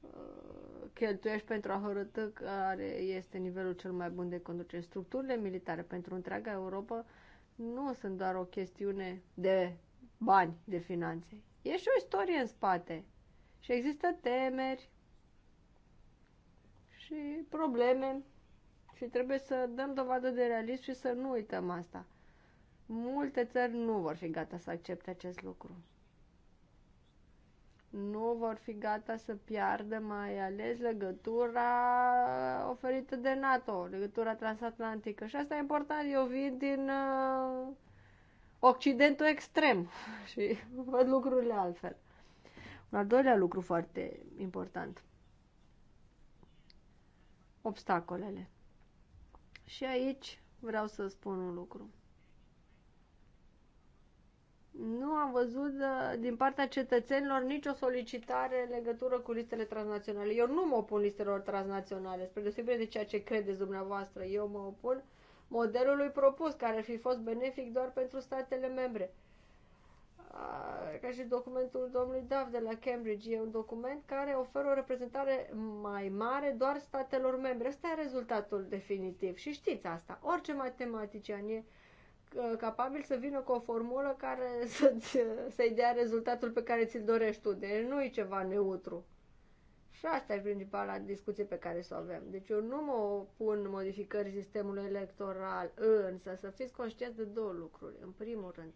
uh, cheltuiești pentru a hărătă care este nivelul cel mai bun de conducere. Structurile militare pentru întreaga Europa nu sunt doar o chestiune de bani, de finanțe. E și o istorie în spate. Și există temeri, și probleme și trebuie să dăm dovadă de realism și să nu uităm asta. Multe țări nu vor fi gata să accepte acest lucru. Nu vor fi gata să piardă mai ales legătura oferită de NATO, legătura transatlantică. Și asta e important. Eu vin din uh, Occidentul extrem și văd lucrurile altfel. Un al doilea lucru foarte important obstacolele. Și aici vreau să spun un lucru. Nu am văzut uh, din partea cetățenilor nicio solicitare în legătură cu listele transnaționale. Eu nu mă opun listelor transnaționale, spre deosebire de ceea ce credeți dumneavoastră. Eu mă opun modelului propus, care ar fi fost benefic doar pentru statele membre ca și documentul domnului Dav de la Cambridge. E un document care oferă o reprezentare mai mare doar statelor membre. Asta e rezultatul definitiv și știți asta. Orice matematician e uh, capabil să vină cu o formulă care să-ți, uh, să-i dea rezultatul pe care ți-l dorești tu. Deci nu e ceva neutru. Și asta e principala discuție pe care să o avem. Deci eu nu mă opun modificării sistemului electoral, însă să fiți conștienți de două lucruri. În primul rând,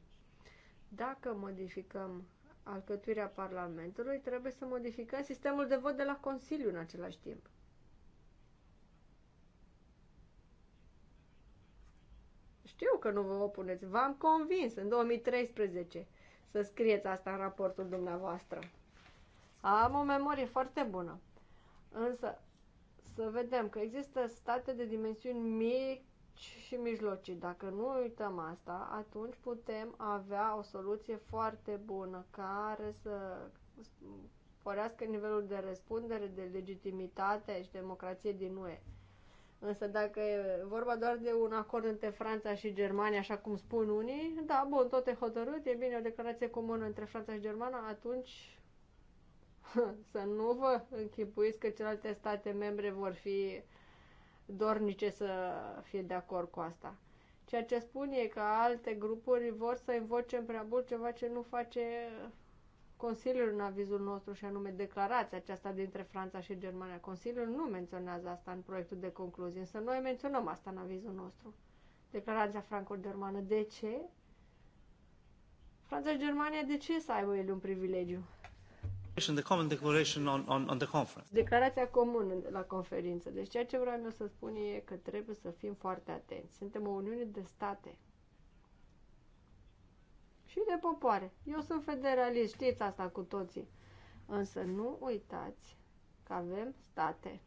dacă modificăm alcătuirea Parlamentului, trebuie să modificăm sistemul de vot de la Consiliu în același timp. Știu că nu vă opuneți, v-am convins în 2013 să scrieți asta în raportul dumneavoastră. Am o memorie foarte bună. Însă, să vedem că există state de dimensiuni mici mici și mijlocii. Dacă nu uităm asta, atunci putem avea o soluție foarte bună care să sporească nivelul de răspundere, de legitimitate și democrație din UE. Însă dacă e vorba doar de un acord între Franța și Germania, așa cum spun unii, da, bun, tot e hotărât, e bine o declarație comună între Franța și Germania, atunci să nu vă închipuiți că celelalte state membre vor fi dornice să fie de acord cu asta. Ceea ce spun e că alte grupuri vor să invoce în preambul ceva ce nu face Consiliul în avizul nostru și anume declarația aceasta dintre Franța și Germania. Consiliul nu menționează asta în proiectul de concluzie, însă noi menționăm asta în avizul nostru. Declarația franco-germană. De ce? Franța și Germania de ce să aibă el un privilegiu? Declarația comună la conferință. Deci ceea ce vreau eu să spun e că trebuie să fim foarte atenți. Suntem o uniune de state și de popoare. Eu sunt federalist, știți asta cu toții. Însă nu uitați că avem state.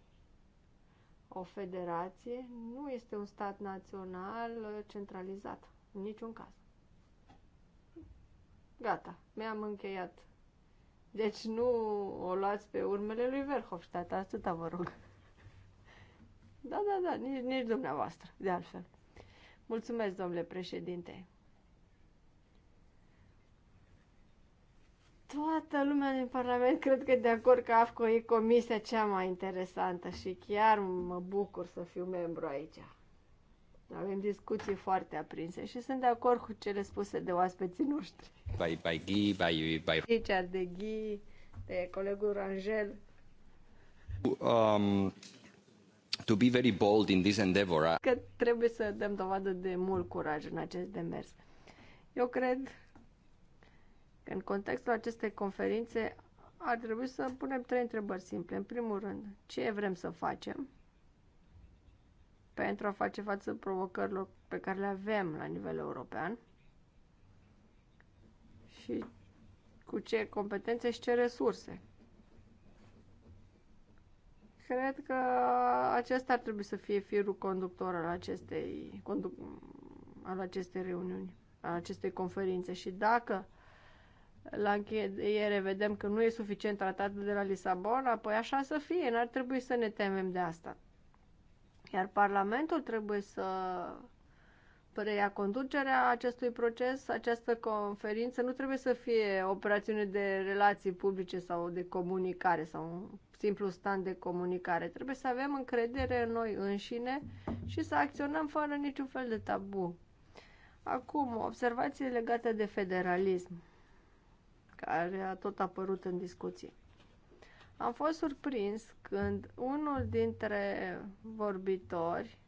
O federație nu este un stat național uh, centralizat, în niciun caz. Gata, mi-am încheiat deci nu o luați pe urmele lui Verhofstadt, atâta vă rog. Da, da, da, nici, nici dumneavoastră, de altfel. Mulțumesc, domnule președinte. Toată lumea din Parlament cred că de acord că AFCO e comisia cea mai interesantă și chiar mă bucur să fiu membru aici. Avem discuții foarte aprinse și sunt de acord cu cele spuse de oaspeții noștri. By, by Ghi, by, by... Richard de Ghi, de colegul Rangel. Um, to be very bold in this endeavor. Că trebuie să dăm dovadă de mult curaj în acest demers. Eu cred că în contextul acestei conferințe ar trebui să punem trei întrebări simple. În primul rând, ce vrem să facem? pentru a face față provocărilor pe care le avem la nivel european și cu ce competențe și ce resurse. Cred că acesta ar trebui să fie firul conductor al acestei, condu- al acestei reuniuni, al acestei conferințe și dacă la încheiere vedem că nu e suficient tratatul de la Lisabona, păi așa să fie, n-ar trebui să ne temem de asta. Iar Parlamentul trebuie să preia conducerea acestui proces. Această conferință nu trebuie să fie operațiune de relații publice sau de comunicare sau un simplu stand de comunicare. Trebuie să avem încredere în noi înșine și să acționăm fără niciun fel de tabu. Acum, observații legate de federalism, care a tot apărut în discuții. Am fost surprins când unul dintre vorbitori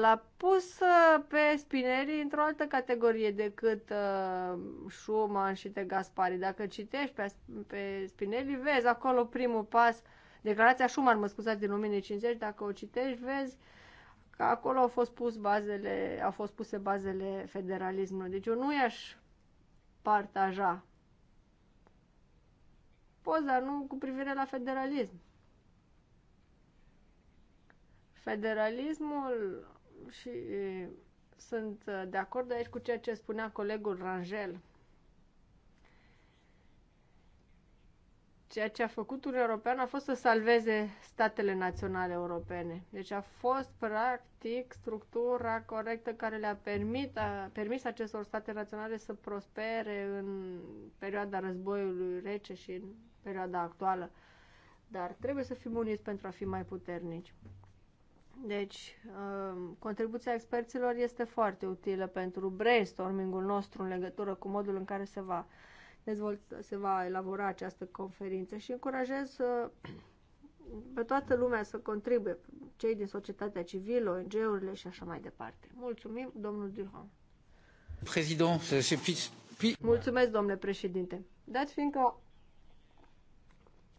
l-a pus uh, pe spinerii într-o altă categorie decât uh, Schumann și de Gaspari. Dacă citești pe, pe spinerii, vezi acolo primul pas, declarația Schumann, mă scuzați, din 1950, dacă o citești, vezi că acolo au fost, pus bazele, au fost puse bazele federalismului. Deci eu nu i-aș partaja poza dar nu cu privire la federalism. Federalismul și sunt de acord aici cu ceea ce spunea colegul Rangel Ceea ce a făcut Uniunea Europeană a fost să salveze statele naționale europene. Deci a fost, practic, structura corectă care le-a permit, a permis acestor state naționale să prospere în perioada războiului rece și în perioada actuală. Dar trebuie să fim uniți pentru a fi mai puternici. Deci, um, contribuția experților este foarte utilă pentru brainstorming-ul nostru în legătură cu modul în care se va dezvolta, se va elabora această conferință și încurajez pe toată lumea să contribuie, cei din societatea civilă, ONG-urile și așa mai departe. Mulțumim, domnul Duhan. Prezident, Mulțumesc, domnule președinte. Dat fiindcă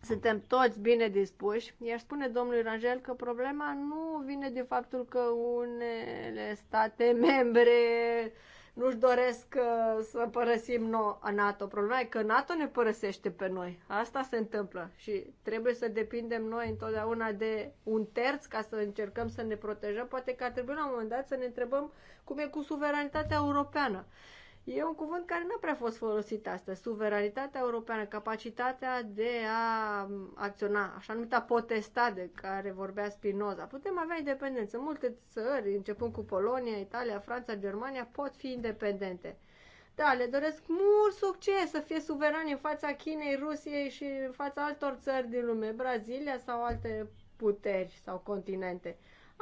suntem toți bine dispuși, iar spune domnului Rangel că problema nu vine din faptul că unele state membre uh, nu-și doresc uh, să părăsim NATO. Problema e că NATO ne părăsește pe noi. Asta se întâmplă și trebuie să depindem noi întotdeauna de un terț ca să încercăm să ne protejăm. Poate că ar trebui la un moment dat să ne întrebăm cum e cu suveranitatea europeană. E un cuvânt care nu a prea fost folosit astăzi. Suveranitatea europeană, capacitatea de a acționa, așa numita potestate de care vorbea Spinoza. Putem avea independență. Multe țări, începând cu Polonia, Italia, Franța, Germania, pot fi independente. Da, le doresc mult succes să fie suverani în fața Chinei, Rusiei și în fața altor țări din lume, Brazilia sau alte puteri sau continente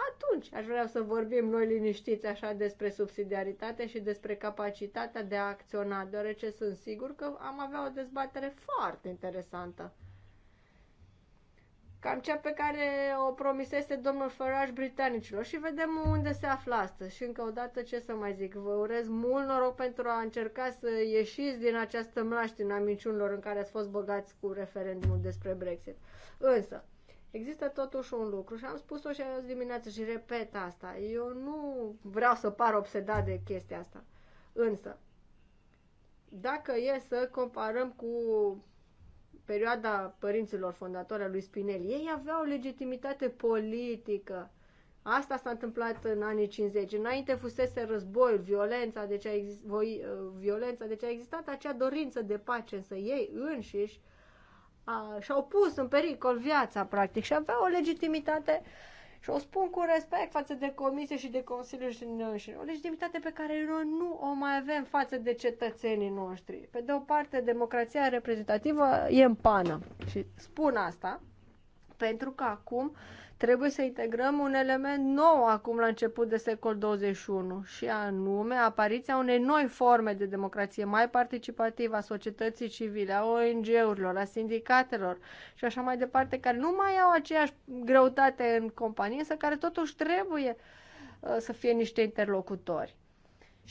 atunci aș vrea să vorbim noi liniștiți așa despre subsidiaritate și despre capacitatea de a acționa, deoarece sunt sigur că am avea o dezbatere foarte interesantă. Cam cea pe care o promisese domnul Farage britanicilor și vedem unde se află astăzi. Și încă o dată ce să mai zic, vă urez mult noroc pentru a încerca să ieșiți din această mlaștină a minciunilor în care ați fost băgați cu referendumul despre Brexit. Însă, Există totuși un lucru și am spus-o și azi dimineață și repet asta. Eu nu vreau să par obsedat de chestia asta. Însă, dacă e să comparăm cu perioada părinților fondatori a lui Spinelli, ei aveau legitimitate politică. Asta s-a întâmplat în anii 50. Înainte fusese război, violența, deci a, exist- voi, violența, deci a existat acea dorință de pace, însă ei înșiși a, și-au pus în pericol viața, practic, și aveau o legitimitate și o spun cu respect față de comisie și de Consiliu și, și o legitimitate pe care noi nu o mai avem față de cetățenii noștri. Pe de o parte, democrația reprezentativă e în pană și spun asta pentru că acum uh, trebuie să integrăm un element nou acum la început de secol 21 și anume apariția unei noi forme de democrație mai participativă a societății civile, a ONG-urilor, a sindicatelor și așa mai departe, care nu mai au aceeași greutate în companie, să care totuși trebuie uh, să fie niște interlocutori.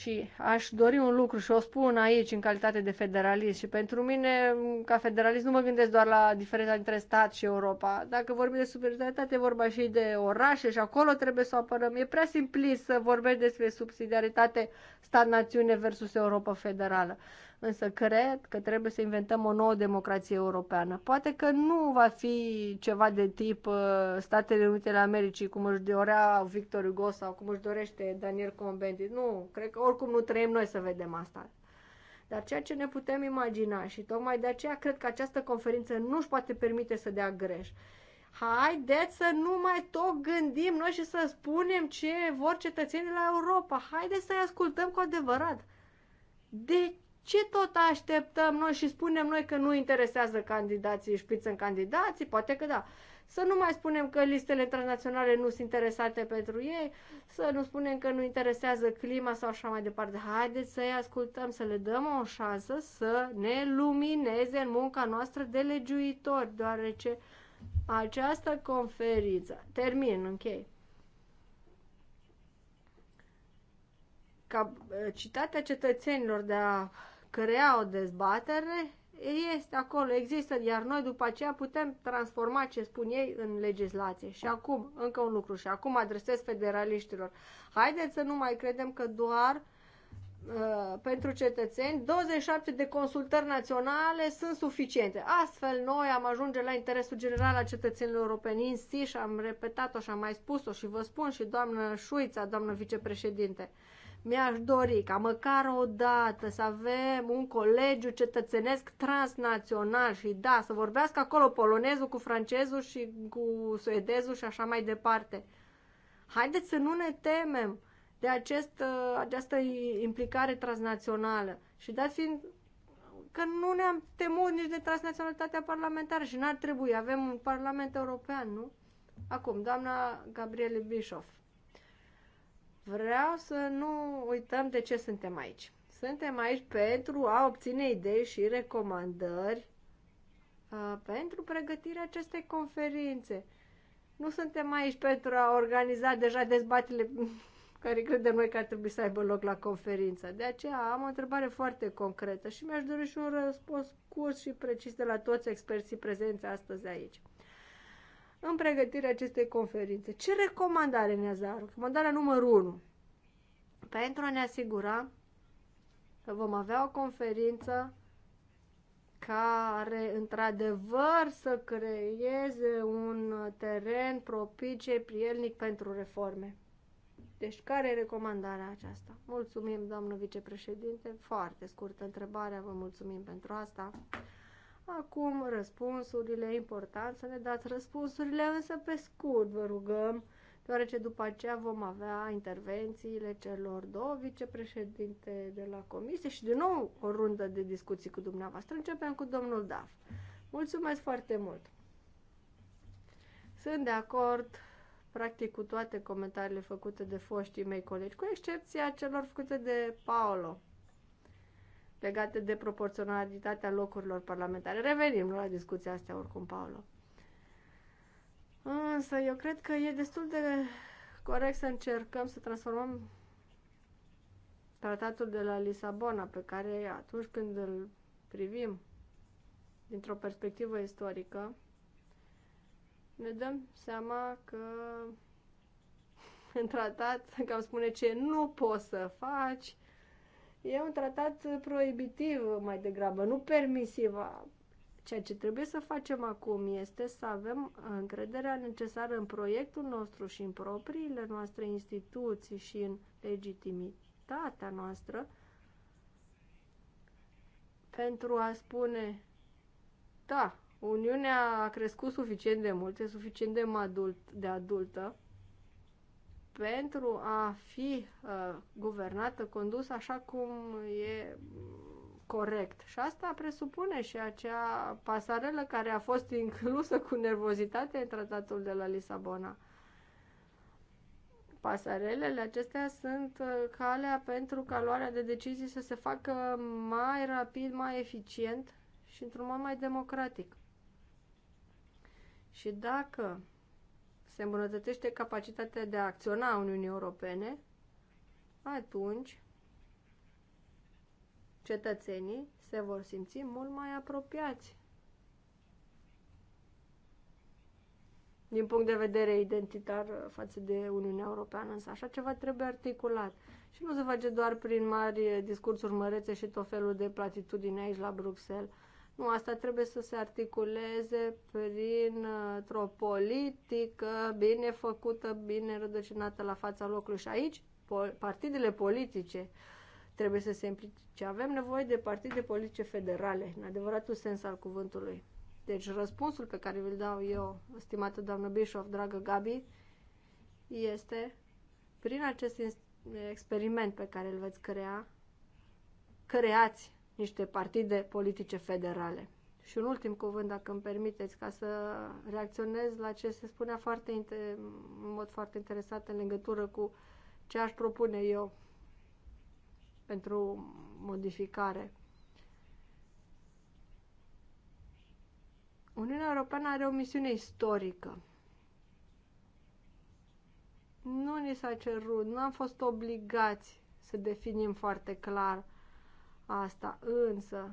Și aș dori un lucru și o spun aici în calitate de federalist și pentru mine, ca federalist, nu mă gândesc doar la diferența dintre stat și Europa. Dacă vorbim de subsidiaritate, vorba și de orașe și acolo trebuie să o apărăm. E prea simplist să vorbești despre subsidiaritate stat-națiune versus Europa federală. Însă cred că trebuie să inventăm o nouă democrație europeană. Poate că nu va fi ceva de tip uh, Statele Unite ale Americii, cum își dorea Victor Hugo sau cum își dorește Daniel Cohn-Bendit. Nu, cred că oricum nu trăim noi să vedem asta. Dar ceea ce ne putem imagina și tocmai de aceea cred că această conferință nu își poate permite să dea greș. Haideți să nu mai tot gândim noi și să spunem ce vor cetățenii la Europa. Haideți să-i ascultăm cu adevărat. De ce tot așteptăm noi și spunem noi că nu interesează candidații, șpiță în candidații? Poate că da. Să nu mai spunem că listele internaționale nu sunt interesate pentru ei, să nu spunem că nu interesează clima sau așa mai departe. Haideți să-i ascultăm, să le dăm o șansă să ne lumineze în munca noastră de legiuitori, deoarece această conferință, termin, închei, ca citatea cetățenilor de a crea o dezbatere, este acolo, există, iar noi după aceea putem transforma ce spun ei în legislație. Și acum, încă un lucru, și acum adresez federaliștilor. Haideți să nu mai credem că doar uh, pentru cetățeni, 27 de consultări naționale sunt suficiente. Astfel, noi am ajunge la interesul general al cetățenilor europeni. Insi și am repetat-o și am mai spus-o și vă spun și doamnă Șuița, doamnă vicepreședinte. Uh, mi-aș dori ca măcar o dată să avem un colegiu cetățenesc transnațional și da, să vorbească acolo polonezul cu francezul și cu suedezul și așa mai departe. Haideți să nu ne temem de acest, ă, această implicare transnațională și dat fiind că nu ne-am temut nici de transnaționalitatea parlamentară și n-ar trebui. Avem un parlament european, nu? Acum, doamna Gabriele Bischoff. Vreau să nu uităm de ce suntem aici. Suntem aici pentru a obține idei și recomandări uh, pentru pregătirea acestei conferințe. Nu suntem aici pentru a organiza deja dezbatele care credem noi că ar trebui să aibă loc la conferință. De aceea am o întrebare foarte concretă și mi-aș dori și un răspuns scurs și precis de la toți experții prezenți astăzi aici în pregătirea acestei conferințe. Ce recomandare ne-a dat? Recomandarea numărul 1. Pentru a ne asigura că vom avea o conferință care într-adevăr să creeze un teren propice, prielnic pentru reforme. Deci care e recomandarea aceasta? Mulțumim, doamnă vicepreședinte, foarte scurtă întrebare. vă mulțumim pentru asta. Acum răspunsurile, important să ne dați răspunsurile, însă pe scurt vă rugăm, deoarece după aceea vom avea intervențiile celor două vicepreședinte de la comisie și din nou o rundă de discuții cu dumneavoastră. Începem cu domnul Daf. Mulțumesc foarte mult! Sunt de acord practic cu toate comentariile făcute de foștii mei colegi, cu excepția celor făcute de Paolo legate de proporționalitatea locurilor parlamentare. Revenim la discuția asta oricum, Paolo. Însă eu cred că e destul de corect să încercăm să transformăm tratatul de la Lisabona, pe care atunci când îl privim dintr-o perspectivă istorică, ne dăm seama că în tratat, cam spune ce nu poți să faci, E un tratat proibitiv mai degrabă, nu permisiv. Ceea ce trebuie să facem acum este să avem încrederea necesară în proiectul nostru și în propriile noastre instituții și în legitimitatea noastră pentru a spune, da, Uniunea a crescut suficient de mult, e suficient de, adult, de adultă, pentru a fi uh, guvernată, condusă așa cum e corect. Și asta presupune și acea pasarelă care a fost inclusă cu nervozitate în tratatul de la Lisabona. Pasarelele acestea sunt uh, calea pentru ca luarea de decizii să se facă mai rapid, mai eficient și într-un mod mai democratic. Și dacă se îmbunătățește capacitatea de a acționa a Uniunii Europene, atunci cetățenii se vor simți mult mai apropiați din punct de vedere identitar față de Uniunea Europeană, însă așa ceva trebuie articulat. Și nu se face doar prin mari discursuri mărețe și tot felul de platitudine aici la Bruxelles. Nu, asta trebuie să se articuleze printr-o politică bine făcută, bine rădăcinată la fața locului. Și aici partidele politice trebuie să se implice. Avem nevoie de partide politice federale, în adevăratul sens al cuvântului. Deci răspunsul pe care vi-l dau eu, stimată doamnă Bischoff, dragă Gabi, este prin acest experiment pe care îl veți crea, creați niște partide politice federale. Și un ultim cuvânt, dacă îmi permiteți, ca să reacționez la ce se spunea foarte în mod foarte interesat în legătură cu ce aș propune eu pentru modificare. Uniunea Europeană are o misiune istorică. Nu ni s-a cerut, nu am fost obligați să definim foarte clar uh, asta, însă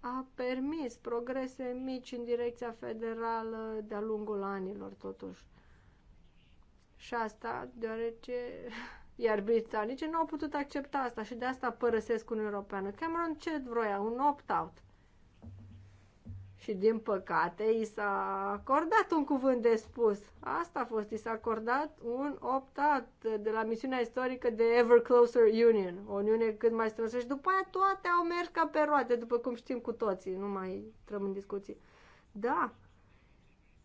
a permis progrese mici în direcția federală de-a lungul anilor, totuși. Și asta deoarece... Iar britanicii nu au putut accepta asta și de asta părăsesc Uniunea Europeană. Cameron ce vroia? Un opt-out și din păcate i s-a acordat un cuvânt de spus. Asta a fost, i s-a acordat un optat de la misiunea istorică de Ever Closer Union, o uniune cât mai strânsă și după aia toate au mers ca pe roate, după cum știm cu toții, nu mai intrăm în discuții. Da,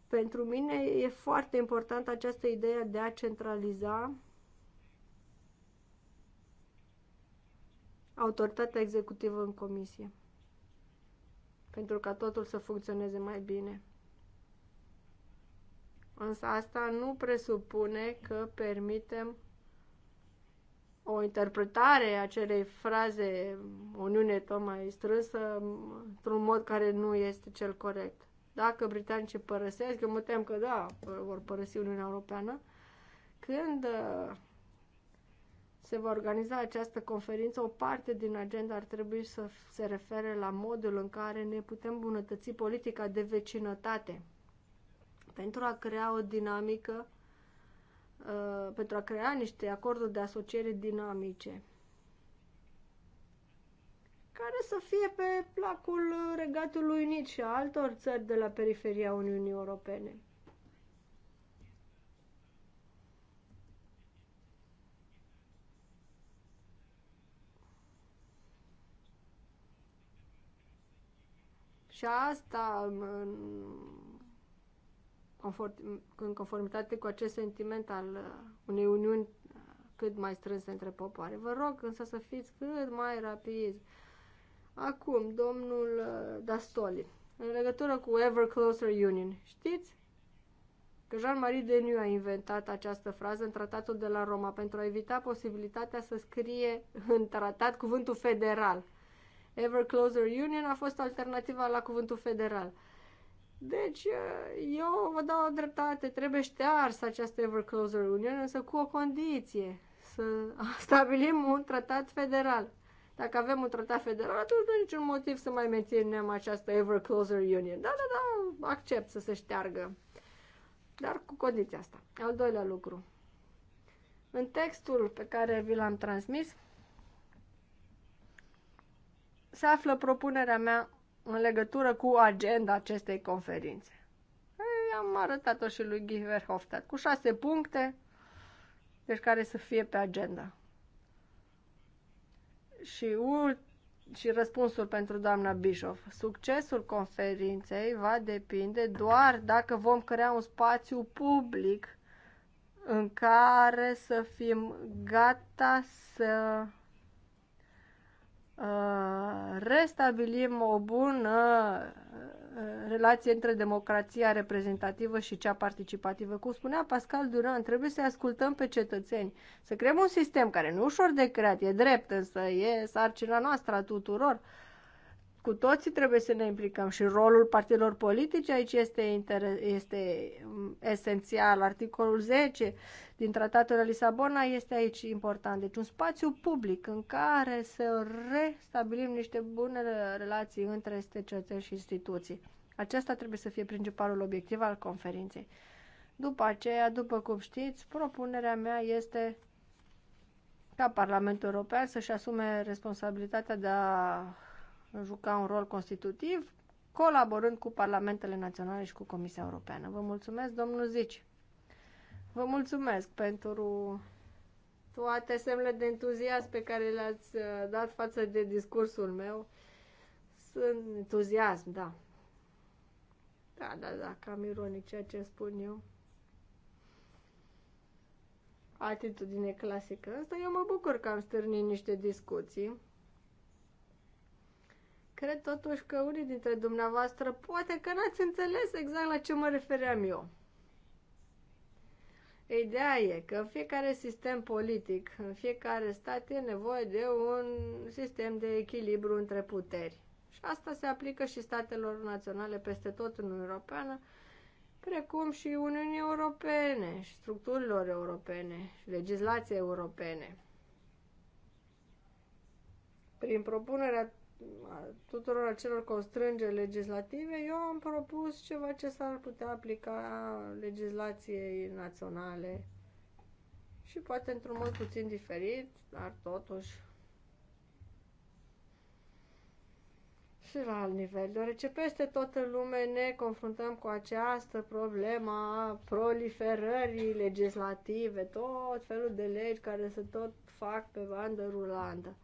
pentru mine e foarte importantă această idee de a centraliza autoritatea executivă în comisie pentru ca totul să funcționeze mai bine. Însă asta nu presupune că permitem o interpretare a acelei fraze Uniune tot mai strânsă într-un mod care nu este cel corect. Dacă britanicii părăsesc, eu mă tem că da, vor părăsi Uniunea Europeană, când uh, se va organiza această conferință, o parte din agenda ar trebui să se refere la modul în care ne putem bunătăți politica de vecinătate pentru a crea o dinamică, uh, pentru a crea niște acorduri de asociere dinamice care să fie pe placul Regatului Unit și a altor țări de la periferia Uniunii Europene. Și asta, în, conform, în conformitate cu acest sentiment al uh, unei uniuni uh, cât mai strânse între popoare. Vă rog însă să fiți cât mai rapizi. Acum, domnul uh, Dastoli, în legătură cu Ever Closer Union, știți că Jean-Marie Deniu a inventat această frază în tratatul de la Roma pentru a evita posibilitatea să scrie în tratat cuvântul federal – Ever Closer Union a fost alternativa la cuvântul federal. Deci, eu vă dau dreptate, trebuie ștearsă această Ever Closer Union, însă cu o condiție, să stabilim un tratat federal. Dacă avem un tratat federal, atunci nu niciun motiv să mai menținem această Ever Closer Union. Da, da, da, accept să se șteargă. Dar cu condiția asta. Al doilea lucru. În textul pe care vi l-am transmis, se află propunerea mea în legătură cu agenda acestei conferințe. I-am arătat-o și lui Guy Verhofstadt, cu șase puncte, deci care să fie pe agenda. Și, ult, și răspunsul pentru doamna Bischoff. Succesul conferinței va depinde doar dacă vom crea un spațiu public în care să fim gata să Uh, restabilim o bună uh, relație între democrația reprezentativă și cea participativă. Cum spunea Pascal Duran, trebuie să ascultăm pe cetățeni, să creăm un sistem care nu ușor de creat, e drept, însă e sarcina noastră a tuturor. Cu toții trebuie să ne implicăm și rolul partidelor politice aici este, inter- este mm, esențial. Articolul 10 din Tratatul de Lisabona este aici important. Deci un spațiu public în care să restabilim niște bune relații între cetățeni și instituții. Acesta trebuie să fie principalul obiectiv al conferinței. După aceea, după cum știți, propunerea mea este ca Parlamentul European să-și asume responsabilitatea de a juca un rol constitutiv, colaborând cu parlamentele naționale și cu Comisia Europeană. Vă mulțumesc, domnul Zici. Vă mulțumesc pentru toate semnele de entuziasm pe care le-ați uh, dat față de discursul meu. Sunt entuziasm, da. Da, da, da, cam ironic ceea ce spun eu. Atitudine clasică. Asta eu mă bucur că am stârnit niște discuții. Cred totuși că unii dintre dumneavoastră poate că n-ați înțeles exact la ce mă refeream eu. Ideea e că în fiecare sistem politic, în fiecare stat e nevoie de un sistem de echilibru între puteri. Și asta se aplică și statelor naționale peste tot în Uniunea Europeană, precum și Uniunii Europene, și structurilor europene, și legislației europene. Prin propunerea tuturor acelor constrângeri legislative, eu am propus ceva ce s-ar putea aplica legislației naționale și poate într-un mod puțin diferit, dar totuși și la alt nivel, deoarece peste tot în lume ne confruntăm cu această problemă a proliferării legislative, tot felul de legi care se tot fac pe bandă rulantă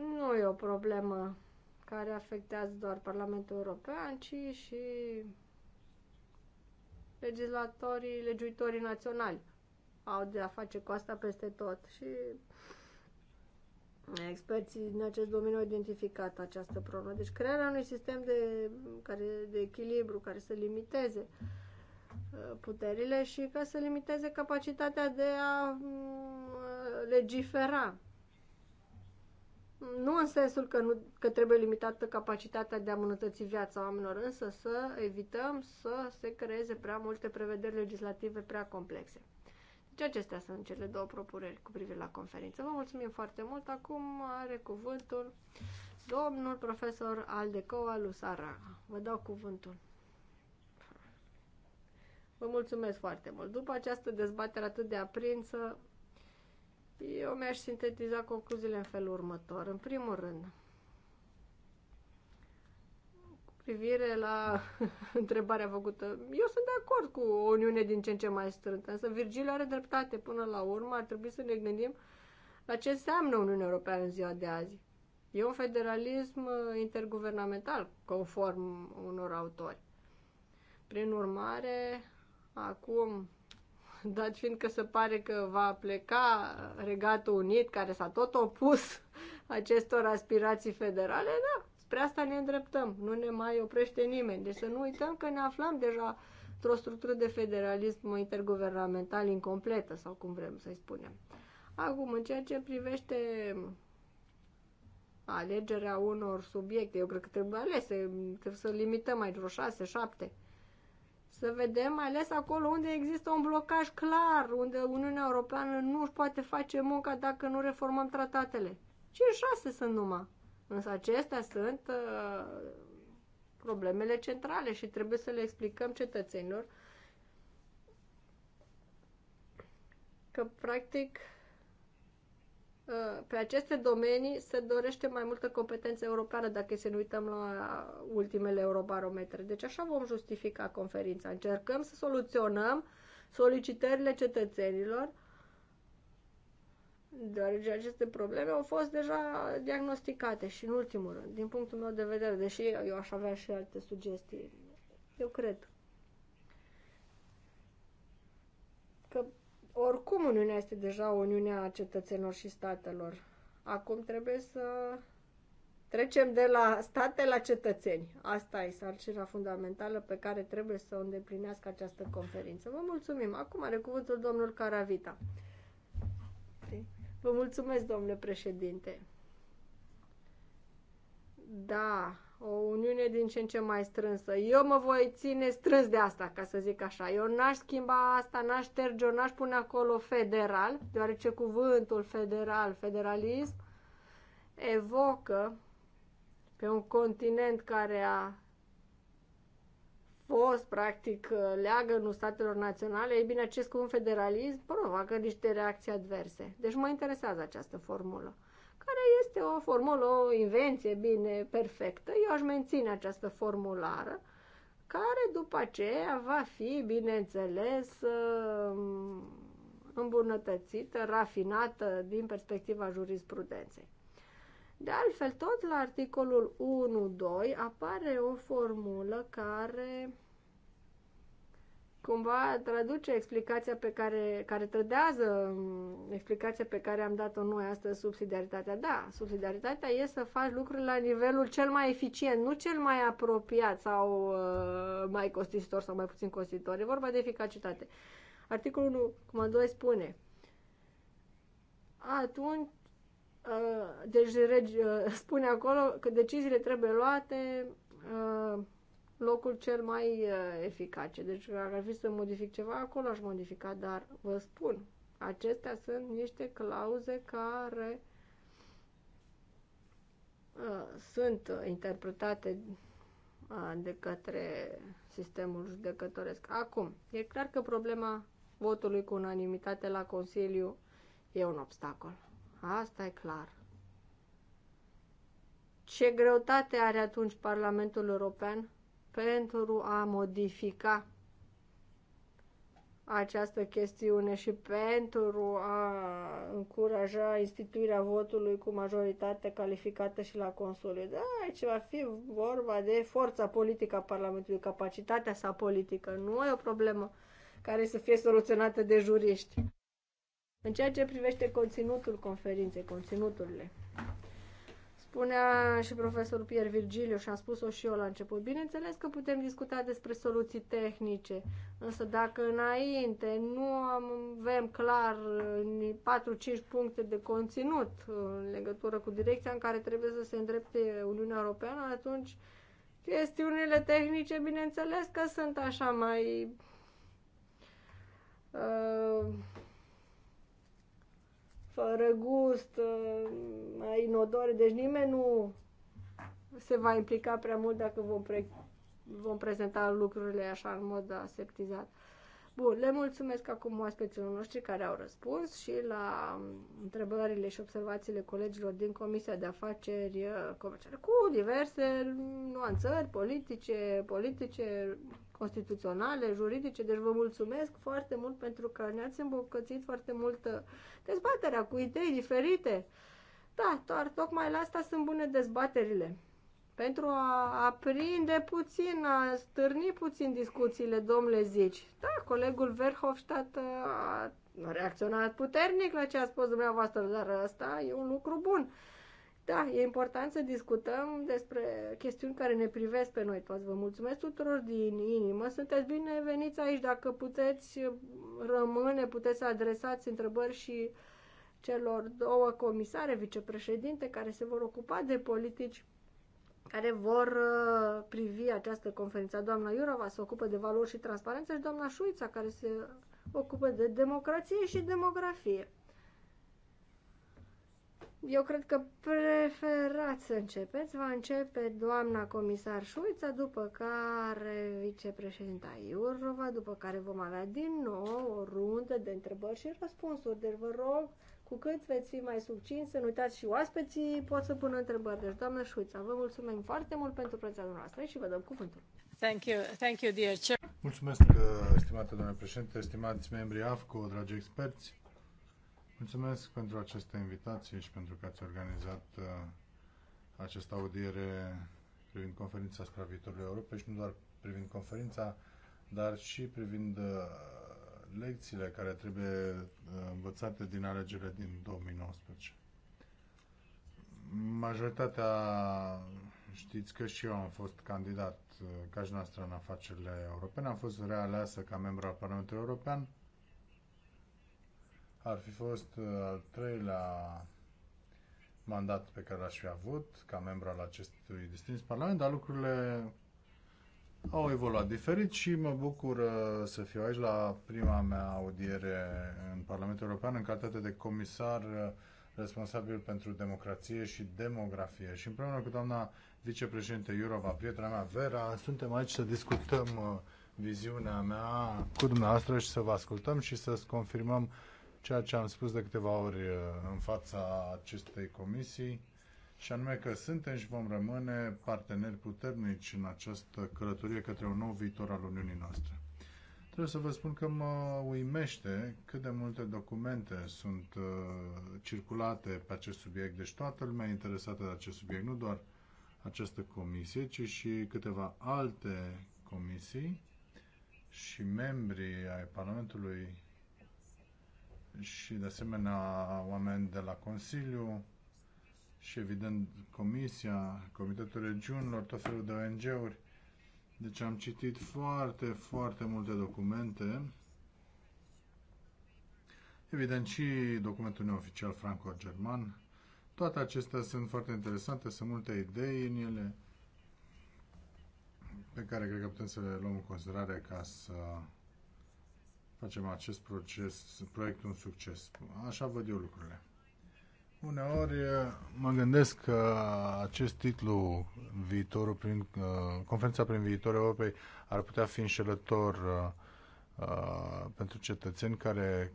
nu e o problemă care afectează doar Parlamentul European, ci și legislatorii, legiuitorii naționali au de a face cu asta peste tot și experții din acest domeniu au identificat această problemă. Deci crearea unui sistem de, care, de echilibru care să limiteze uh, puterile și ca să limiteze capacitatea de a mm, legifera nu în sensul că, nu, că trebuie limitată capacitatea de a îmbunătăți viața oamenilor, însă să evităm să se creeze prea multe prevederi legislative prea complexe. Deci acestea sunt cele două propuneri cu privire la conferință. Vă mulțumim foarte mult. Acum are cuvântul domnul profesor Aldecoa Lusara. Vă dau cuvântul. Vă mulțumesc foarte mult. După această dezbatere atât de aprinsă, eu mi-aș sintetiza concluziile în felul următor. În primul rând, privire la întrebarea făcută, eu sunt de acord cu o uniune din ce în ce mai strântă, însă Virgil are dreptate până la urmă, ar trebui să ne gândim la ce înseamnă Uniunea Europeană în ziua de azi. E un federalism uh, interguvernamental, conform unor autori. Prin urmare, acum dat fiind că se pare că va pleca Regatul Unit, care s-a tot opus acestor aspirații federale, da, spre asta ne îndreptăm, nu ne mai oprește nimeni. Deci să nu uităm că ne aflam deja într-o structură de federalism interguvernamental incompletă, sau cum vrem să-i spunem. Acum, în ceea ce privește alegerea unor subiecte, eu cred că trebuie alese, trebuie să limităm aici vreo șase, șapte, să vedem, mai ales acolo unde există un blocaj clar, unde Uniunea Europeană nu își poate face munca dacă nu reformăm tratatele. 5-6 sunt numai. Însă acestea sunt uh, problemele centrale și trebuie să le explicăm cetățenilor că, practic, uh, Uh, pe aceste domenii se dorește mai multă competență europeană dacă să ne uităm la ultimele eurobarometre. Deci așa vom justifica conferința. Încercăm să soluționăm solicitările cetățenilor deoarece aceste probleme au fost deja diagnosticate și în ultimul rând, din punctul meu de vedere, deși eu aș avea și alte sugestii, eu cred Oricum Uniunea este deja Uniunea cetățenilor și statelor. Acum trebuie să trecem de la state la cetățeni. Asta e sarcina fundamentală pe care trebuie să o îndeplinească această conferință. Vă mulțumim. Acum are cuvântul domnul Caravita. Vă mulțumesc, domnule președinte. Da, o uniune din ce în ce mai strânsă. Eu mă voi ține strâns de asta, ca să zic așa. Eu n-aș schimba asta, n-aș șterge, n-aș pune acolo federal, deoarece cuvântul federal, federalism, evocă pe un continent care a fost, practic, leagănul statelor naționale, e bine, acest cuvânt federalism provoacă niște reacții adverse. Deci mă interesează această formulă care este o formulă, o invenție bine perfectă. Eu aș menține această formulară, care după aceea va fi, bineînțeles, um, îmbunătățită, rafinată din perspectiva jurisprudenței. De altfel, tot la articolul 1.2 apare o formulă care cumva traduce explicația pe care, care trădează mm, explicația pe care am dat-o noi astăzi, subsidiaritatea. Da, subsidiaritatea e să faci lucruri la nivelul cel mai eficient, nu cel mai apropiat sau uh, mai costisitor sau mai puțin costisitor. E vorba de eficacitate. Articolul doi spune atunci uh, deci uh, spune acolo că deciziile trebuie luate uh, locul cel mai uh, eficace. Deci dacă ar fi să modific ceva, acolo aș modifica, dar vă spun, acestea sunt niște clauze care uh, sunt interpretate uh, de către sistemul judecătoresc. Acum, e clar că problema votului cu unanimitate la Consiliu e un obstacol. Asta e clar. Ce greutate are atunci Parlamentul European pentru a modifica această chestiune și pentru a încuraja instituirea votului cu majoritate calificată și la Consiliu. Da, aici va fi vorba de forța politică a Parlamentului, capacitatea sa politică. Nu e o problemă care să fie soluționată de juriști. În ceea ce privește conținutul conferinței, conținuturile, spunea și profesorul Pierre Virgilio și am spus-o și eu la început. Bineînțeles că putem discuta despre soluții tehnice, însă dacă înainte nu avem clar 4-5 puncte de conținut în legătură cu direcția în care trebuie să se îndrepte Uniunea Europeană, atunci chestiunile tehnice, bineînțeles că sunt așa mai... Uh, fără gust, mai uh, inodore, deci nimeni nu se va implica prea mult dacă vom, pre- vom prezenta lucrurile așa în mod aseptizat. Bun, le mulțumesc acum oaspeților noștri care au răspuns și la întrebările și observațiile colegilor din Comisia de Afaceri uh, Comerciale cu diverse nuanțări politice, politice, constituționale, juridice, deci vă mulțumesc foarte mult pentru că ne-ați îmbucățit foarte mult uh, dezbaterea cu idei diferite. Da, doar tocmai la asta sunt bune dezbaterile. Pentru a aprinde puțin, a stârni puțin discuțiile, domnule Zici. Da, colegul Verhofstadt uh, a reacționat puternic la ce a spus dumneavoastră, dar asta e un lucru bun. Da, e important să discutăm despre chestiuni care ne privesc pe noi toți. Vă mulțumesc tuturor din inimă. Sunteți bineveniți aici. Dacă puteți rămâne, puteți să adresați întrebări și celor două comisare, vicepreședinte, care se vor ocupa de politici care vor uh, privi această conferință. Doamna Iurova se ocupă de valori și transparență și doamna Șuița care se ocupă de democrație și demografie. Eu cred că preferați să începeți. Va începe doamna comisar Șuița, după care vicepreședinta Iurova, după care vom avea din nou o rundă de întrebări și răspunsuri. Deci vă rog, cu cât veți fi mai subțin, să nu uitați și oaspeții pot să pună întrebări. Deci, doamna Șuița, vă mulțumim foarte mult pentru prezența noastră și vă dăm cuvântul. Thank you, thank you, dear chair. Mulțumesc, stimate domnule președinte, stimați membri AFCO, dragi experți. Mulțumesc pentru această invitație și pentru că ați organizat uh, această audiere privind conferința asupra viitorului Europei și nu doar privind conferința, dar și privind uh, lecțiile care trebuie uh, învățate din alegerile din 2019. Majoritatea știți că și eu am fost candidat uh, ca și noastră în afacerile europene, am fost realeasă ca membru al Parlamentului European ar fi fost uh, al treilea mandat pe care l-aș fi avut ca membru al acestui distins parlament, dar lucrurile au evoluat diferit și mă bucur uh, să fiu aici la prima mea audiere în Parlamentul European în calitate de comisar uh, responsabil pentru democrație și demografie. Și împreună cu doamna vicepreședinte Iurova, prietena mea Vera, suntem aici să discutăm viziunea mea cu dumneavoastră și să vă ascultăm și să-ți confirmăm ceea ce am spus de câteva ori uh, în fața acestei comisii, și anume că suntem și vom rămâne parteneri puternici în această călătorie către un nou viitor al Uniunii noastre. Trebuie să vă spun că mă uimește cât de multe documente sunt uh, circulate pe acest subiect, deci toată lumea interesată de acest subiect, nu doar această comisie, ci și câteva alte comisii și membrii ai Parlamentului și de asemenea oameni de la Consiliu și evident Comisia, Comitetul Regiunilor, tot felul de ONG-uri. Deci am citit foarte, foarte multe documente. Evident și documentul neoficial franco-german. Toate acestea sunt foarte interesante, sunt multe idei în ele pe care cred că putem să le luăm în considerare ca să facem acest proces, proiect un succes. Așa văd eu lucrurile. Uneori eh, mă gândesc că acest titlu, viitorul prin, eh, Conferința prin viitorul Europei, ar putea fi înșelător uh, pentru cetățeni care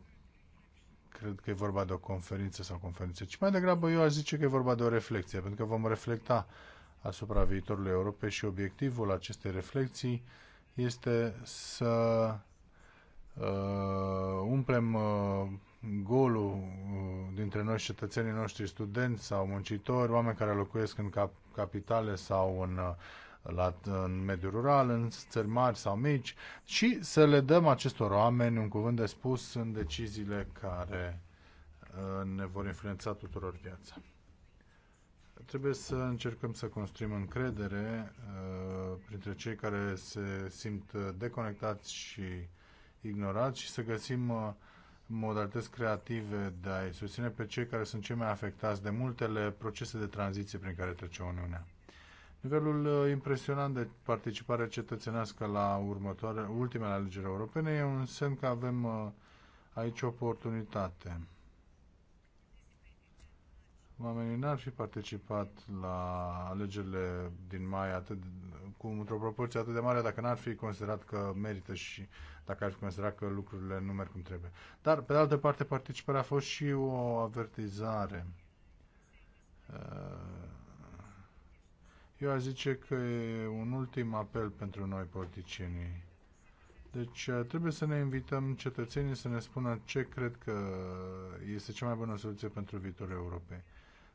cred că e vorba de o conferință sau conferință, ci mai degrabă eu aș zice că e vorba de o reflexie, pentru că vom reflecta asupra viitorului Europei și obiectivul acestei reflexii este să Uh, umplem uh, golul uh, dintre noi, cetățenii noștri, studenți sau muncitori, oameni care locuiesc în cap- capitale sau în, la, în mediul rural, în țări mari sau mici, și să le dăm acestor oameni un cuvânt de spus în deciziile care ne vor influența tuturor viața. Trebuie să încercăm să construim încredere printre cei care se simt deconectați și ignorat și să găsim uh, modalități creative de a-i susține pe cei care sunt cei mai afectați de multele procese de tranziție prin care trece Uniunea. Nivelul uh, impresionant de participare cetățenească la următoare, ultimele alegeri europene e un semn că avem uh, aici oportunitate oamenii n-ar fi participat la alegerile din mai atât, cu într-o proporție atât de mare dacă n-ar fi considerat că merită și dacă ar fi considerat că lucrurile nu merg cum trebuie. Dar, pe de altă parte, participarea a fost și o avertizare. Eu aș zice că e un ultim apel pentru noi politicienii. Deci trebuie să ne invităm cetățenii să ne spună ce cred că este cea mai bună soluție pentru viitorul Europei.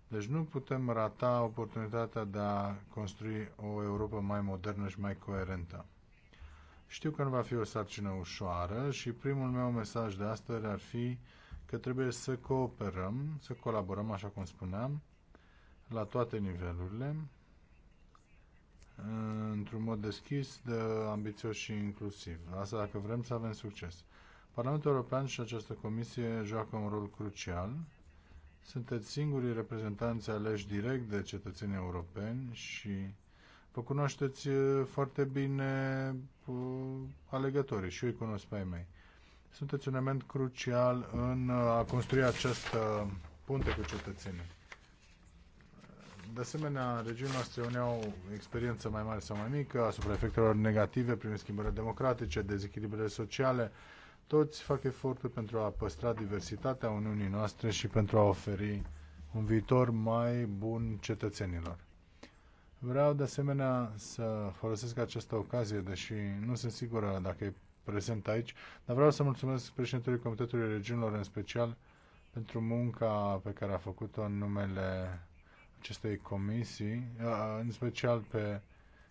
Deci nu putem rata oportunitatea de a construi o Europa mai modernă și mai coerentă. Știu că nu va fi o sarcină ușoară și primul meu mesaj de astăzi ar fi că trebuie să cooperăm, să colaborăm, așa cum spuneam, la toate nivelurile, într-un mod deschis, de ambițios și inclusiv. Asta dacă vrem să avem succes. Parlamentul European și această comisie joacă un rol crucial sunteți singurii reprezentanți aleși direct de cetățenii europeni și vă cunoașteți foarte bine alegătorii și eu îi cunosc pe ai mei. Sunteți un element crucial în a construi această punte cu cetățenii. De asemenea, regiunile noastre uneau experiență mai mare sau mai mică asupra efectelor negative prin schimbările democratice, dezechilibrele sociale, toți fac eforturi pentru a păstra diversitatea Uniunii noastre și pentru a oferi un viitor mai bun cetățenilor. Vreau de asemenea să folosesc această ocazie, deși nu sunt sigură dacă e prezent aici, dar vreau să mulțumesc președintelui Comitetului Regiunilor în special pentru munca pe care a făcut-o în numele acestei comisii, în special pe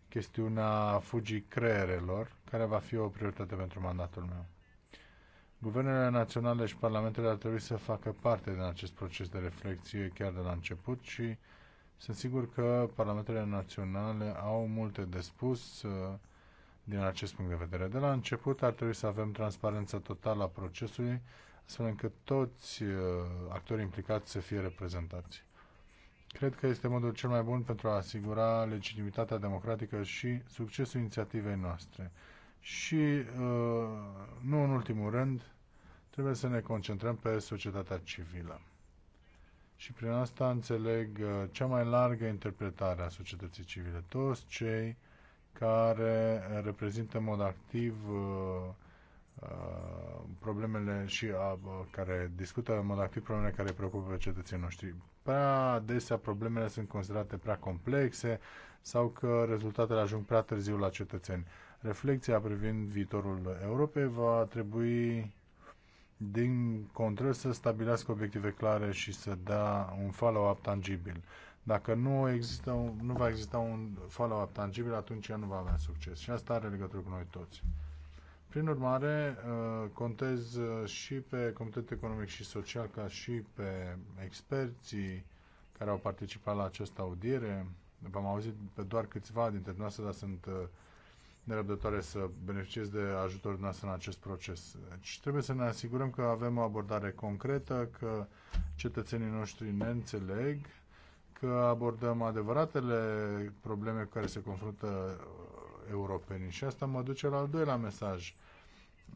chestiunea fugii creierelor, care va fi o prioritate pentru mandatul meu. Guvernele naționale și parlamentele ar trebui să facă parte din acest proces de reflexie chiar de la început și sunt sigur că parlamentele naționale au multe de spus uh, din acest punct de vedere. De la început ar trebui să avem transparență totală a procesului, astfel încât toți uh, actorii implicați să fie reprezentați. Cred că este modul cel mai bun pentru a asigura legitimitatea democratică și succesul inițiativei noastre. Și, uh, nu în ultimul rând, Trebuie să ne concentrăm pe societatea civilă. Și prin asta înțeleg uh, cea mai largă interpretare a societății civile. Toți cei care reprezintă în mod activ uh, uh, problemele și a, care discută în mod activ problemele care preocupă pe cetățenii noștri. Prea adesea problemele sunt considerate prea complexe sau că rezultatele ajung prea târziu la cetățeni. Reflecția privind viitorul Europei va trebui din contră să stabilească obiective clare și să dea un follow-up tangibil. Dacă nu, există nu va exista un follow-up tangibil, atunci ea nu va avea succes. Și asta are legătură cu noi toți. Prin urmare, uh, contez uh, și pe Comitetul Economic și Social, ca și pe experții care au participat la această audiere. V-am auzit pe doar câțiva dintre noastre, dar sunt uh, nerăbdătoare să beneficiez de ajutorul noastră în acest proces. Deci trebuie să ne asigurăm că avem o abordare concretă, că cetățenii noștri ne înțeleg, că abordăm adevăratele probleme cu care se confruntă uh, europenii. Și asta mă duce la al doilea mesaj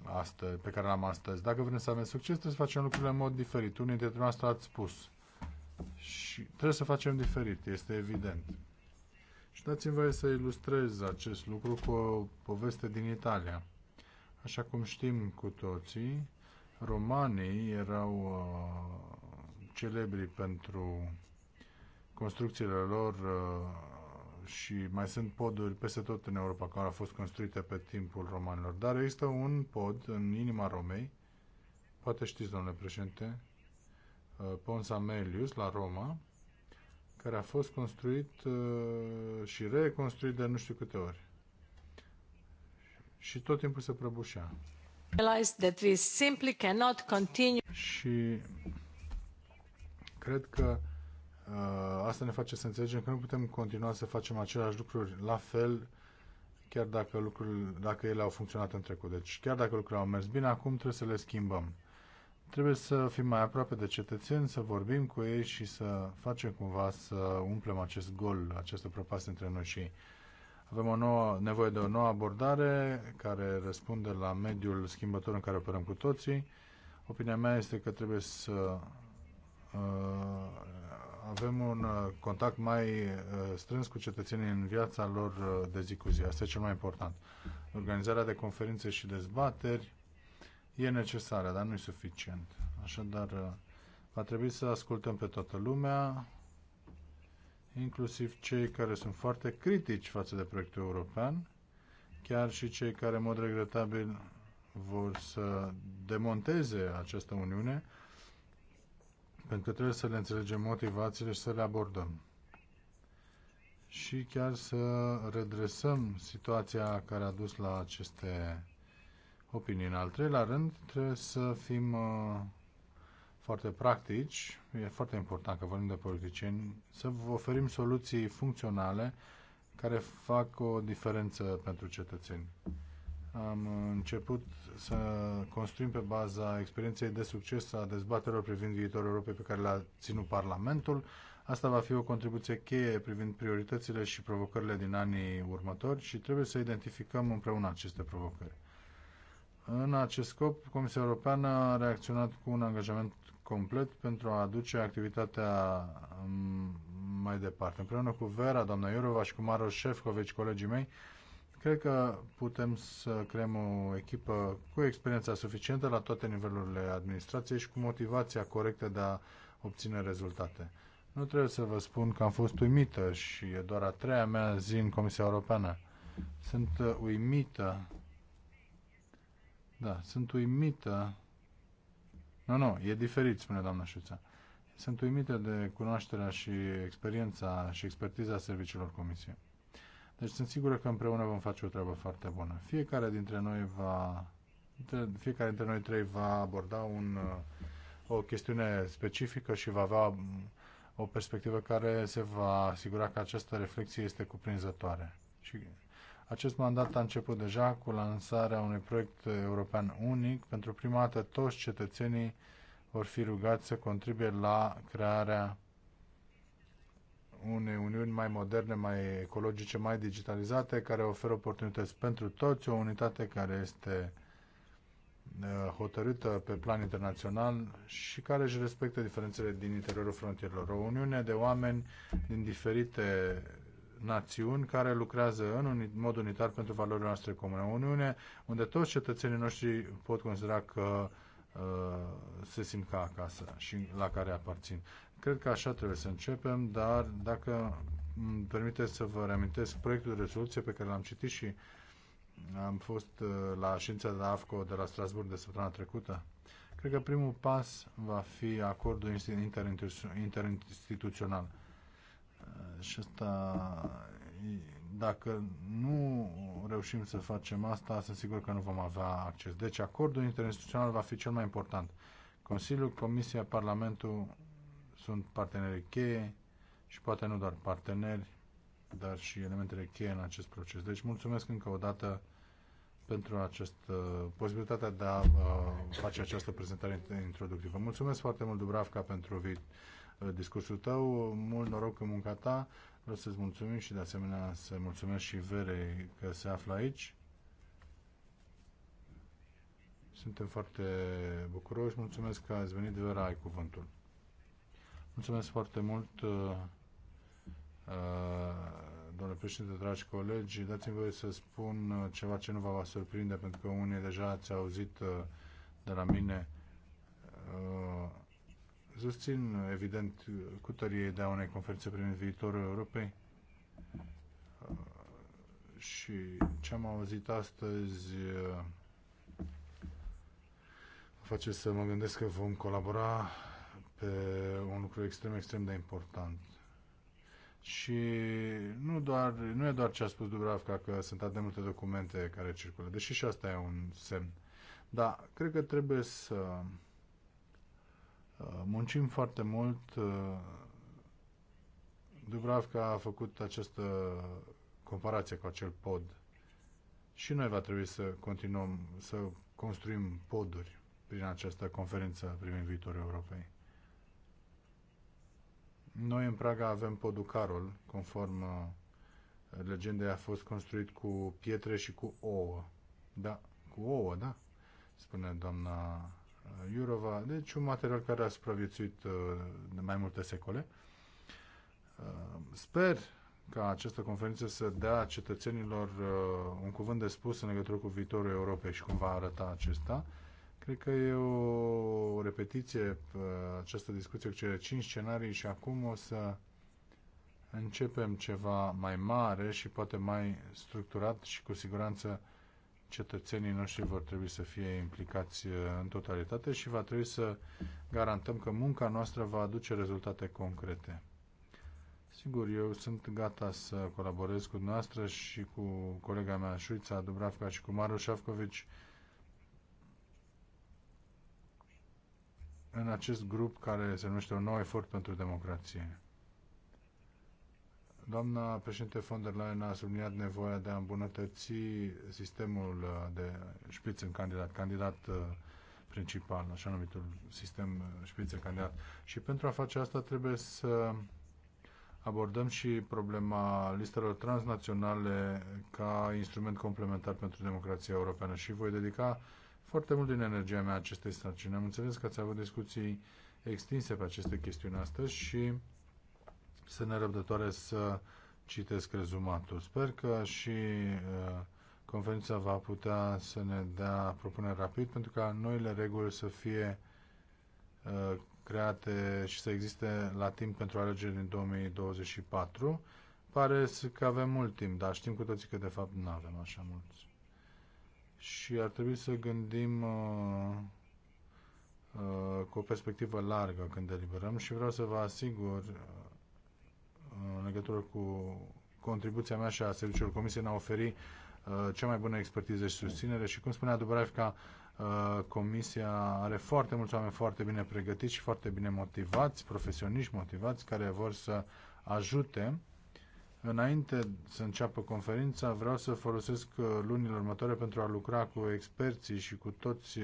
astăzi, pe care l-am astăzi. Dacă vrem să avem succes, trebuie să facem lucrurile în mod diferit. Unii dintre noastre ați spus. Și trebuie să facem diferit, este evident. Și dați-mi voie să ilustrez acest lucru cu o poveste din Italia. Așa cum știm cu toții, romanii erau uh, celebri pentru construcțiile lor uh, și mai sunt poduri peste tot în Europa care au fost construite pe timpul romanilor. Dar există un pod în inima Romei, poate știți, domnule președinte, uh, Pons Amelius, la Roma, care a fost construit uh, și reconstruit de nu știu câte ori. Și tot timpul se prăbușea. That we simply cannot continue. Și cred că uh, asta ne face să înțelegem că nu putem continua să facem aceleași lucruri la fel chiar dacă, lucrurile, dacă ele au funcționat în trecut. Deci chiar dacă lucrurile au mers bine, acum trebuie să le schimbăm. Trebuie să fim mai aproape de cetățeni, să vorbim cu ei și să facem cumva să umplem acest gol, această prăpastie între noi și ei. Avem o nouă, nevoie de o nouă abordare care răspunde la mediul schimbător în care operăm cu toții. Opinia mea este că trebuie să uh, avem un uh, contact mai uh, strâns cu cetățenii în viața lor uh, de zi cu zi. Asta e cel mai important. Organizarea de conferințe și dezbateri, e necesară, dar nu e suficient. Așadar, uh, va trebui să ascultăm pe toată lumea, inclusiv cei care sunt foarte critici față de proiectul european, chiar și cei care, în mod regretabil, vor să demonteze această Uniune, pentru că trebuie să le înțelegem motivațiile și să le abordăm. Și chiar să redresăm situația care a dus la aceste opinie. În al treilea rând, trebuie să fim uh, foarte practici. E foarte important că vorbim de politicieni, să vă oferim soluții funcționale care fac o diferență pentru cetățeni. Am început să construim pe baza experienței de succes a dezbaterilor privind viitorul Europei pe care le-a ținut Parlamentul. Asta va fi o contribuție cheie privind prioritățile și provocările din anii următori și trebuie să identificăm împreună aceste provocări. În acest scop, Comisia Europeană a reacționat cu un angajament complet pentru a aduce activitatea mm, mai departe. Împreună cu Vera, doamna Iurova și cu Maro Șefcovici, colegii mei, cred că putem să creăm o echipă cu experiența suficientă la toate nivelurile administrației și cu motivația corectă de a obține rezultate. Nu trebuie să vă spun că am fost uimită și e doar a treia mea zi în Comisia Europeană. Sunt uh, uimită da, sunt uimită. Nu, nu, e diferit, spune doamna Șuța. Sunt uimită de cunoașterea și experiența și expertiza serviciilor comisiei. Deci sunt sigură că împreună vom face o treabă foarte bună. Fiecare dintre noi va fiecare dintre noi trei va aborda un, o chestiune specifică și va avea o perspectivă care se va asigura că această reflexie este cuprinzătoare. Și acest mandat a început deja cu lansarea unui proiect european unic. Pentru prima dată toți cetățenii vor fi rugați să contribuie la crearea unei uniuni mai moderne, mai ecologice, mai digitalizate, care oferă oportunități pentru toți, o unitate care este uh, hotărâtă pe plan internațional și care își respectă diferențele din interiorul frontierelor. O uniune de oameni din diferite națiuni care lucrează în un mod unitar pentru valorile noastre comune. O Uniune unde toți cetățenii noștri pot considera că uh, se simt ca acasă și la care aparțin. Cred că așa trebuie să începem, dar dacă îmi permiteți să vă reamintesc proiectul de rezoluție pe care l-am citit și am fost uh, la ședința de la AFCO de la Strasburg de săptămâna trecută, Cred că primul pas va fi acordul interinstituțional și asta, dacă nu reușim să facem asta, sunt sigur că nu vom avea acces. Deci acordul interinstituțional va fi cel mai important. Consiliul, Comisia, Parlamentul sunt parteneri cheie și poate nu doar parteneri, dar și elementele cheie în acest proces. Deci mulțumesc încă o dată pentru această uh, posibilitatea de a uh, face această prezentare introductivă. Mulțumesc foarte mult, Dubravka, pentru vi- Uh, discursul tău. Mult noroc în munca ta. Vreau să-ți mulțumim și de asemenea să mulțumesc și Verei că se află aici. Suntem foarte bucuroși. Mulțumesc că ați venit, Vera, ai cuvântul. Mulțumesc foarte mult, uh, uh, domnule președinte, dragi colegi. Dați-mi voie să spun ceva ce nu vă va surprinde, pentru că unii deja ați auzit de la mine. Susțin, evident, cu tărie a unei conferințe privind viitorul Europei și ce am auzit astăzi face să mă gândesc că vom colabora pe un lucru extrem, extrem de important. Și nu, doar, nu e doar ce a spus Dubravka, că sunt atât de multe documente care circulă, deși și asta e un semn. Dar cred că trebuie să Uh, muncim foarte mult. Uh, Dubravka a făcut această comparație cu acel pod. Și noi va trebui să continuăm să construim poduri prin această conferință privind viitorul Europei. Noi în Praga avem podul Carol, conform uh, legendei a fost construit cu pietre și cu ouă. Da, cu ouă, da, spune doamna Uh, Iurova, deci un material care a supraviețuit uh, de mai multe secole. Uh, sper ca această conferință să dea cetățenilor un cuvânt de spus în legătură cu viitorul Europei și cum va arăta acesta. Cred că e o repetiție această discuție cu cele cinci scenarii și acum o să începem ceva mai mare și poate mai structurat și cu siguranță cetățenii noștri vor trebui să fie implicați uh, în totalitate și va trebui să garantăm că munca noastră va aduce rezultate concrete. Sigur, eu sunt gata să colaborez cu noastră și cu colega mea Șuița Dubravca și cu Maru Șafcovici în acest grup care se numește un nou efort pentru democrație. Doamna președinte von der Leyen a subliniat nevoia de a îmbunătăți sistemul uh, de șpiț în candidat, candidat uh, principal, așa numitul sistem uh, șpițe candidat. Și pentru a face asta trebuie să abordăm și problema listelor transnaționale ca instrument complementar pentru democrația europeană și voi dedica foarte mult din energia mea acestei sarcini. Am înțeles că ați avut discuții extinse pe aceste chestiuni astăzi și sunt nerăbdătoare să citesc rezumatul. Sper că și uh, conferința va putea să ne dea propuneri rapid pentru ca noile reguli să fie uh, create și să existe la timp pentru alegeri din 2024. Pare că avem mult timp, dar știm cu toții că de fapt nu avem așa mulți. Și ar trebui să gândim uh, uh, cu o perspectivă largă când deliberăm și vreau să vă asigur uh, în legătură cu contribuția mea și a serviciului Comisiei în a oferi uh, cea mai bună expertiză și susținere și cum spunea că uh, Comisia are foarte mulți oameni foarte bine pregătiți și foarte bine motivați, profesioniști motivați, care vor să ajute. Înainte să înceapă conferința, vreau să folosesc uh, lunile următoare pentru a lucra cu experții și cu toți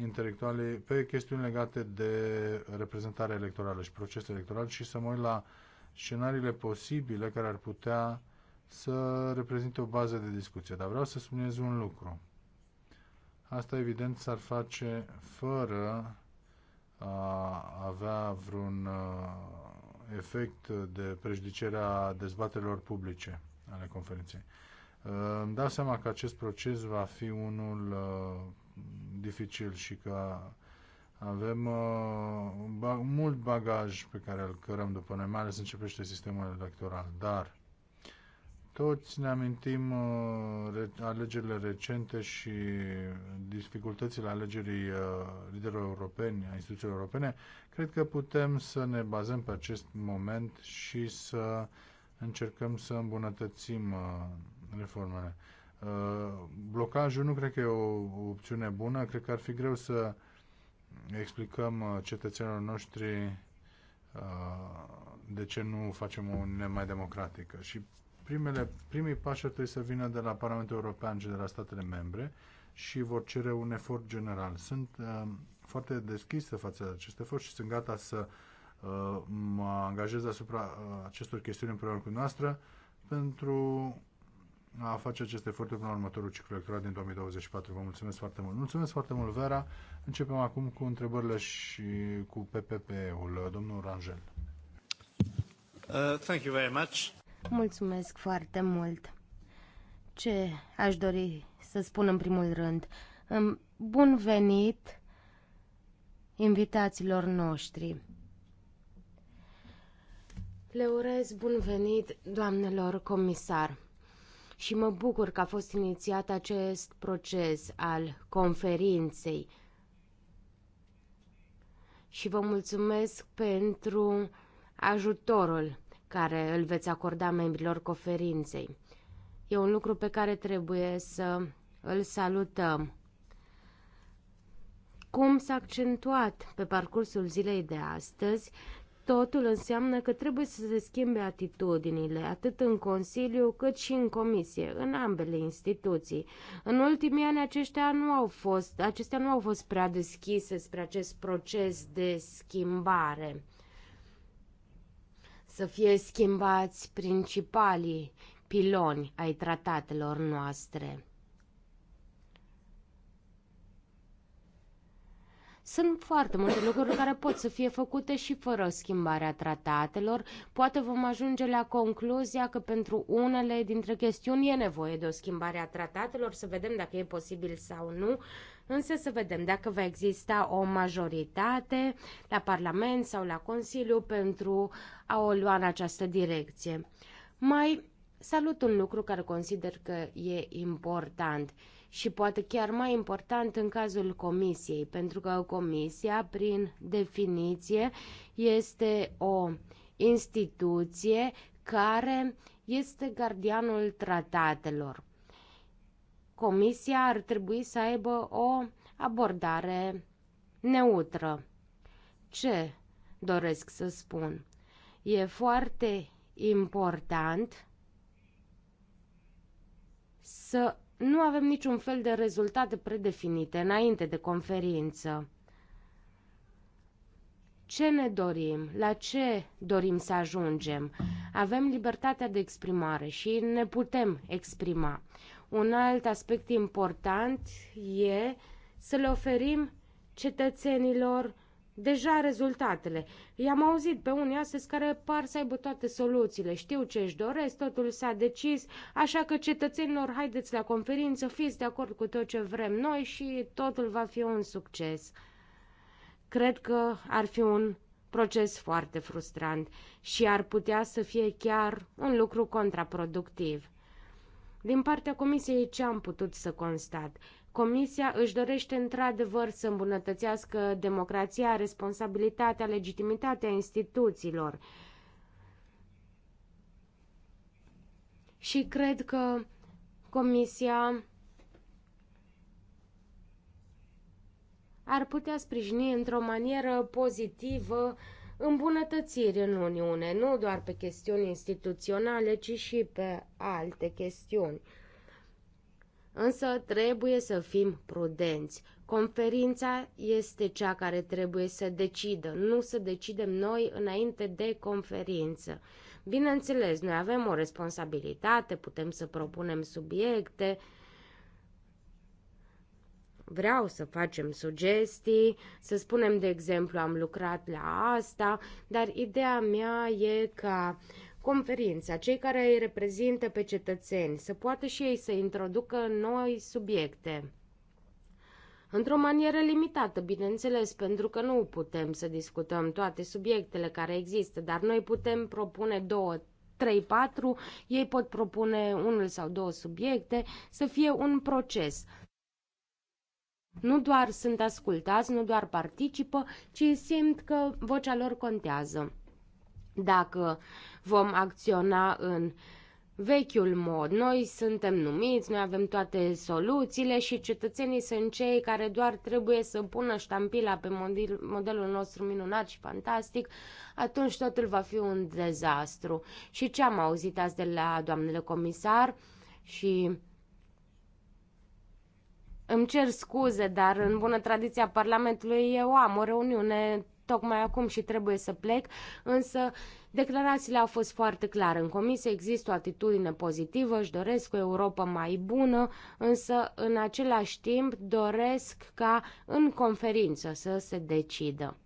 intelectualii pe chestiuni legate de reprezentare electorală și proces electoral și să mă uit la uh, scenariile posibile care ar putea să reprezinte o bază de discuție. Dar vreau să subliniez un lucru. Asta, evident, s-ar face fără a avea vreun uh, efect de prejudicere a dezbaterilor publice ale conferinței. Uh, îmi dau seama că acest proces va fi unul uh, dificil și că avem uh, ba, mult bagaj pe care îl cărăm după noi, mai ales începește sistemul electoral, dar toți ne amintim uh, alegerile recente și dificultățile alegerii uh, liderilor europeni, a instituțiilor europene. Cred că putem să ne bazăm pe acest moment și să încercăm să îmbunătățim uh, reformele. Uh, blocajul nu cred că e o, o opțiune bună, cred că ar fi greu să explicăm uh, cetățenilor noștri uh, de ce nu facem o Uniune mai democratică. Și primele, primii pași ar trebui să vină de la Parlamentul European și de la statele membre și vor cere un efort general. Sunt uh, foarte deschisă față de acest efort și sunt gata să uh, mă angajez asupra uh, acestor chestiuni împreună cu noastră pentru a face aceste eforturi până la următorul ciclu electoral din 2024. Vă mulțumesc foarte mult. Mulțumesc foarte mult, Vera. Începem acum cu întrebările și cu PPP-ul. Domnul Rangel. Uh, thank you very much. Mulțumesc foarte mult. Ce aș dori să spun în primul rând? Bun venit invitaților noștri. Le urez bun venit, doamnelor comisar și mă bucur că a fost inițiat acest proces al conferinței. Și vă mulțumesc pentru ajutorul care îl veți acorda membrilor conferinței. E un lucru pe care trebuie să îl salutăm. Cum s-a accentuat pe parcursul zilei de astăzi, Totul înseamnă că trebuie să se schimbe atitudinile, atât în Consiliu cât și în Comisie, în ambele instituții. În ultimii ani aceștia nu au fost, acestea nu au fost prea deschise spre acest proces de schimbare. Să fie schimbați principalii piloni ai tratatelor noastre. Sunt foarte multe lucruri care pot să fie făcute și fără schimbarea tratatelor. Poate vom ajunge la concluzia că pentru unele dintre chestiuni e nevoie de o schimbare a tratatelor, să vedem dacă e posibil sau nu, însă să vedem dacă va exista o majoritate la Parlament sau la Consiliu pentru a o lua în această direcție. Mai salut un lucru care consider că e important și poate chiar mai important în cazul comisiei, pentru că comisia, prin definiție, este o instituție care este gardianul tratatelor. Comisia ar trebui să aibă o abordare neutră. Ce doresc să spun? E foarte important să nu avem niciun fel de rezultate predefinite înainte de conferință. Ce ne dorim? La ce dorim să ajungem? Avem libertatea de exprimare și ne putem exprima. Un alt aspect important e să le oferim cetățenilor deja rezultatele. I-am auzit pe unii astăzi care par să aibă toate soluțiile, știu ce își doresc, totul s-a decis, așa că cetățenilor, haideți la conferință, fiți de acord cu tot ce vrem noi și totul va fi un succes. Cred că ar fi un proces foarte frustrant și ar putea să fie chiar un lucru contraproductiv. Din partea comisiei ce am putut să constat? Comisia își dorește într-adevăr să îmbunătățească democrația, responsabilitatea, legitimitatea instituțiilor. Și cred că Comisia ar putea sprijini într-o manieră pozitivă îmbunătățiri în Uniune, nu doar pe chestiuni instituționale, ci și pe alte chestiuni. Însă trebuie să fim prudenți. Conferința este cea care trebuie să decidă, nu să decidem noi înainte de conferință. Bineînțeles, noi avem o responsabilitate, putem să propunem subiecte, vreau să facem sugestii, să spunem, de exemplu, am lucrat la asta, dar ideea mea e ca conferința, cei care îi reprezintă pe cetățeni, să poată și ei să introducă noi subiecte. Într-o manieră limitată, bineînțeles, pentru că nu putem să discutăm toate subiectele care există, dar noi putem propune două, trei, patru. ei pot propune unul sau două subiecte, să fie un proces. Nu doar sunt ascultați, nu doar participă, ci simt că vocea lor contează. Dacă vom acționa în vechiul mod, noi suntem numiți, noi avem toate soluțiile și cetățenii sunt cei care doar trebuie să pună ștampila pe modelul nostru minunat și fantastic, atunci totul va fi un dezastru. Și ce am auzit azi de la doamnele comisar și îmi cer scuze, dar în bună tradiția Parlamentului eu am o reuniune tocmai acum și trebuie să plec, însă declarațiile au fost foarte clare. În comisie există o atitudine pozitivă, își doresc o Europa mai bună, însă în același timp doresc ca în conferință să se decidă.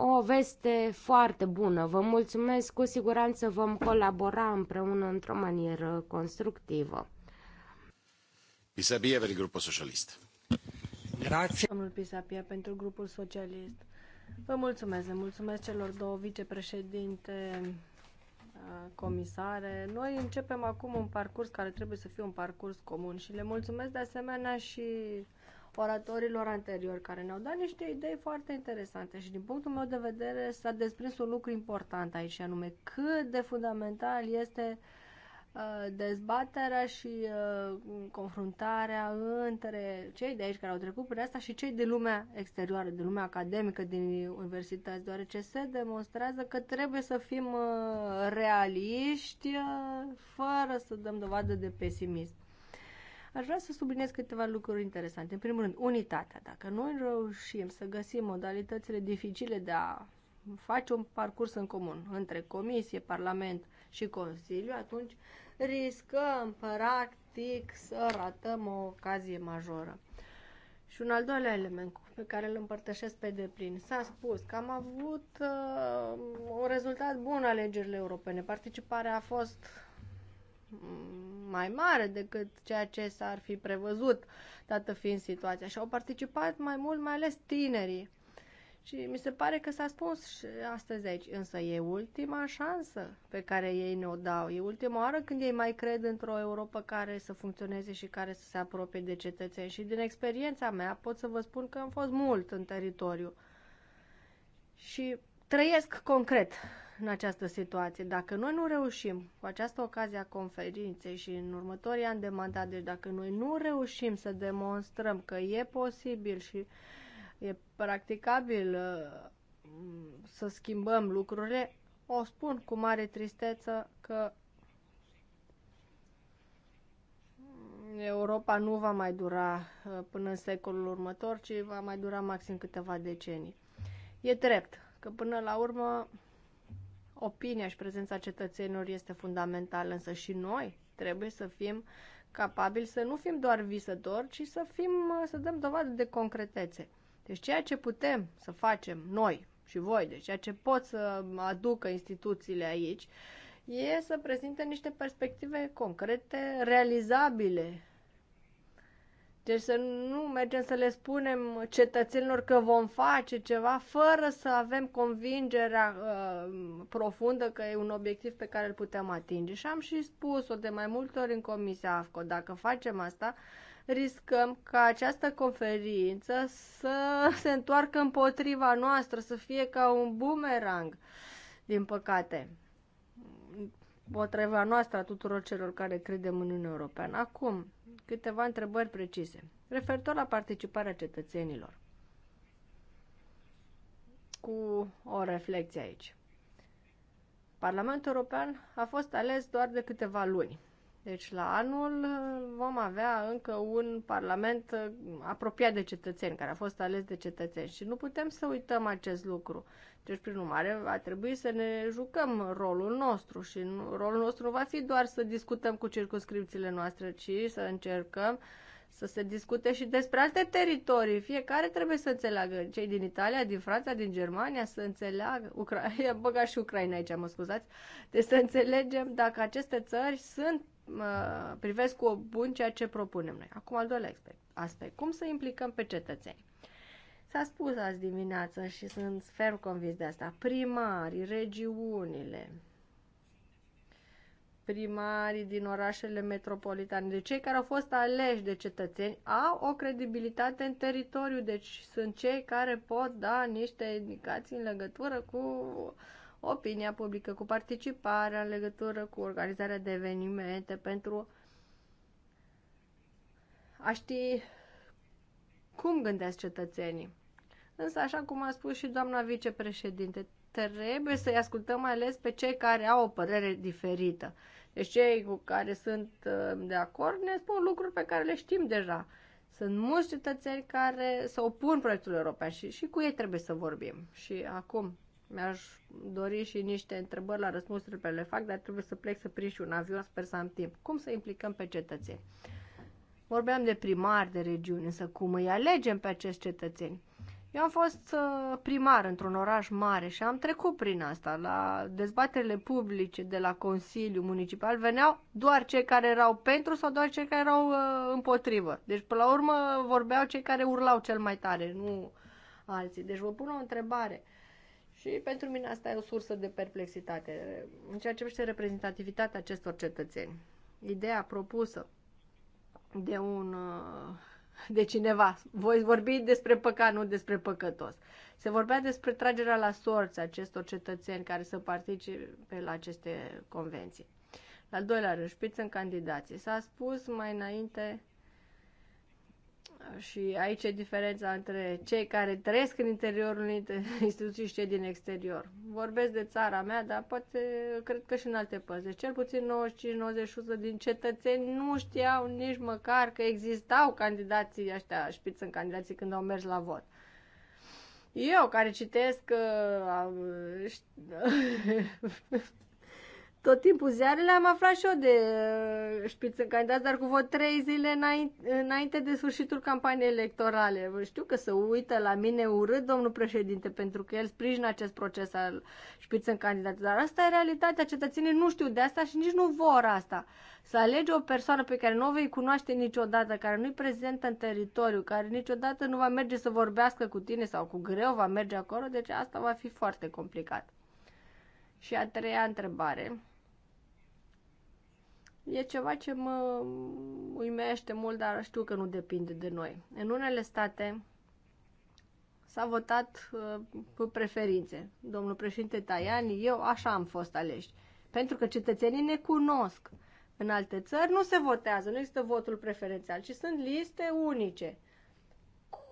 O veste foarte bună, vă mulțumesc, cu siguranță vom colabora împreună într-o manieră constructivă. Pisapia pentru grupul socialist. Grazie. Domnul Pisapia pentru grupul socialist. Vă mulțumesc, mulțumesc celor două vicepreședinte uh, comisare. Noi începem acum un parcurs care trebuie să fie un parcurs comun și le mulțumesc de asemenea și oratorilor anteriori care ne-au dat niște idei foarte interesante și din punctul meu de vedere s-a desprins un lucru important aici, anume cât de fundamental este uh, Uh, dezbaterea și uh, confruntarea între cei de aici care au trecut prin asta și cei de lumea exterioară, de lumea academică din universități, deoarece se demonstrează că trebuie să fim uh, realiști fără să dăm dovadă de pesimism. Aș vrea să subliniez câteva lucruri interesante. În primul rând, unitatea. Dacă noi reușim să găsim modalitățile dificile de a face un parcurs în comun între comisie, parlament, uh, și Consiliu, atunci riscăm, practic, să ratăm o ocazie majoră. Și un al doilea element pe care îl împărtășesc pe deplin. S-a spus că am avut uh, un rezultat bun alegerile europene. Participarea a fost mm, mai mare decât ceea ce s-ar fi prevăzut, dată fiind situația. Și au participat mai mult, mai ales tinerii. Și mi se pare că s-a spus și astăzi aici, însă e ultima șansă pe care ei ne-o dau. E ultima oară când ei mai cred într-o Europa care să funcționeze și care să se apropie de cetățeni. Și din experiența mea pot să vă spun că am fost mult în teritoriu. Și trăiesc concret în această situație. Dacă noi nu reușim cu această ocazie a conferinței și în următorii ani de mandat, deci dacă noi nu reușim să demonstrăm că e posibil și uh, e practicabil uh, să schimbăm lucrurile, o spun cu mare tristeță că Europa nu va mai dura uh, până în secolul următor, ci va mai dura maxim câteva decenii. E drept că până la urmă opinia și prezența cetățenilor este fundamentală, însă și noi trebuie să fim capabili să nu fim doar visători, ci să fim uh, să dăm dovadă de concretețe. Deci ceea ce putem să facem noi și voi, deci ceea ce pot să aducă instituțiile aici, e să prezinte niște perspective concrete, realizabile. Deci să nu mergem să le spunem cetățenilor că vom face ceva fără să avem convingerea uh, profundă că e un obiectiv pe care îl putem atinge. Și am și spus-o de mai multe ori în Comisia AFCO. Dacă facem asta, uh, riscăm ca această conferință să se întoarcă împotriva noastră, să fie ca un bumerang, din păcate împotriva noastră a tuturor celor care credem în Uniunea Europeană. Acum, câteva întrebări precise. Referitor la participarea cetățenilor. Cu o reflexie aici. Parlamentul European a fost ales doar de câteva luni. Deci la anul uh, vom avea încă un parlament uh, apropiat de cetățeni, care a fost ales de cetățeni și nu putem să uităm acest lucru. Deci, prin urmare, va trebui să ne jucăm rolul nostru și rolul nostru nu va fi doar să discutăm cu circunscripțiile noastre, ci să încercăm să se discute și despre alte teritorii. Fiecare trebuie să înțeleagă. Cei din Italia, din Franța, din Germania să înțeleagă. Ucra... Băga și Ucraina aici, mă scuzați. Deci să înțelegem dacă aceste țări sunt privesc cu bun ceea ce propunem noi. Acum, al doilea aspect, aspect cum să implicăm pe cetățeni. S-a spus azi dimineață și sunt ferm convins de asta. Primarii, regiunile, primarii din orașele metropolitane, de deci cei care au fost aleși de cetățeni, au o credibilitate în teritoriu, deci sunt cei care pot da niște indicații în legătură cu uh, opinia publică, cu participarea în legătură cu organizarea de evenimente pentru a ști cum gândesc cetățenii. Însă, așa cum a spus și doamna vicepreședinte, trebuie să-i ascultăm mai ales pe cei care au o părere diferită. Deci cei cu care sunt uh, de acord ne spun lucruri pe care le știm deja. Sunt mulți cetățeni care se opun proiectului european și, și cu ei trebuie să vorbim. Și acum, mi-aș dori și niște întrebări la răspunsuri pe le fac, dar trebuie să plec să prind și un avion, sper să am timp. Cum să implicăm pe cetățeni? Vorbeam de primari de regiuni, însă cum îi alegem pe acești cetățeni? Eu am fost uh, primar într-un oraș mare și am trecut prin asta. La dezbaterile publice de la Consiliul Municipal veneau doar cei care erau pentru sau doar cei care erau uh, împotrivă. Deci, până la urmă, vorbeau cei care urlau cel mai tare, nu alții. Deci, vă pun o întrebare. Uh, și pentru mine asta e o sursă de perplexitate în ceea ce privește reprezentativitatea acestor cetățeni. Ideea propusă de un uh, de cineva. Voi vorbi despre păcat, nu despre păcătos. Se vorbea despre tragerea la sorți acestor cetățeni care să participe la aceste convenții. La al doilea rând, în candidații. S-a spus mai înainte și aici e diferența între cei care trăiesc în interiorul unei instituții și cei din exterior. Vorbesc de țara mea, dar poate cred că și în alte părți. Deci cel puțin 95-90% din cetățeni nu știau nici măcar că existau candidații ăștia, șpiță în candidații când au mers la vot. Eu care citesc uh, tot timpul ziarele am aflat și eu de uh, șpiță în candidat, dar cu vot trei zile înainte, înainte de sfârșitul campaniei electorale. Știu că se uită la mine urât, domnul președinte, pentru că el sprijină acest proces al șpiță în candidat. Dar asta e realitatea. Cetățenii nu știu de asta și nici nu vor asta. Să alege o persoană pe care nu o vei cunoaște niciodată, care nu-i prezentă în teritoriu, care niciodată nu va merge să vorbească cu tine sau cu greu va merge acolo, deci asta va fi foarte complicat. Și a treia întrebare E ceva ce mă uimește mult, dar știu că nu depinde de noi. În unele state s-a votat uh, pe preferințe. Domnul președinte Tajani, eu așa am fost aleși. Pentru că cetățenii ne cunosc. În alte țări nu se votează, nu există votul preferențial, ci sunt liste unice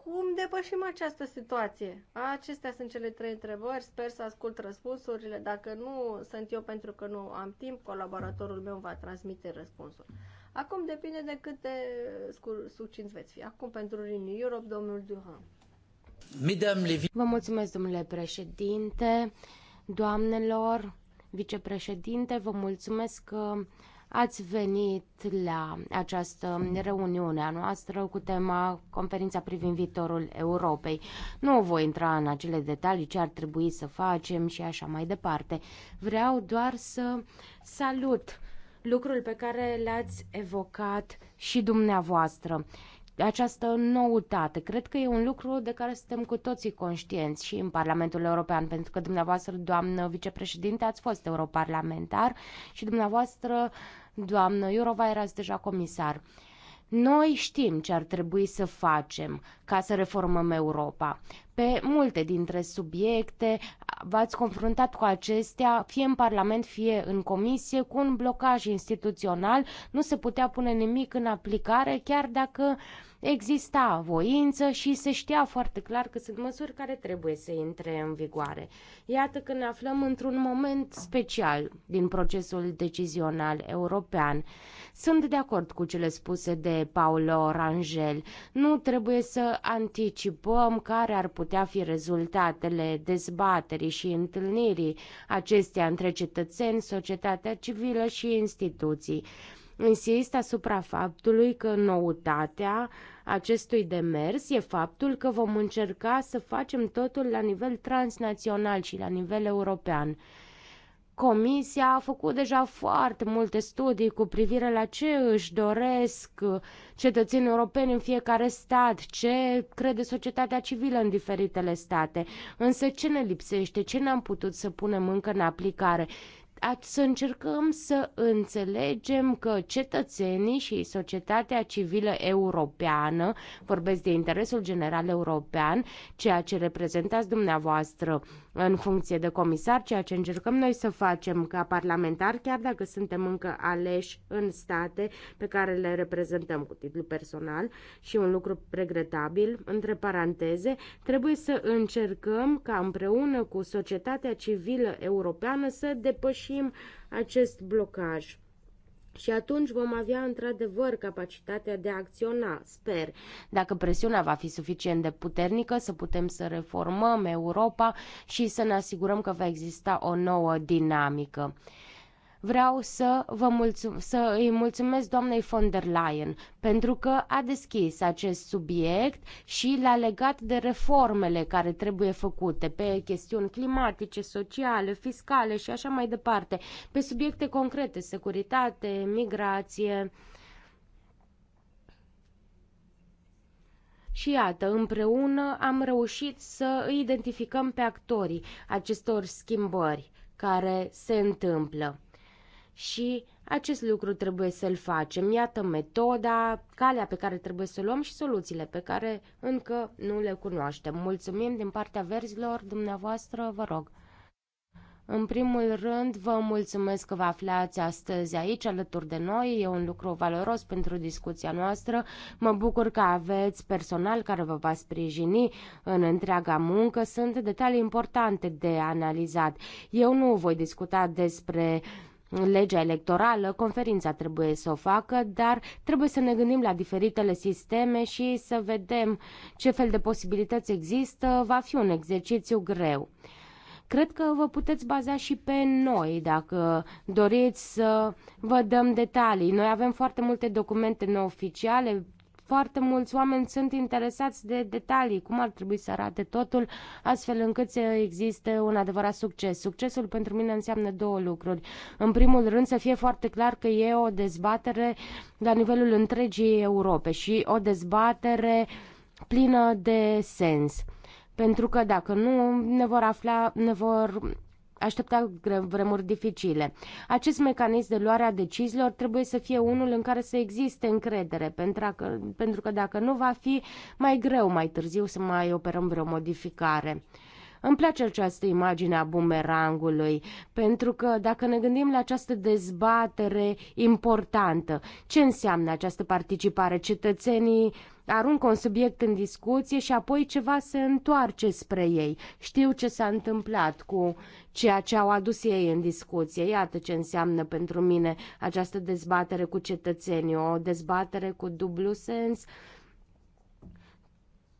cum depășim această situație? Acestea sunt cele trei întrebări. Sper să ascult răspunsurile. Dacă nu sunt eu pentru că nu am timp, colaboratorul meu va transmite răspunsul. Acum depinde de câte de succinți veți fi. Acum pentru Renew Europe, domnul Duham. Vă mulțumesc, domnule președinte, doamnelor, vicepreședinte, vă mulțumesc că ați venit la această reuniune a noastră cu tema conferința privind viitorul Europei. Nu voi intra în acele detalii ce ar trebui să facem și așa mai departe. Vreau doar să salut lucrul pe care l-ați evocat și dumneavoastră această noutate. Cred că e un lucru de care suntem cu toții conștienți și în Parlamentul European, pentru că dumneavoastră, doamnă vicepreședinte, ați fost europarlamentar și dumneavoastră, doamnă Iurova, erați deja comisar. Noi știm ce ar trebui să facem ca să reformăm Europa. Pe multe dintre subiecte v-ați confruntat cu acestea, fie în Parlament, fie în Comisie, cu un blocaj instituțional, nu se putea pune nimic în aplicare, chiar dacă Exista voință și se știa foarte clar că sunt măsuri care trebuie să intre în vigoare. Iată că ne aflăm într-un moment special din procesul decizional european. Sunt de acord cu cele spuse de Paolo Rangel. Nu trebuie să anticipăm care ar putea fi rezultatele dezbaterii și întâlnirii acestea între cetățeni, societatea civilă și instituții. Insist asupra faptului că noutatea acestui demers e faptul că vom încerca să facem totul la nivel transnațional și la nivel european. Comisia a făcut deja foarte multe studii cu privire la ce își doresc cetățenii europeni în fiecare stat, ce crede societatea civilă în diferitele state, însă ce ne lipsește, ce n-am putut să punem încă în aplicare, să încercăm să înțelegem că cetățenii și societatea civilă europeană, vorbesc de interesul general european, ceea ce reprezentați dumneavoastră în funcție de comisar, ceea ce încercăm noi să facem ca parlamentari, chiar dacă suntem încă aleși în state pe care le reprezentăm cu titlu personal și un lucru regretabil, între paranteze, trebuie să încercăm ca împreună cu societatea civilă europeană să depășim acest blocaj și atunci vom avea într-adevăr capacitatea de a acționa, sper. Dacă presiunea va fi suficient de puternică, să putem să reformăm Europa și să ne asigurăm că va exista o nouă dinamică. Vreau să, vă mulțum- să îi mulțumesc doamnei von der Leyen pentru că a deschis acest subiect și l-a legat de reformele care trebuie făcute pe chestiuni climatice, sociale, fiscale și așa mai departe, pe subiecte concrete, securitate, migrație. Și iată, împreună am reușit să identificăm pe actorii acestor schimbări care se întâmplă și acest lucru trebuie să-l facem. Iată metoda, calea pe care trebuie să o luăm și soluțiile pe care încă nu le cunoaștem. Mulțumim din partea verzilor dumneavoastră, vă rog. În primul rând, vă mulțumesc că vă aflați astăzi aici alături de noi. E un lucru valoros pentru discuția noastră. Mă bucur că aveți personal care vă va sprijini în întreaga muncă. Sunt detalii importante de analizat. Eu nu voi discuta despre uh, legea electorală, conferința trebuie să o facă, dar trebuie să ne gândim la diferitele sisteme și să vedem ce fel de posibilități există. Va fi un exercițiu greu. Cred că vă puteți baza și pe noi dacă doriți să vă dăm detalii. Noi avem foarte multe documente neoficiale foarte mulți oameni sunt interesați de detalii, cum ar trebui să arate totul, astfel încât să existe un adevărat succes. Succesul pentru mine înseamnă două lucruri. În primul rând să fie foarte clar că e o dezbatere la nivelul întregii Europe și o dezbatere plină de sens. Pentru că dacă nu, ne vor afla, ne vor aștepta vremuri dificile. Acest mecanism de luare a deciziilor trebuie să fie unul în care să existe încredere, pentru că, pentru că dacă nu va fi mai greu mai târziu să mai operăm vreo modificare. Îmi place această imagine a bumerangului, pentru că dacă ne gândim la această dezbatere importantă, ce înseamnă această participare? Cetățenii uh, aruncă un subiect în discuție și apoi ceva se întoarce spre ei. Știu ce s-a întâmplat cu ceea ce au adus ei în discuție. Iată ce înseamnă pentru mine această dezbatere cu cetățenii, o dezbatere cu dublu sens,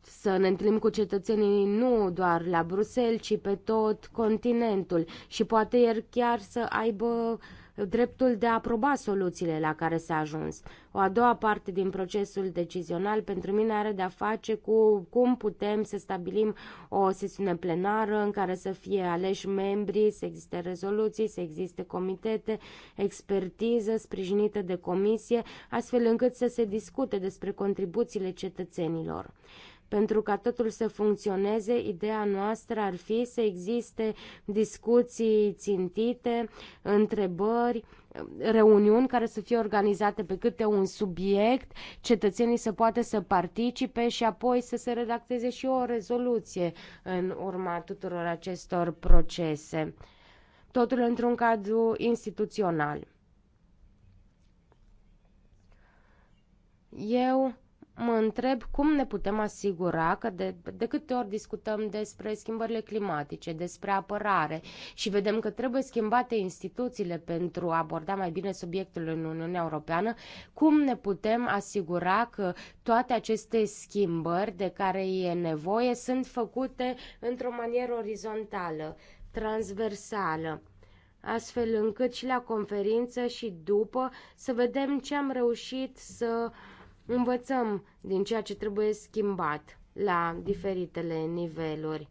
să ne întâlnim cu cetățenii nu doar la Bruxelles, ci pe tot continentul și poate ieri chiar să aibă uh, dreptul de a aproba soluțiile la care s-a ajuns. O a doua parte din procesul decizional pentru mine are de-a face cu cum putem să stabilim o sesiune plenară în care să fie aleși membrii, să existe rezoluții, să existe comitete, expertiză sprijinită de comisie, astfel încât să se discute despre contribuțiile cetățenilor. Pentru ca totul să funcționeze, ideea noastră ar fi să existe discuții țintite, întrebări, reuniuni care să fie organizate pe câte un subiect, cetățenii să poată să participe și apoi să se redacteze și o rezoluție în urma tuturor acestor procese. Totul într-un cadru instituțional. Eu mă întreb cum ne putem asigura că de, de câte ori discutăm despre schimbările climatice, despre apărare și vedem că trebuie schimbate instituțiile pentru a aborda mai bine subiectul în Uniunea Europeană, cum ne putem asigura că toate aceste schimbări de care e nevoie sunt făcute într-o manieră orizontală, transversală astfel încât și la conferință și după să vedem ce am reușit să uh, Învățăm din ceea ce trebuie schimbat la diferitele niveluri.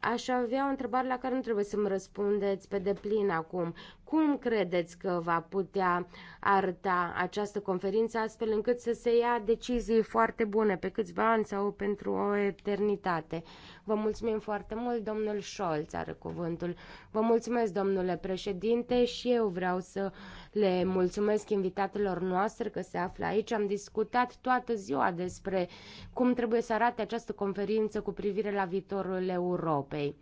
Aș avea o întrebare la care nu trebuie să-mi răspundeți pe deplin acum. Cum credeți că va putea arăta această conferință astfel încât să se ia decizii foarte bune pe câțiva ani sau pentru o eternitate? Vă mulțumim foarte mult, domnul Scholz are cuvântul. Vă mulțumesc, domnule președinte, și eu vreau să le mulțumesc invitatelor noastre că se află aici. Am discutat toată ziua despre cum trebuie să arate această conferință cu privire la viitorul Europei.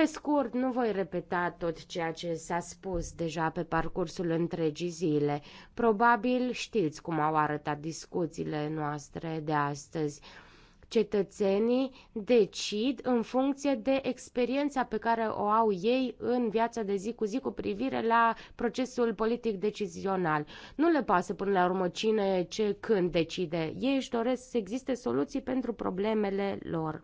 Pe scurt, nu voi repeta tot ceea ce s-a spus deja pe parcursul întregii zile. Probabil știți cum au arătat discuțiile noastre de astăzi. Cetățenii decid în funcție de experiența pe care o au ei în viața de zi cu zi cu privire la procesul politic decizional. Nu le pasă până la urmă cine ce când decide. Ei își doresc să existe soluții pentru problemele lor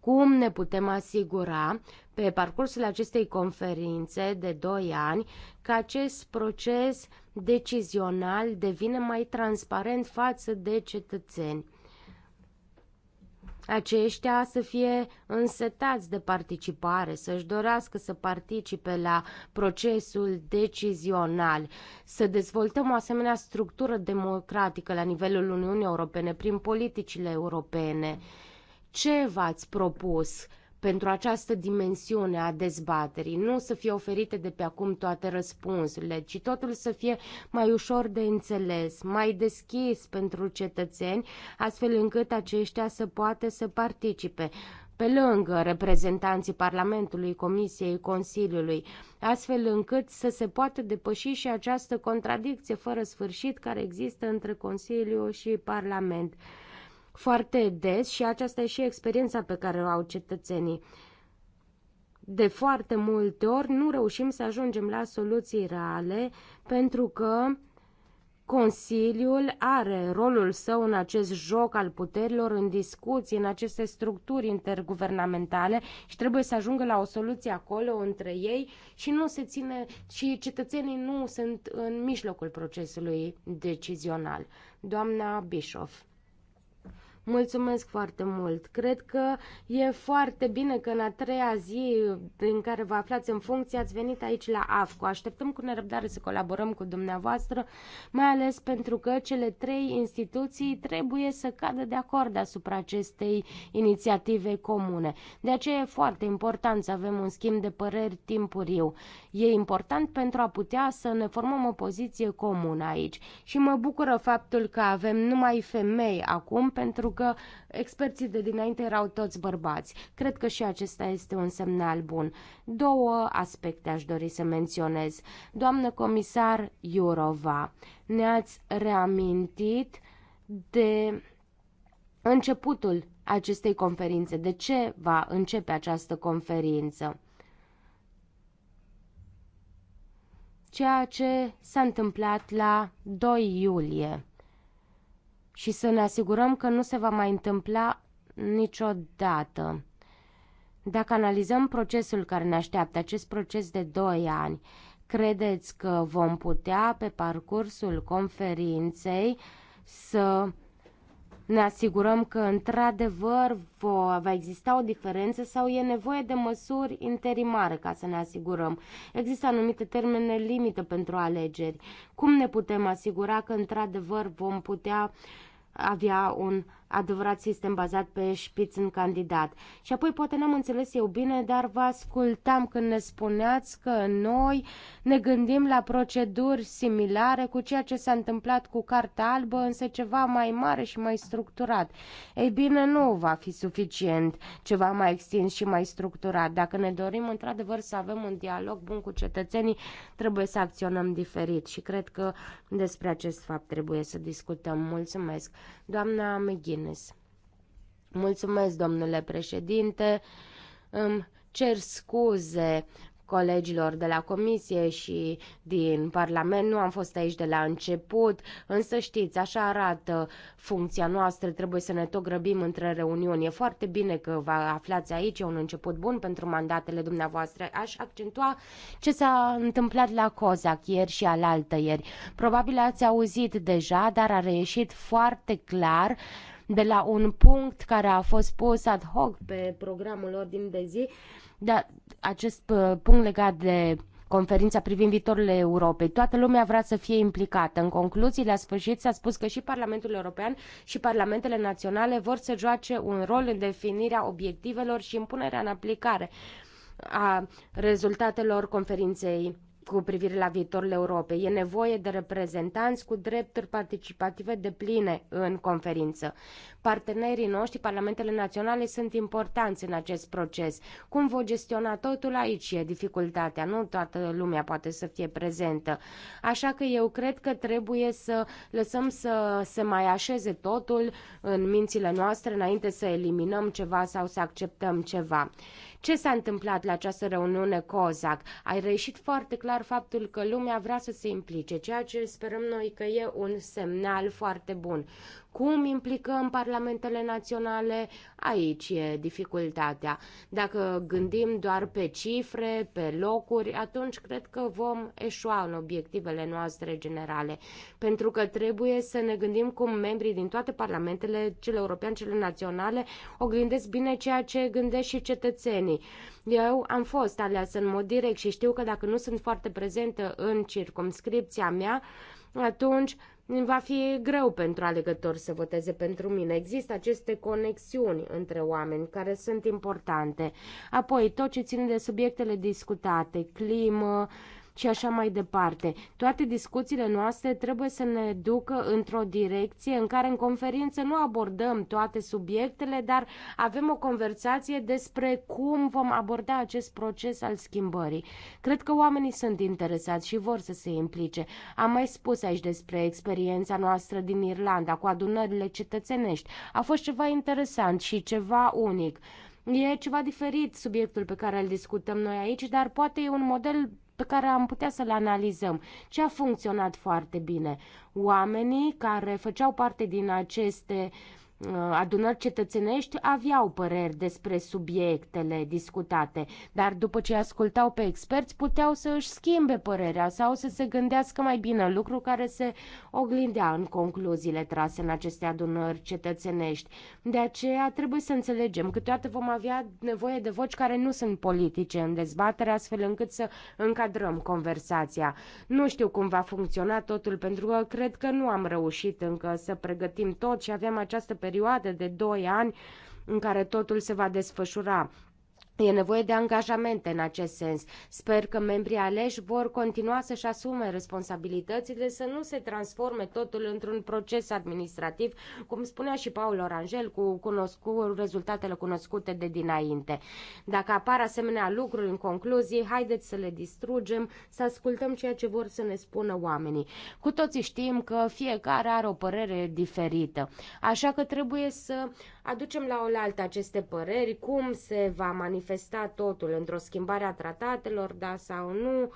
cum ne putem asigura pe parcursul acestei conferințe de 2 ani că acest proces decizional devine mai transparent față de cetățeni. Aceștia să fie însetați de participare, să-și dorească să participe la procesul decizional, să dezvoltăm o asemenea structură democratică la nivelul Uniunii Europene prin politicile europene. Mm ce v-ați propus pentru această dimensiune a dezbaterii, nu să fie oferite de pe acum toate răspunsurile, ci totul să fie mai ușor de înțeles, mai deschis pentru cetățeni, astfel încât aceștia să poată să participe pe lângă reprezentanții Parlamentului, Comisiei, Consiliului, astfel încât să se poată depăși și această contradicție fără sfârșit care există între Consiliu și Parlament foarte des și aceasta e și experiența pe care o au cetățenii. De foarte multe ori nu reușim să ajungem la soluții reale pentru că Consiliul are rolul său în acest joc al puterilor, în discuții, în aceste structuri interguvernamentale și trebuie să ajungă la o soluție acolo între ei și nu se ține și cetățenii nu sunt în mijlocul procesului decizional. Doamna Bischoff. Mulțumesc foarte mult. Cred că e foarte bine că în a treia zi în care vă aflați în funcție ați venit aici la AFCO. Așteptăm cu nerăbdare să colaborăm cu dumneavoastră, mai ales pentru că cele trei instituții trebuie să cadă de acord asupra acestei inițiative comune. De aceea e foarte important să avem un schimb de păreri timpuriu. E important pentru a putea să ne formăm o poziție comună aici. Și mă bucură faptul că avem numai femei acum pentru că că experții de dinainte erau toți bărbați. Cred că și acesta este un semnal bun. Două aspecte aș dori să menționez. Doamnă comisar Iurova, ne-ați reamintit de începutul acestei conferințe. De ce va începe această conferință? Ceea ce s-a întâmplat la 2 iulie și să ne asigurăm că nu se va mai întâmpla niciodată. Dacă analizăm procesul care ne așteaptă, acest proces de 2 ani, credeți că vom putea pe parcursul conferinței să ne asigurăm că într-adevăr va exista o diferență sau e nevoie de măsuri interimare ca să ne asigurăm. Există anumite termene limită pentru alegeri. Cum ne putem asigura că într-adevăr vom putea uh, avea un adevărat sistem bazat pe șpiț în candidat. Și apoi poate n-am înțeles eu bine, dar vă ascultam când ne spuneați că noi ne gândim la proceduri similare cu ceea ce s-a întâmplat cu Carta Albă, însă ceva mai mare și mai structurat. Ei bine, nu va fi suficient ceva mai extins și mai structurat. Dacă ne dorim într-adevăr să avem un dialog bun cu cetățenii, trebuie să acționăm diferit și cred că despre acest fapt trebuie să discutăm. Mulțumesc. Doamna Meghin, Guinness. Mulțumesc, domnule președinte. Îmi cer scuze colegilor de la comisie și din Parlament. Nu am fost aici de la început, însă știți, așa arată funcția noastră, trebuie să ne tot grăbim între reuniuni. E foarte bine că vă aflați aici, e un început bun pentru mandatele dumneavoastră. Aș accentua ce s-a întâmplat la COSAC ieri și alaltă ieri. Probabil ați auzit deja, dar a reieșit foarte clar uh, de la un punct care a fost pus ad hoc pe programul lor din de zi, dar acest uh, punct legat de conferința privind viitorul Europei. Toată lumea vrea să fie implicată. În concluzii, la sfârșit, s-a spus că și Parlamentul European și Parlamentele Naționale vor să joace un rol în definirea obiectivelor și în punerea în aplicare a rezultatelor conferinței cu privire la viitorul Europei. E nevoie de reprezentanți cu drepturi participative de pline în conferință. Partenerii noștri, parlamentele naționale, sunt importanți în acest proces. Cum vor gestiona totul aici e dificultatea. Nu toată lumea poate să fie prezentă. Așa că eu cred că trebuie să lăsăm să se mai așeze totul în mințile noastre înainte să eliminăm ceva sau să acceptăm ceva. Ce s-a întâmplat la această reuniune COSAC? Ai reușit foarte clar faptul că lumea vrea să se implice, ceea ce sperăm noi că e un semnal foarte bun cum implicăm parlamentele naționale, aici e dificultatea. Dacă gândim doar pe cifre, pe locuri, atunci cred că vom eșua în obiectivele noastre generale, pentru că trebuie să ne gândim cum membrii din toate parlamentele, cele europeane, cele naționale, oglindesc bine ceea ce gândesc și cetățenii. Eu am fost aleasă în mod direct și știu că dacă nu sunt foarte prezentă în circumscripția mea, atunci va fi greu pentru alegători să voteze pentru mine. Există aceste conexiuni între oameni care sunt importante. Apoi, tot ce ține de subiectele discutate, climă, uh, și așa mai departe. Toate discuțiile noastre trebuie să ne ducă într-o direcție în care în conferință nu abordăm toate subiectele, dar avem o conversație despre cum vom aborda acest proces al schimbării. Cred că oamenii sunt interesați și vor să se implice. Am mai spus aici despre experiența noastră din Irlanda cu adunările cetățenești. A fost ceva interesant și ceva unic. E ceva diferit subiectul pe care îl discutăm noi aici, dar poate e un model pe care am putea să le analizăm. Ce a funcționat foarte bine? Oamenii care făceau parte din aceste Uh, adunări cetățenești aveau păreri despre subiectele discutate, dar după ce ascultau pe experți puteau să își schimbe părerea sau să se gândească mai bine, lucru care se oglindea în concluziile trase în aceste adunări cetățenești. De aceea trebuie să înțelegem că toate vom avea nevoie de voci care nu sunt politice în dezbatere, astfel încât să încadrăm conversația. Nu știu cum va funcționa totul, pentru că cred că nu am reușit încă să pregătim tot și avem această perioadă perioadă de 2 ani în care totul se va desfășura. E nevoie de angajamente în acest sens. Sper că membrii aleși vor continua să-și asume responsabilitățile, să nu se transforme totul într-un proces administrativ, cum spunea și Paul Orangel, cu, cunoscu, rezultatele cunoscute de dinainte. Dacă apar asemenea lucruri în concluzie, haideți să le distrugem, să ascultăm ceea ce vor să ne spună oamenii. Cu toții știm că fiecare are o părere diferită, așa că trebuie să aducem la oaltă aceste păreri, cum se va manifesta manifesta totul într-o schimbare a tratatelor, da sau nu,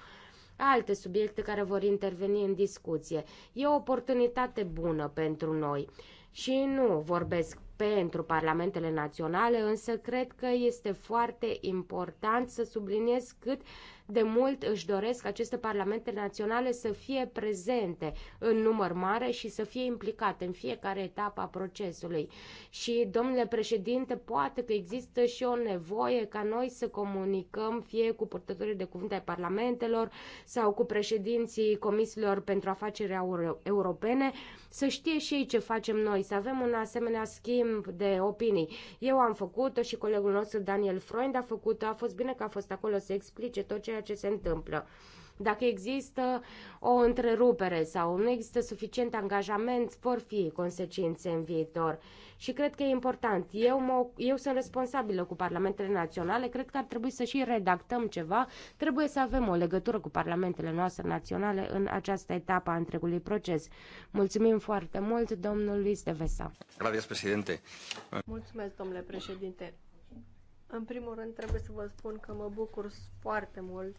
alte subiecte care vor interveni în discuție. E o oportunitate bună pentru noi. Și nu vorbesc pentru parlamentele naționale, însă cred că este foarte important să subliniez cât de mult își doresc aceste parlamente naționale să fie prezente în număr mare și să fie implicate în fiecare etapă a procesului. Și, domnule președinte, poate că există și o nevoie ca noi să comunicăm fie cu purtătorii de cuvânt ai parlamentelor sau cu președinții comisiilor pentru afaceri europene, să știe și ei ce facem noi, să avem un asemenea schimb de opinii. Eu am făcut-o și colegul nostru Daniel Freund a făcut-o, a fost bine că a fost acolo să explice tot ce ceea ce se întâmplă. Dacă există o întrerupere sau nu există suficient angajament, vor fi consecințe în viitor. Și cred că e important. Eu, mă, eu sunt responsabilă cu parlamentele naționale, cred că ar trebui să și redactăm ceva. Trebuie să avem o legătură cu parlamentele noastre naționale în această etapă a întregului proces. Mulțumim foarte mult, domnul Luis de Vesa. Mulțumesc, domnule președinte. În primul rând trebuie să vă spun că mă bucur foarte mult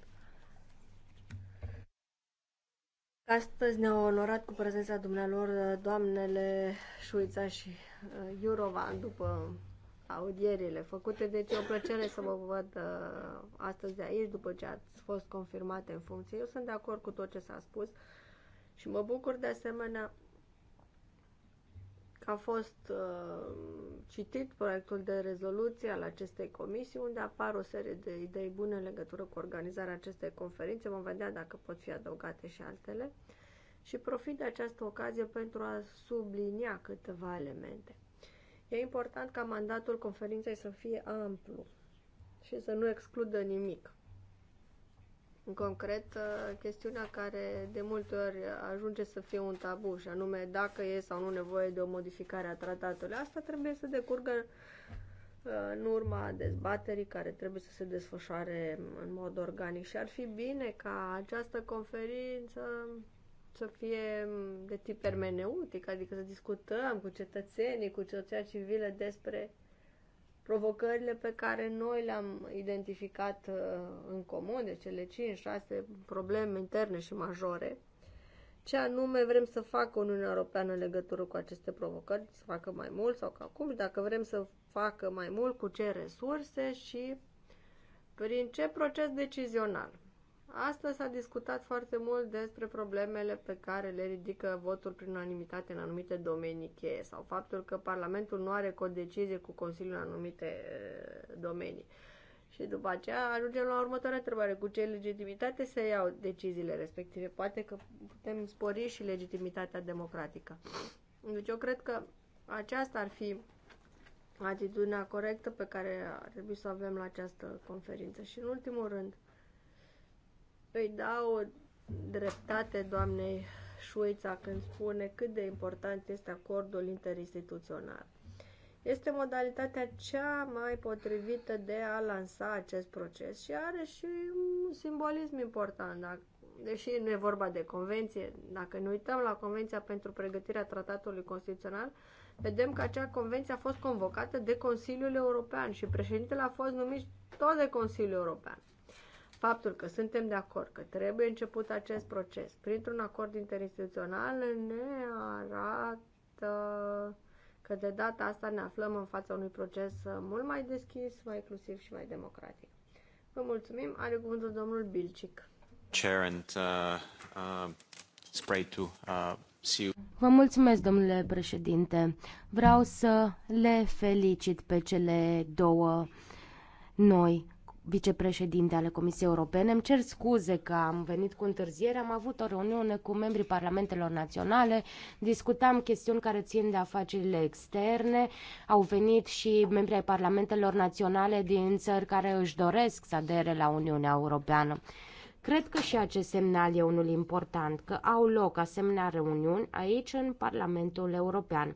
astăzi ne-au onorat cu prezența dumnealor doamnele Șuița și uh, Iurovan după audierile făcute, deci e o plăcere să vă văd uh, astăzi de aici după ce ați fost confirmate în funcție. Eu sunt de acord cu tot ce s-a spus și mă bucur de asemenea a fost uh, citit proiectul de rezoluție al acestei comisii, unde apar o serie de idei bune în legătură cu organizarea acestei conferințe. Vom vedea dacă pot fi adăugate și altele. Și profit de această ocazie pentru a sublinia câteva elemente. E important ca mandatul conferinței să fie amplu și să nu excludă nimic. În concret, uh, chestiunea care de multe ori ajunge să fie un tabu, și anume dacă e sau nu nevoie de o modificare a tratatului, asta trebuie să decurgă uh, în urma dezbaterii care trebuie să se desfășoare în mod organic și ar fi bine ca această conferință să fie de tip hermeneutic, adică să discutăm cu cetățenii, cu societatea civilă despre provocările pe care noi le-am identificat uh, în comun, de deci cele 5-6 probleme interne și majore, ce anume vrem să facă Uniunea Europeană în legătură cu aceste provocări, să facă mai mult sau ca acum, dacă vrem să facă mai mult, cu ce resurse și prin ce proces decizional. Astăzi s-a discutat foarte mult despre problemele pe care le ridică votul prin unanimitate în anumite domenii cheie sau faptul că Parlamentul nu are codecizie cu Consiliul în anumite eh, domenii. Și după aceea ajungem la următoarea întrebare. Cu ce legitimitate se iau deciziile respective? Poate că putem spori și legitimitatea democratică. Deci eu cred că aceasta ar fi atitudinea corectă pe care ar trebui să o avem la această conferință. Și în ultimul rând, îi dau dreptate doamnei Șuița când spune cât de important este acordul interinstituțional. Este modalitatea cea mai potrivită de a lansa acest proces și are și un simbolism important. deși nu e vorba de convenție, dacă ne uităm la Convenția pentru pregătirea tratatului constituțional, vedem că acea convenție a fost convocată de Consiliul European și președintele a fost numit tot de Consiliul European faptul că suntem de acord că trebuie început acest proces printr-un acord interinstituțional ne arată că de data asta ne aflăm în fața unui proces mult mai deschis, mai inclusiv și mai democratic. Vă mulțumim. Are cuvântul domnul Bilcic. Chair and uh, uh, spray to uh, see you. Vă mulțumesc, domnule președinte. Vreau să le felicit pe cele două noi vicepreședinte ale Comisiei Europene. Îmi cer scuze că am venit cu întârziere. Am avut o reuniune cu membrii Parlamentelor Naționale. Discutam chestiuni care țin de afacerile externe. Au venit și membrii ai Parlamentelor Naționale din țări care își doresc să adere la Uniunea Europeană. Cred că și acest semnal e unul important, că au loc asemenea reuniuni aici în Parlamentul European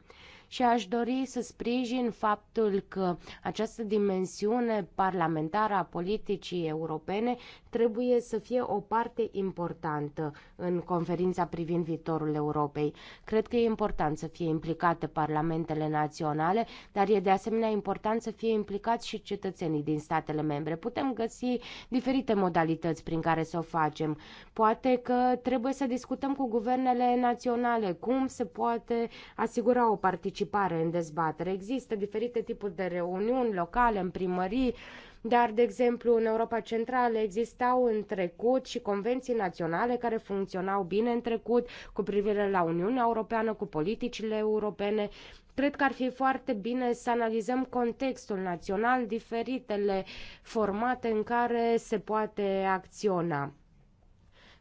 și aș dori să sprijin faptul că această dimensiune parlamentară a politicii europene trebuie să fie o parte importantă în conferința privind viitorul Europei. Cred că e important să fie implicate parlamentele naționale, dar e de asemenea important să fie implicați și cetățenii din statele membre. Putem găsi diferite modalități prin care să o facem. Poate că trebuie să discutăm cu guvernele naționale cum se poate asigura o participare participare în dezbatere. Există diferite tipuri de reuniuni locale în primării, dar, de exemplu, în Europa Centrală existau în trecut și convenții naționale care funcționau bine în trecut cu privire la Uniunea Europeană, cu politicile europene. Cred că ar fi foarte bine să analizăm contextul național, diferitele formate în care se poate acționa.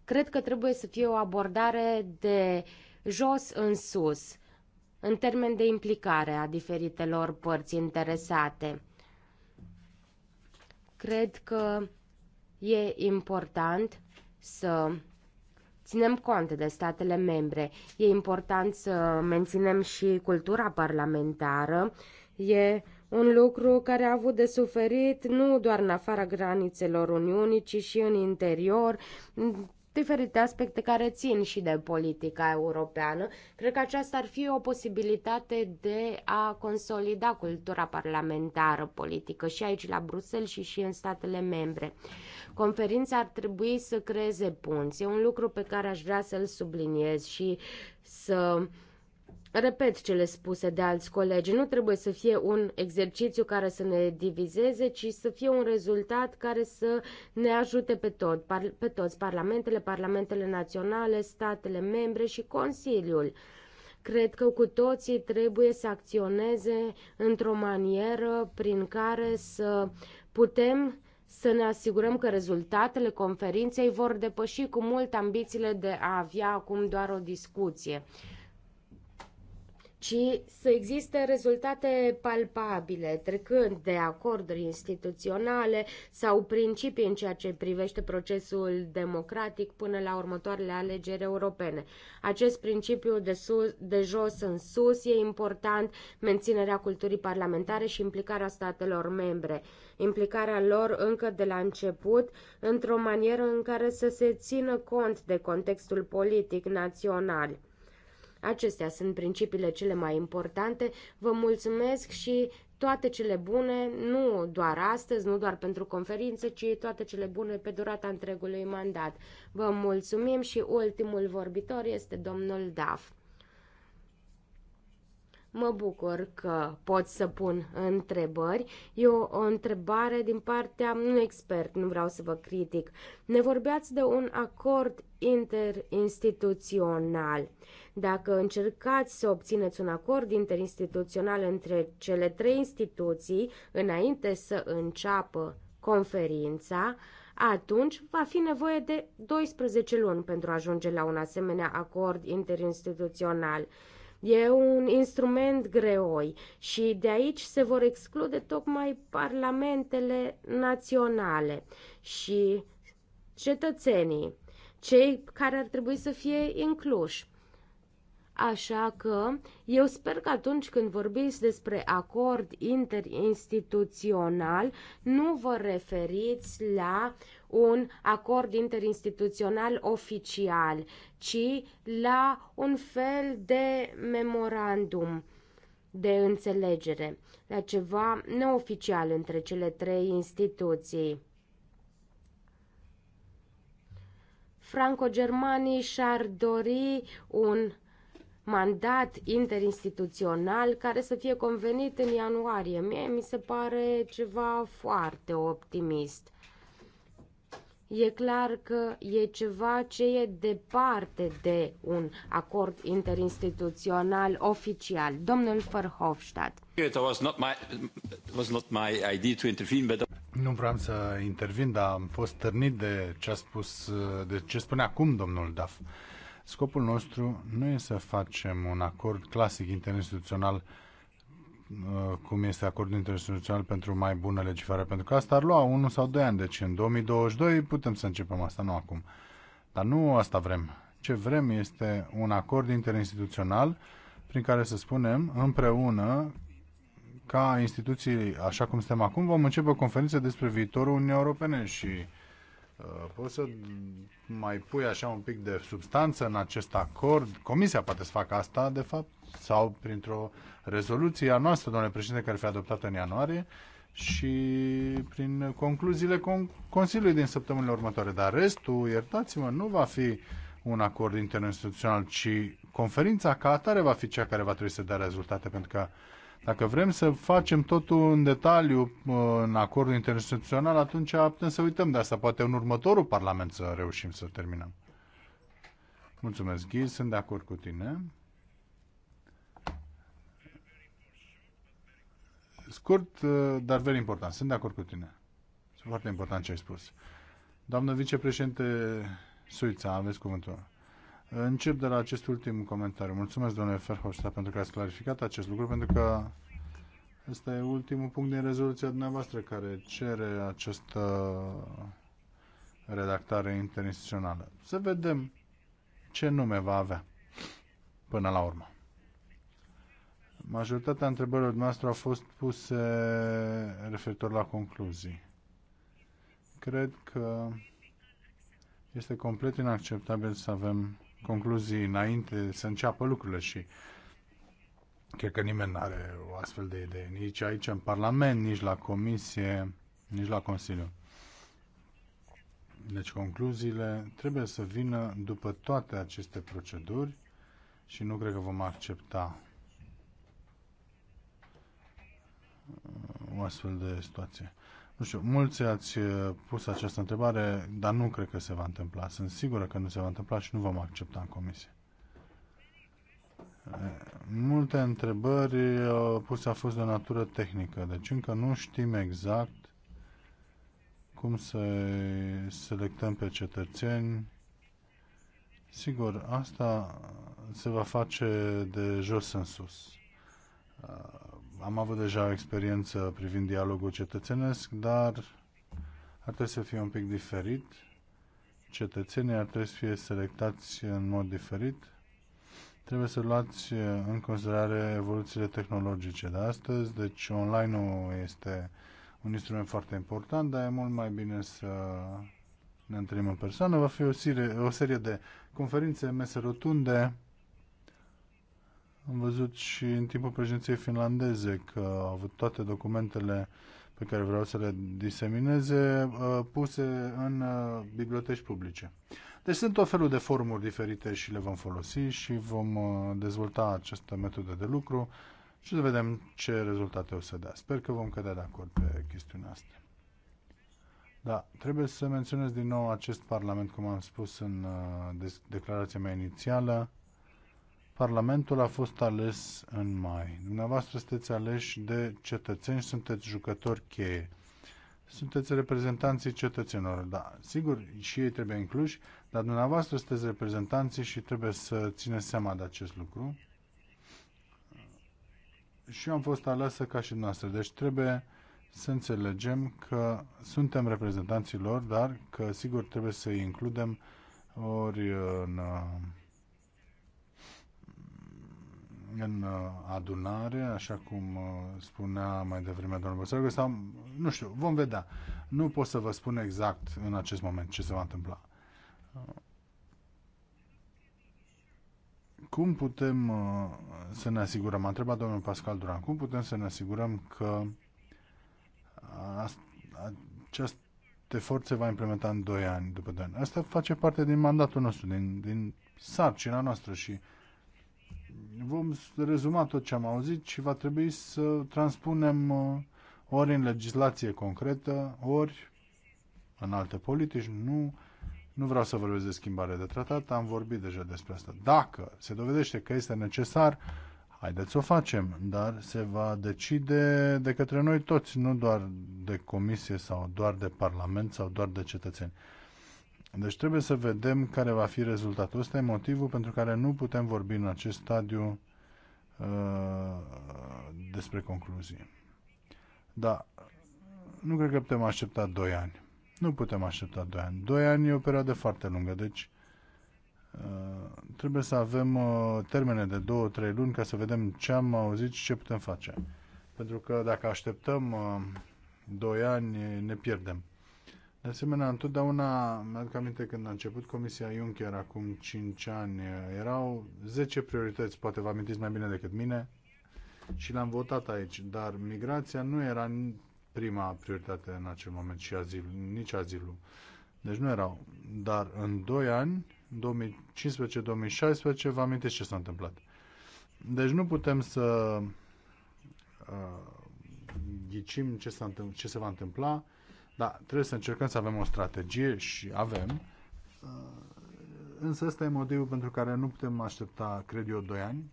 Cred că trebuie să fie o abordare de jos în sus în termen de implicare a diferitelor părți interesate. Cred că e important să ținem cont de statele membre. E important să menținem și cultura parlamentară. E un lucru care a avut de suferit nu doar în afara granițelor Uniunii, ci și în interior, diferite aspecte care țin și de politica europeană. Cred că aceasta ar fi o posibilitate de a consolida cultura parlamentară politică și aici la Bruxelles și și în statele membre. Conferința ar trebui să creeze punți. E un lucru pe care aș vrea să-l subliniez și să uh, Repet cele spuse de alți colegi, nu trebuie să fie un exercițiu care să ne divizeze, ci să fie un rezultat care să ne ajute pe, tot, par, pe toți, parlamentele, parlamentele naționale, statele membre și Consiliul. Cred că cu toții trebuie să acționeze într-o manieră prin care să putem să ne asigurăm că rezultatele conferinței vor depăși cu mult ambițiile de a avea acum doar o discuție ci să existe rezultate palpabile, trecând de acorduri instituționale sau principii în ceea ce privește procesul democratic până la următoarele alegeri europene. Acest principiu de, sus, de jos în sus e important, menținerea culturii parlamentare și implicarea statelor membre, implicarea lor încă de la început, într-o manieră în care să se țină cont de contextul politic național Acestea sunt principiile cele mai importante. Vă mulțumesc și toate cele bune, nu doar astăzi, nu doar pentru conferință, ci toate cele bune pe durata întregului mandat. Vă mulțumim și ultimul vorbitor este domnul Daf. Mă bucur că pot să pun întrebări. E o, o întrebare din partea, unui expert, nu vreau să vă critic. Ne vorbeați de un acord interinstituțional. Dacă încercați să obțineți un acord interinstituțional între cele trei instituții înainte să înceapă conferința, atunci va fi nevoie de 12 luni pentru a ajunge la un asemenea acord interinstituțional. E un instrument greoi și de aici se vor exclude tocmai parlamentele naționale și cetățenii, cei care ar trebui să fie incluși. Așa că eu sper că atunci când vorbiți despre acord interinstituțional, nu vă referiți la un acord interinstituțional oficial, ci la un fel de memorandum de înțelegere, la ceva neoficial între cele trei instituții. Franco-germanii și-ar dori un mandat interinstituțional care să fie convenit în ianuarie. Mie mi se pare ceva foarte optimist. E clar că e ceva ce e departe de un acord interinstituțional oficial. Domnul Verhofstadt. Nu vreau să intervin, dar am fost târnit de ce a spus, de ce spune acum domnul Duff. Scopul nostru nu e să facem un acord clasic interinstituțional uh, cum este acordul interinstituțional pentru mai bună legiferare, pentru că asta ar lua unul sau doi ani, deci în 2022 putem să începem asta, nu acum. Dar nu asta vrem. Ce vrem este un acord interinstituțional prin care să spunem împreună ca instituții, așa cum suntem acum, vom începe o conferință despre viitorul Uniunii Europene și Uh, poți să mai pui așa un pic de substanță în acest acord? Comisia poate să facă asta, de fapt, sau printr-o rezoluție a noastră, domnule președinte, care fi adoptată în ianuarie și prin concluziile con- Consiliului din săptămânile următoare. Dar restul, iertați-mă, nu va fi un acord interinstituțional, ci conferința ca atare va fi cea care va trebui să dea rezultate, pentru că dacă vrem să facem totul în detaliu în acordul internațional, atunci putem să uităm de asta. Poate în următorul Parlament să reușim să terminăm. Mulțumesc, Ghi, sunt de acord cu tine. Scurt, uh, dar very important. Sunt de acord cu tine. Sunt foarte important ce ai spus. Doamnă vicepreședinte Suița, aveți cuvântul. Încep de la acest ultim comentariu. Mulțumesc, domnule Ferhoșta, pentru că ați clarificat acest lucru, pentru că ăsta e ultimul punct din rezoluția dumneavoastră care cere această redactare interinstituțională. Să vedem ce nume va avea până la urmă. Majoritatea întrebărilor noastre au fost puse referitor la concluzii. Cred că este complet inacceptabil să avem concluzii înainte să înceapă lucrurile și cred că nimeni nu are o astfel de idee, nici aici în Parlament, nici la Comisie, nici la Consiliu. Deci concluziile trebuie să vină după toate aceste proceduri și nu cred că vom accepta uh, o astfel de situație. Nu știu, mulți ați uh, pus această întrebare, dar nu cred că se va întâmpla. Sunt sigură că nu se va întâmpla și nu vom accepta în comisie. Uh, multe întrebări uh, puse au fost de natură tehnică, deci încă nu știm exact cum să selectăm pe cetățeni. Sigur, asta se va face de jos în sus am avut deja o experiență privind dialogul cetățenesc, dar ar trebui să fie un pic diferit. Cetățenii ar trebui să fie selectați în mod diferit. Trebuie să luați în considerare evoluțiile tehnologice de astăzi, deci online-ul este un instrument foarte important, dar e mult mai bine să ne întâlnim în persoană. Va fi o serie, o serie de conferințe, mese rotunde, am văzut și în timpul președinției finlandeze că au avut toate documentele pe care vreau să le disemineze uh, puse în uh, biblioteci publice. Deci sunt tot felul de formuri diferite și le vom folosi și vom uh, dezvolta această metodă de lucru și să vedem ce rezultate o să dea. Sper că vom cădea de acord pe chestiunea asta. Da, trebuie să menționez din nou acest Parlament, cum am spus în declarația mea inițială. Parlamentul a fost ales în mai. Dumneavoastră sunteți aleși de cetățeni, sunteți jucători cheie. Sunteți reprezentanții cetățenilor, da. Sigur, și ei trebuie incluși, dar dumneavoastră sunteți reprezentanții și trebuie să țineți seama de acest lucru. Și eu am fost aleasă ca și dumneavoastră, deci trebuie să înțelegem că suntem reprezentanții lor, dar că sigur trebuie să îi includem ori în uh, în uh, adunare, așa cum uh, spunea mai devreme domnul Băsărgă, sau, nu știu, vom vedea. Nu pot să vă spun exact în acest moment ce se va întâmpla. Uh, cum putem să ne asigurăm, a întrebat domnul Pascal Duran, cum putem să ne asigurăm că aceste forțe va implementa în 2 ani după 2 ani? Asta face parte din mandatul nostru, din, din sarcina noastră și uh, Vom rezuma tot ce am auzit și va trebui să transpunem uh, ori în legislație concretă, ori în alte politici. Nu, nu vreau să vorbesc de schimbare de tratat, am vorbit deja despre asta. Dacă se dovedește că este necesar, haideți să o facem, dar se va decide de către noi toți, nu doar de comisie sau doar de parlament sau doar de cetățeni. Deci trebuie să vedem care va fi rezultatul. Ăsta e motivul pentru care nu putem vorbi în acest stadiu uh, despre concluzii. Da, nu cred că putem aștepta 2 ani. Nu putem aștepta 2 ani. 2 ani e o perioadă foarte lungă, deci uh, trebuie să avem uh, termene de 2-3 luni ca să vedem ce am auzit și ce putem face. Pentru că dacă așteptăm uh, 2 ani, ne pierdem. De asemenea, întotdeauna, mi-aduc aminte când a început Comisia Juncker acum 5 ani, erau 10 priorități, poate vă amintiți mai bine decât mine, și l-am votat aici, dar migrația nu era prima prioritate în acel moment și azil, nici azilul. Deci nu erau. Dar în 2 ani, 2015-2016, vă amintiți ce s-a întâmplat. Deci nu putem să uh, ghicim ce, s-a, ce se va întâmpla da, trebuie să încercăm să avem o strategie și avem. Uh, însă ăsta e motivul pentru care nu putem aștepta, cred eu, 2 ani.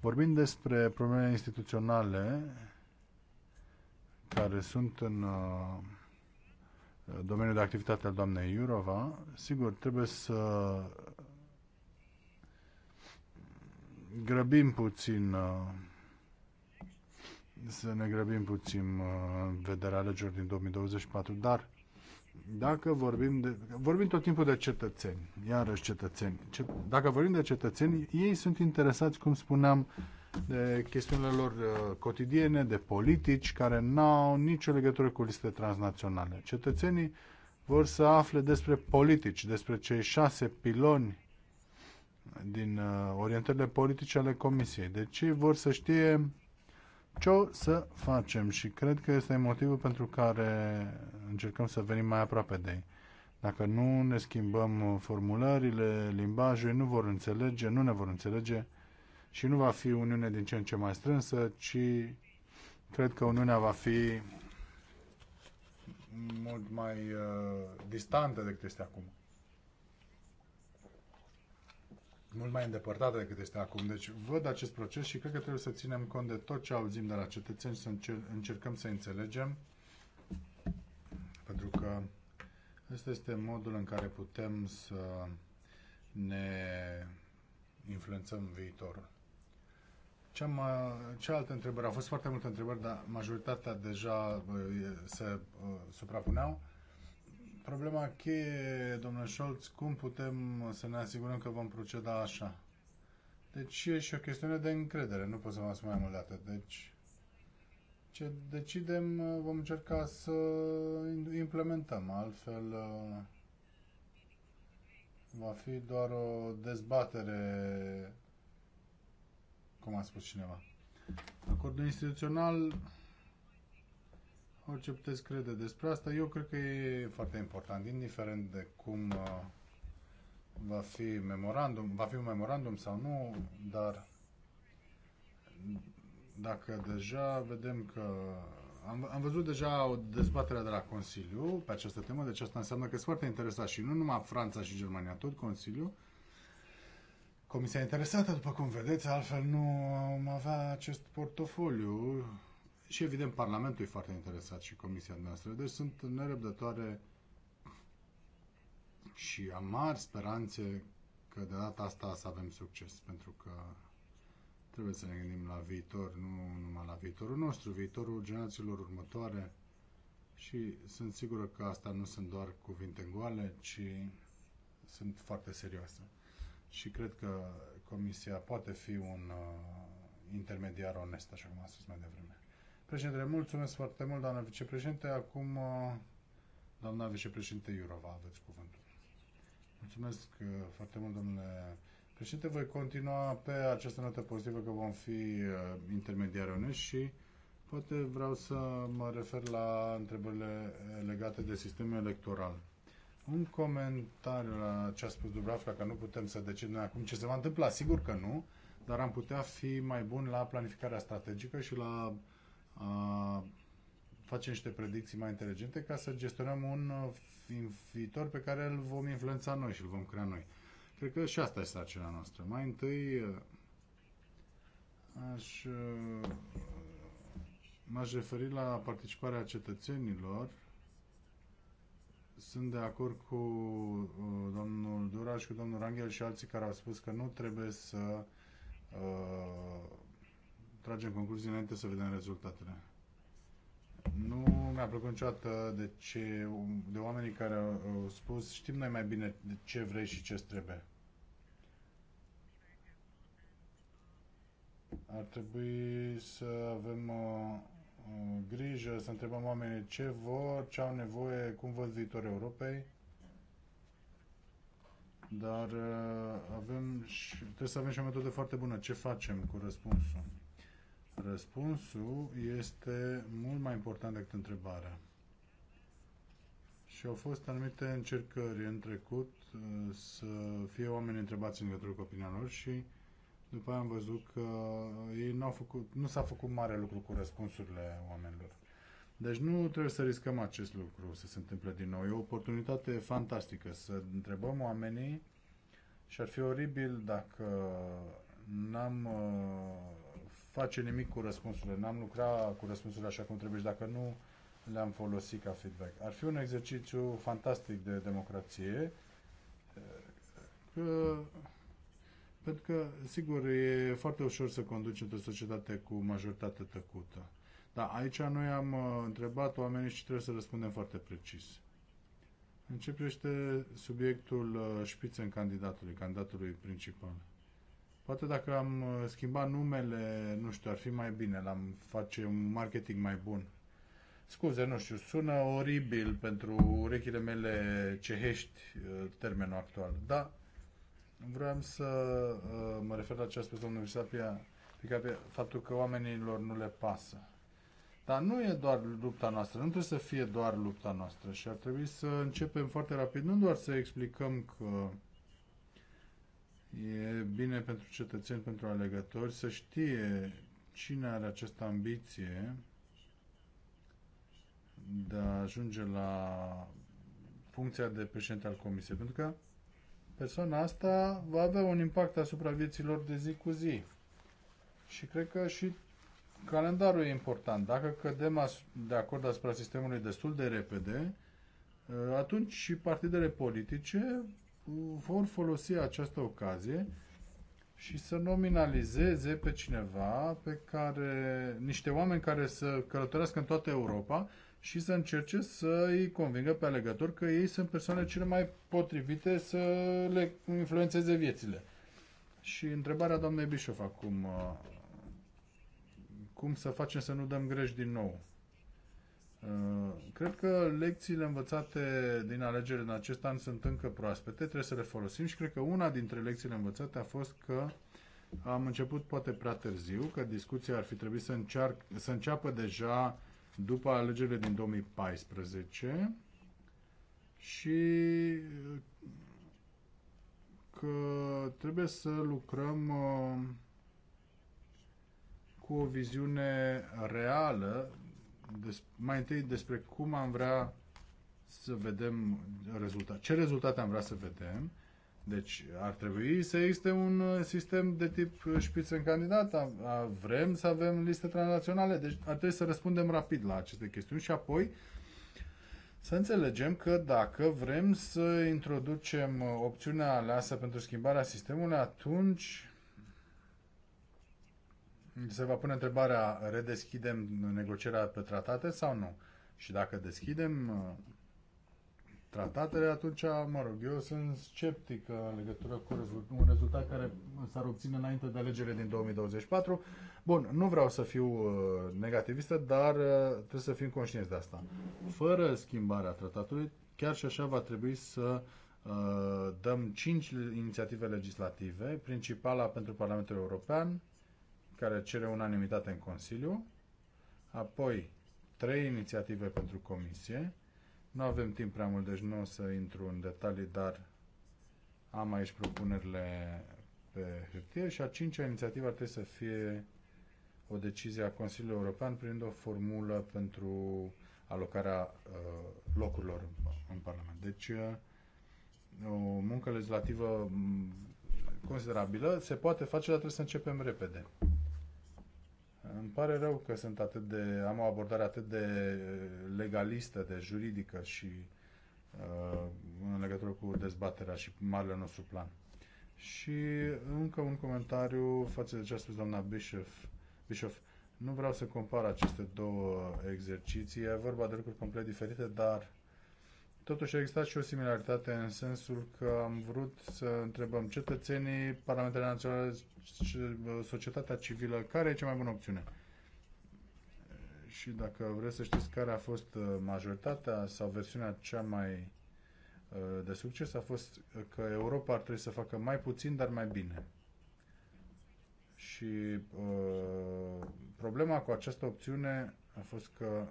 Vorbind despre problemele instituționale care sunt în uh, domeniul de activitate al doamnei Iurova, sigur, trebuie să grăbim puțin uh, să ne grăbim puțin uh, în vederea alegerilor din 2024, dar dacă vorbim de, vorbim tot timpul de cetățeni, iarăși cetățeni, dacă vorbim de cetățeni, ei sunt interesați, cum spuneam, de chestiunile lor uh, cotidiene, de politici care n-au nicio legătură cu liste transnaționale. Cetățenii vor să afle despre politici, despre cei șase piloni din uh, orientările politice ale Comisiei. Deci ei vor să știe ce o să facem și cred că este motivul pentru care încercăm să venim mai aproape de ei. Dacă nu ne schimbăm uh, formulările, limbajul, nu vor înțelege, nu ne vor înțelege și nu va fi Uniune din ce în ce mai strânsă, ci cred că Uniunea va fi mult mai uh, distantă decât este acum. mult mai îndepărtată decât este acum. Deci văd acest proces și cred că trebuie să ținem cont de tot ce auzim de la cetățeni, să încercăm să înțelegem, pentru că ăsta este modul în care putem să ne influențăm viitorul. Cea, cealaltă întrebări, au fost foarte multe întrebări, dar majoritatea deja se uh, suprapuneau. Problema cheie, domnule Scholz, cum putem să ne asigurăm că vom proceda așa? Deci e și o chestiune de încredere, nu pot să mă mai mult atât. Deci ce decidem vom încerca să implementăm, altfel va fi doar o dezbatere, cum a spus cineva. Acordul instituțional Orice puteți crede despre asta, eu cred că e foarte important, indiferent de cum uh, va fi memorandum, va fi un memorandum sau nu, dar dacă deja vedem că am, am văzut deja o dezbatere de la Consiliu pe această temă, deci asta înseamnă că sunt foarte interesat și nu numai Franța și Germania, tot Consiliu. Comisia interesată, după cum vedeți, altfel nu am avea acest portofoliu și evident Parlamentul e foarte interesat și Comisia noastră, deci sunt nerăbdătoare și am mari speranțe că de data asta să avem succes, pentru că trebuie să ne gândim la viitor, nu numai la viitorul nostru, viitorul generațiilor următoare și sunt sigură că asta nu sunt doar cuvinte goale, ci sunt foarte serioase. Și cred că Comisia poate fi un uh, intermediar onest, așa cum am spus mai devreme. Președinte, mulțumesc foarte mult, doamna vicepreședinte. Acum, uh, doamna vicepreședinte Iurova, aveți cuvântul. Mulțumesc uh, foarte mult, domnule președinte. Voi continua pe această notă pozitivă că vom fi uh, intermediari onești și poate vreau să mă refer la întrebările legate de sistemul electoral. Un comentariu la ce a spus Dubravka, că nu putem să decidem acum ce se va întâmpla. Sigur că nu, dar am putea fi mai buni la planificarea strategică și la face niște predicții mai inteligente ca să gestionăm un uh, viitor pe care îl vom influența noi și îl vom crea noi. Cred că și asta este sarcina noastră. Mai întâi uh, aș, uh, m-aș referi la participarea cetățenilor. Sunt de acord cu domnul Dura și cu domnul Rangel și alții care au spus că nu trebuie să uh, tragem concluzii înainte să vedem rezultatele. Nu mi-a plăcut niciodată de, ce, de oamenii care au spus știm noi mai bine ce vrei și ce trebuie. Ar trebui să avem uh, uh, grijă, să întrebăm oamenii ce vor, ce au nevoie, cum văd viitorul Europei. Dar uh, avem și, trebuie să avem și o metodă foarte bună. Ce facem cu răspunsul? Răspunsul este mult mai important decât întrebarea. Și au fost anumite încercări în trecut uh, să fie oameni întrebați în legătură cu opinia lor și după aia am văzut că ei n-au făcut, nu s-a făcut mare lucru cu răspunsurile oamenilor. Deci nu trebuie să riscăm acest lucru să se întâmple din nou. E o oportunitate fantastică să întrebăm oamenii și ar fi oribil dacă n-am uh, face nimic cu răspunsurile. N-am lucrat cu răspunsurile așa cum trebuie și dacă nu le-am folosit ca feedback. Ar fi un exercițiu fantastic de democrație că, pentru că, sigur, e foarte ușor să conduci într-o societate cu majoritate tăcută. Dar aici noi am uh, întrebat oamenii și trebuie să răspundem foarte precis. Începește subiectul în uh, candidatului, candidatului principal. Poate dacă am uh, schimbat numele, nu știu, ar fi mai bine, l-am face un marketing mai bun. Scuze, nu știu, sună oribil pentru urechile mele cehești uh, termenul actual, dar vreau să uh, mă refer la ce a spus domnul Visapia, faptul că oamenilor nu le pasă. Dar nu e doar lupta noastră, nu trebuie să fie doar lupta noastră și ar trebui să începem foarte rapid, nu doar să explicăm că E bine pentru cetățeni, pentru alegători să știe cine are această ambiție de a ajunge la funcția de președinte al comisiei, pentru că persoana asta va avea un impact asupra vieților de zi cu zi. Și cred că și calendarul e important. Dacă cădem de acord asupra sistemului destul de repede, atunci și partidele politice vor folosi această ocazie și să nominalizeze pe cineva pe care, niște oameni care să călătorească în toată Europa și să încerce să îi convingă pe alegători că ei sunt persoanele cele mai potrivite să le influențeze viețile. Și întrebarea doamnei Bișof acum, uh, cum să facem să nu dăm greș din nou? Uh, cred că lecțiile învățate din alegerile în acest an sunt încă proaspete, trebuie să le folosim și cred că una dintre lecțiile învățate a fost că am început poate prea târziu, că discuția ar fi trebuit să, încearc, să înceapă deja după alegerile din 2014 și uh, că trebuie să lucrăm uh, cu o viziune reală des, mai întâi despre cum am vrea să vedem rezultat Ce rezultate am vrea să vedem? Deci ar trebui să existe un uh, sistem de tip șpiță uh, în candidat. Vrem să avem liste transnaționale. Deci ar trebui să răspundem rapid la aceste chestiuni și apoi să înțelegem că dacă vrem să introducem uh, opțiunea aleasă pentru schimbarea sistemului, atunci Mm-hmm. Se va pune întrebarea, redeschidem negocierea pe tratate sau nu? Și dacă deschidem uh, tratatele, atunci, mă rog, eu sunt sceptic uh, în legătură cu un rezultat care s-ar obține înainte de alegerile din 2024. Bun, nu vreau să fiu uh, negativistă, dar trebuie să fim conștienți de asta. Fără schimbarea tratatului, chiar și așa va trebui să dăm cinci inițiative legislative, principala pentru Parlamentul European, care cere unanimitate în Consiliu, apoi trei inițiative pentru Comisie. Nu avem timp prea mult, deci nu o să intru în detalii, dar am aici propunerile pe hârtie și a cincea inițiativă ar trebui să fie o decizie a Consiliului European prin o formulă pentru alocarea uh, locurilor în, în Parlament. Deci, uh, o muncă legislativă mm, considerabilă se poate face, dar trebuie să începem repede. Îmi pare rău că sunt atât de, am o abordare atât de uh, legalistă, de juridică și uh, în legătură cu dezbaterea și marele nostru plan. Și încă un comentariu față de ce a spus doamna Bischoff. Bischoff. Nu vreau să compar aceste două exerciții, e vorba de lucruri complet diferite, dar Totuși a existat și o similaritate în sensul că am vrut să întrebăm cetățenii, Parlamentul Național, societatea civilă, care e cea mai bună opțiune? Și dacă vreți să știți care a fost majoritatea sau versiunea cea mai de succes, a fost că Europa ar trebui să facă mai puțin, dar mai bine. Și uh, problema cu această opțiune a fost că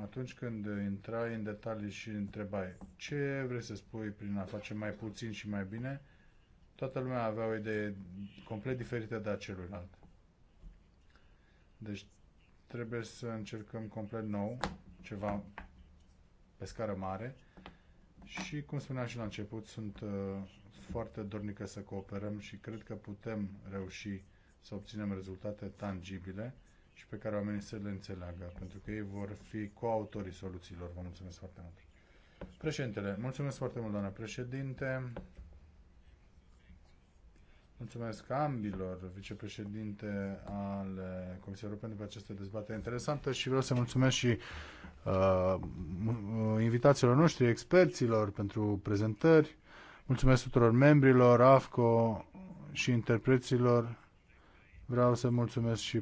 atunci când intrai în detalii și întrebai ce vrei să spui prin a face mai puțin și mai bine, toată lumea avea o idee complet diferită de a celuilalt. Deci trebuie să încercăm complet nou, ceva pe scară mare și, cum spuneam și la început, sunt uh, foarte dornică să cooperăm și cred că putem reuși să obținem rezultate tangibile și pe care oamenii să le înțeleagă, pentru că ei vor fi coautorii soluțiilor. Vă mulțumesc foarte mult. Președintele, mulțumesc foarte mult, doamna președinte. Mulțumesc ambilor vicepreședinte al Comisiei Europene pentru această dezbatere interesantă și vreau să mulțumesc și uh, invitațiilor noștri, experților pentru prezentări. Mulțumesc tuturor membrilor AFCO și interpreților. Vreau să mulțumesc și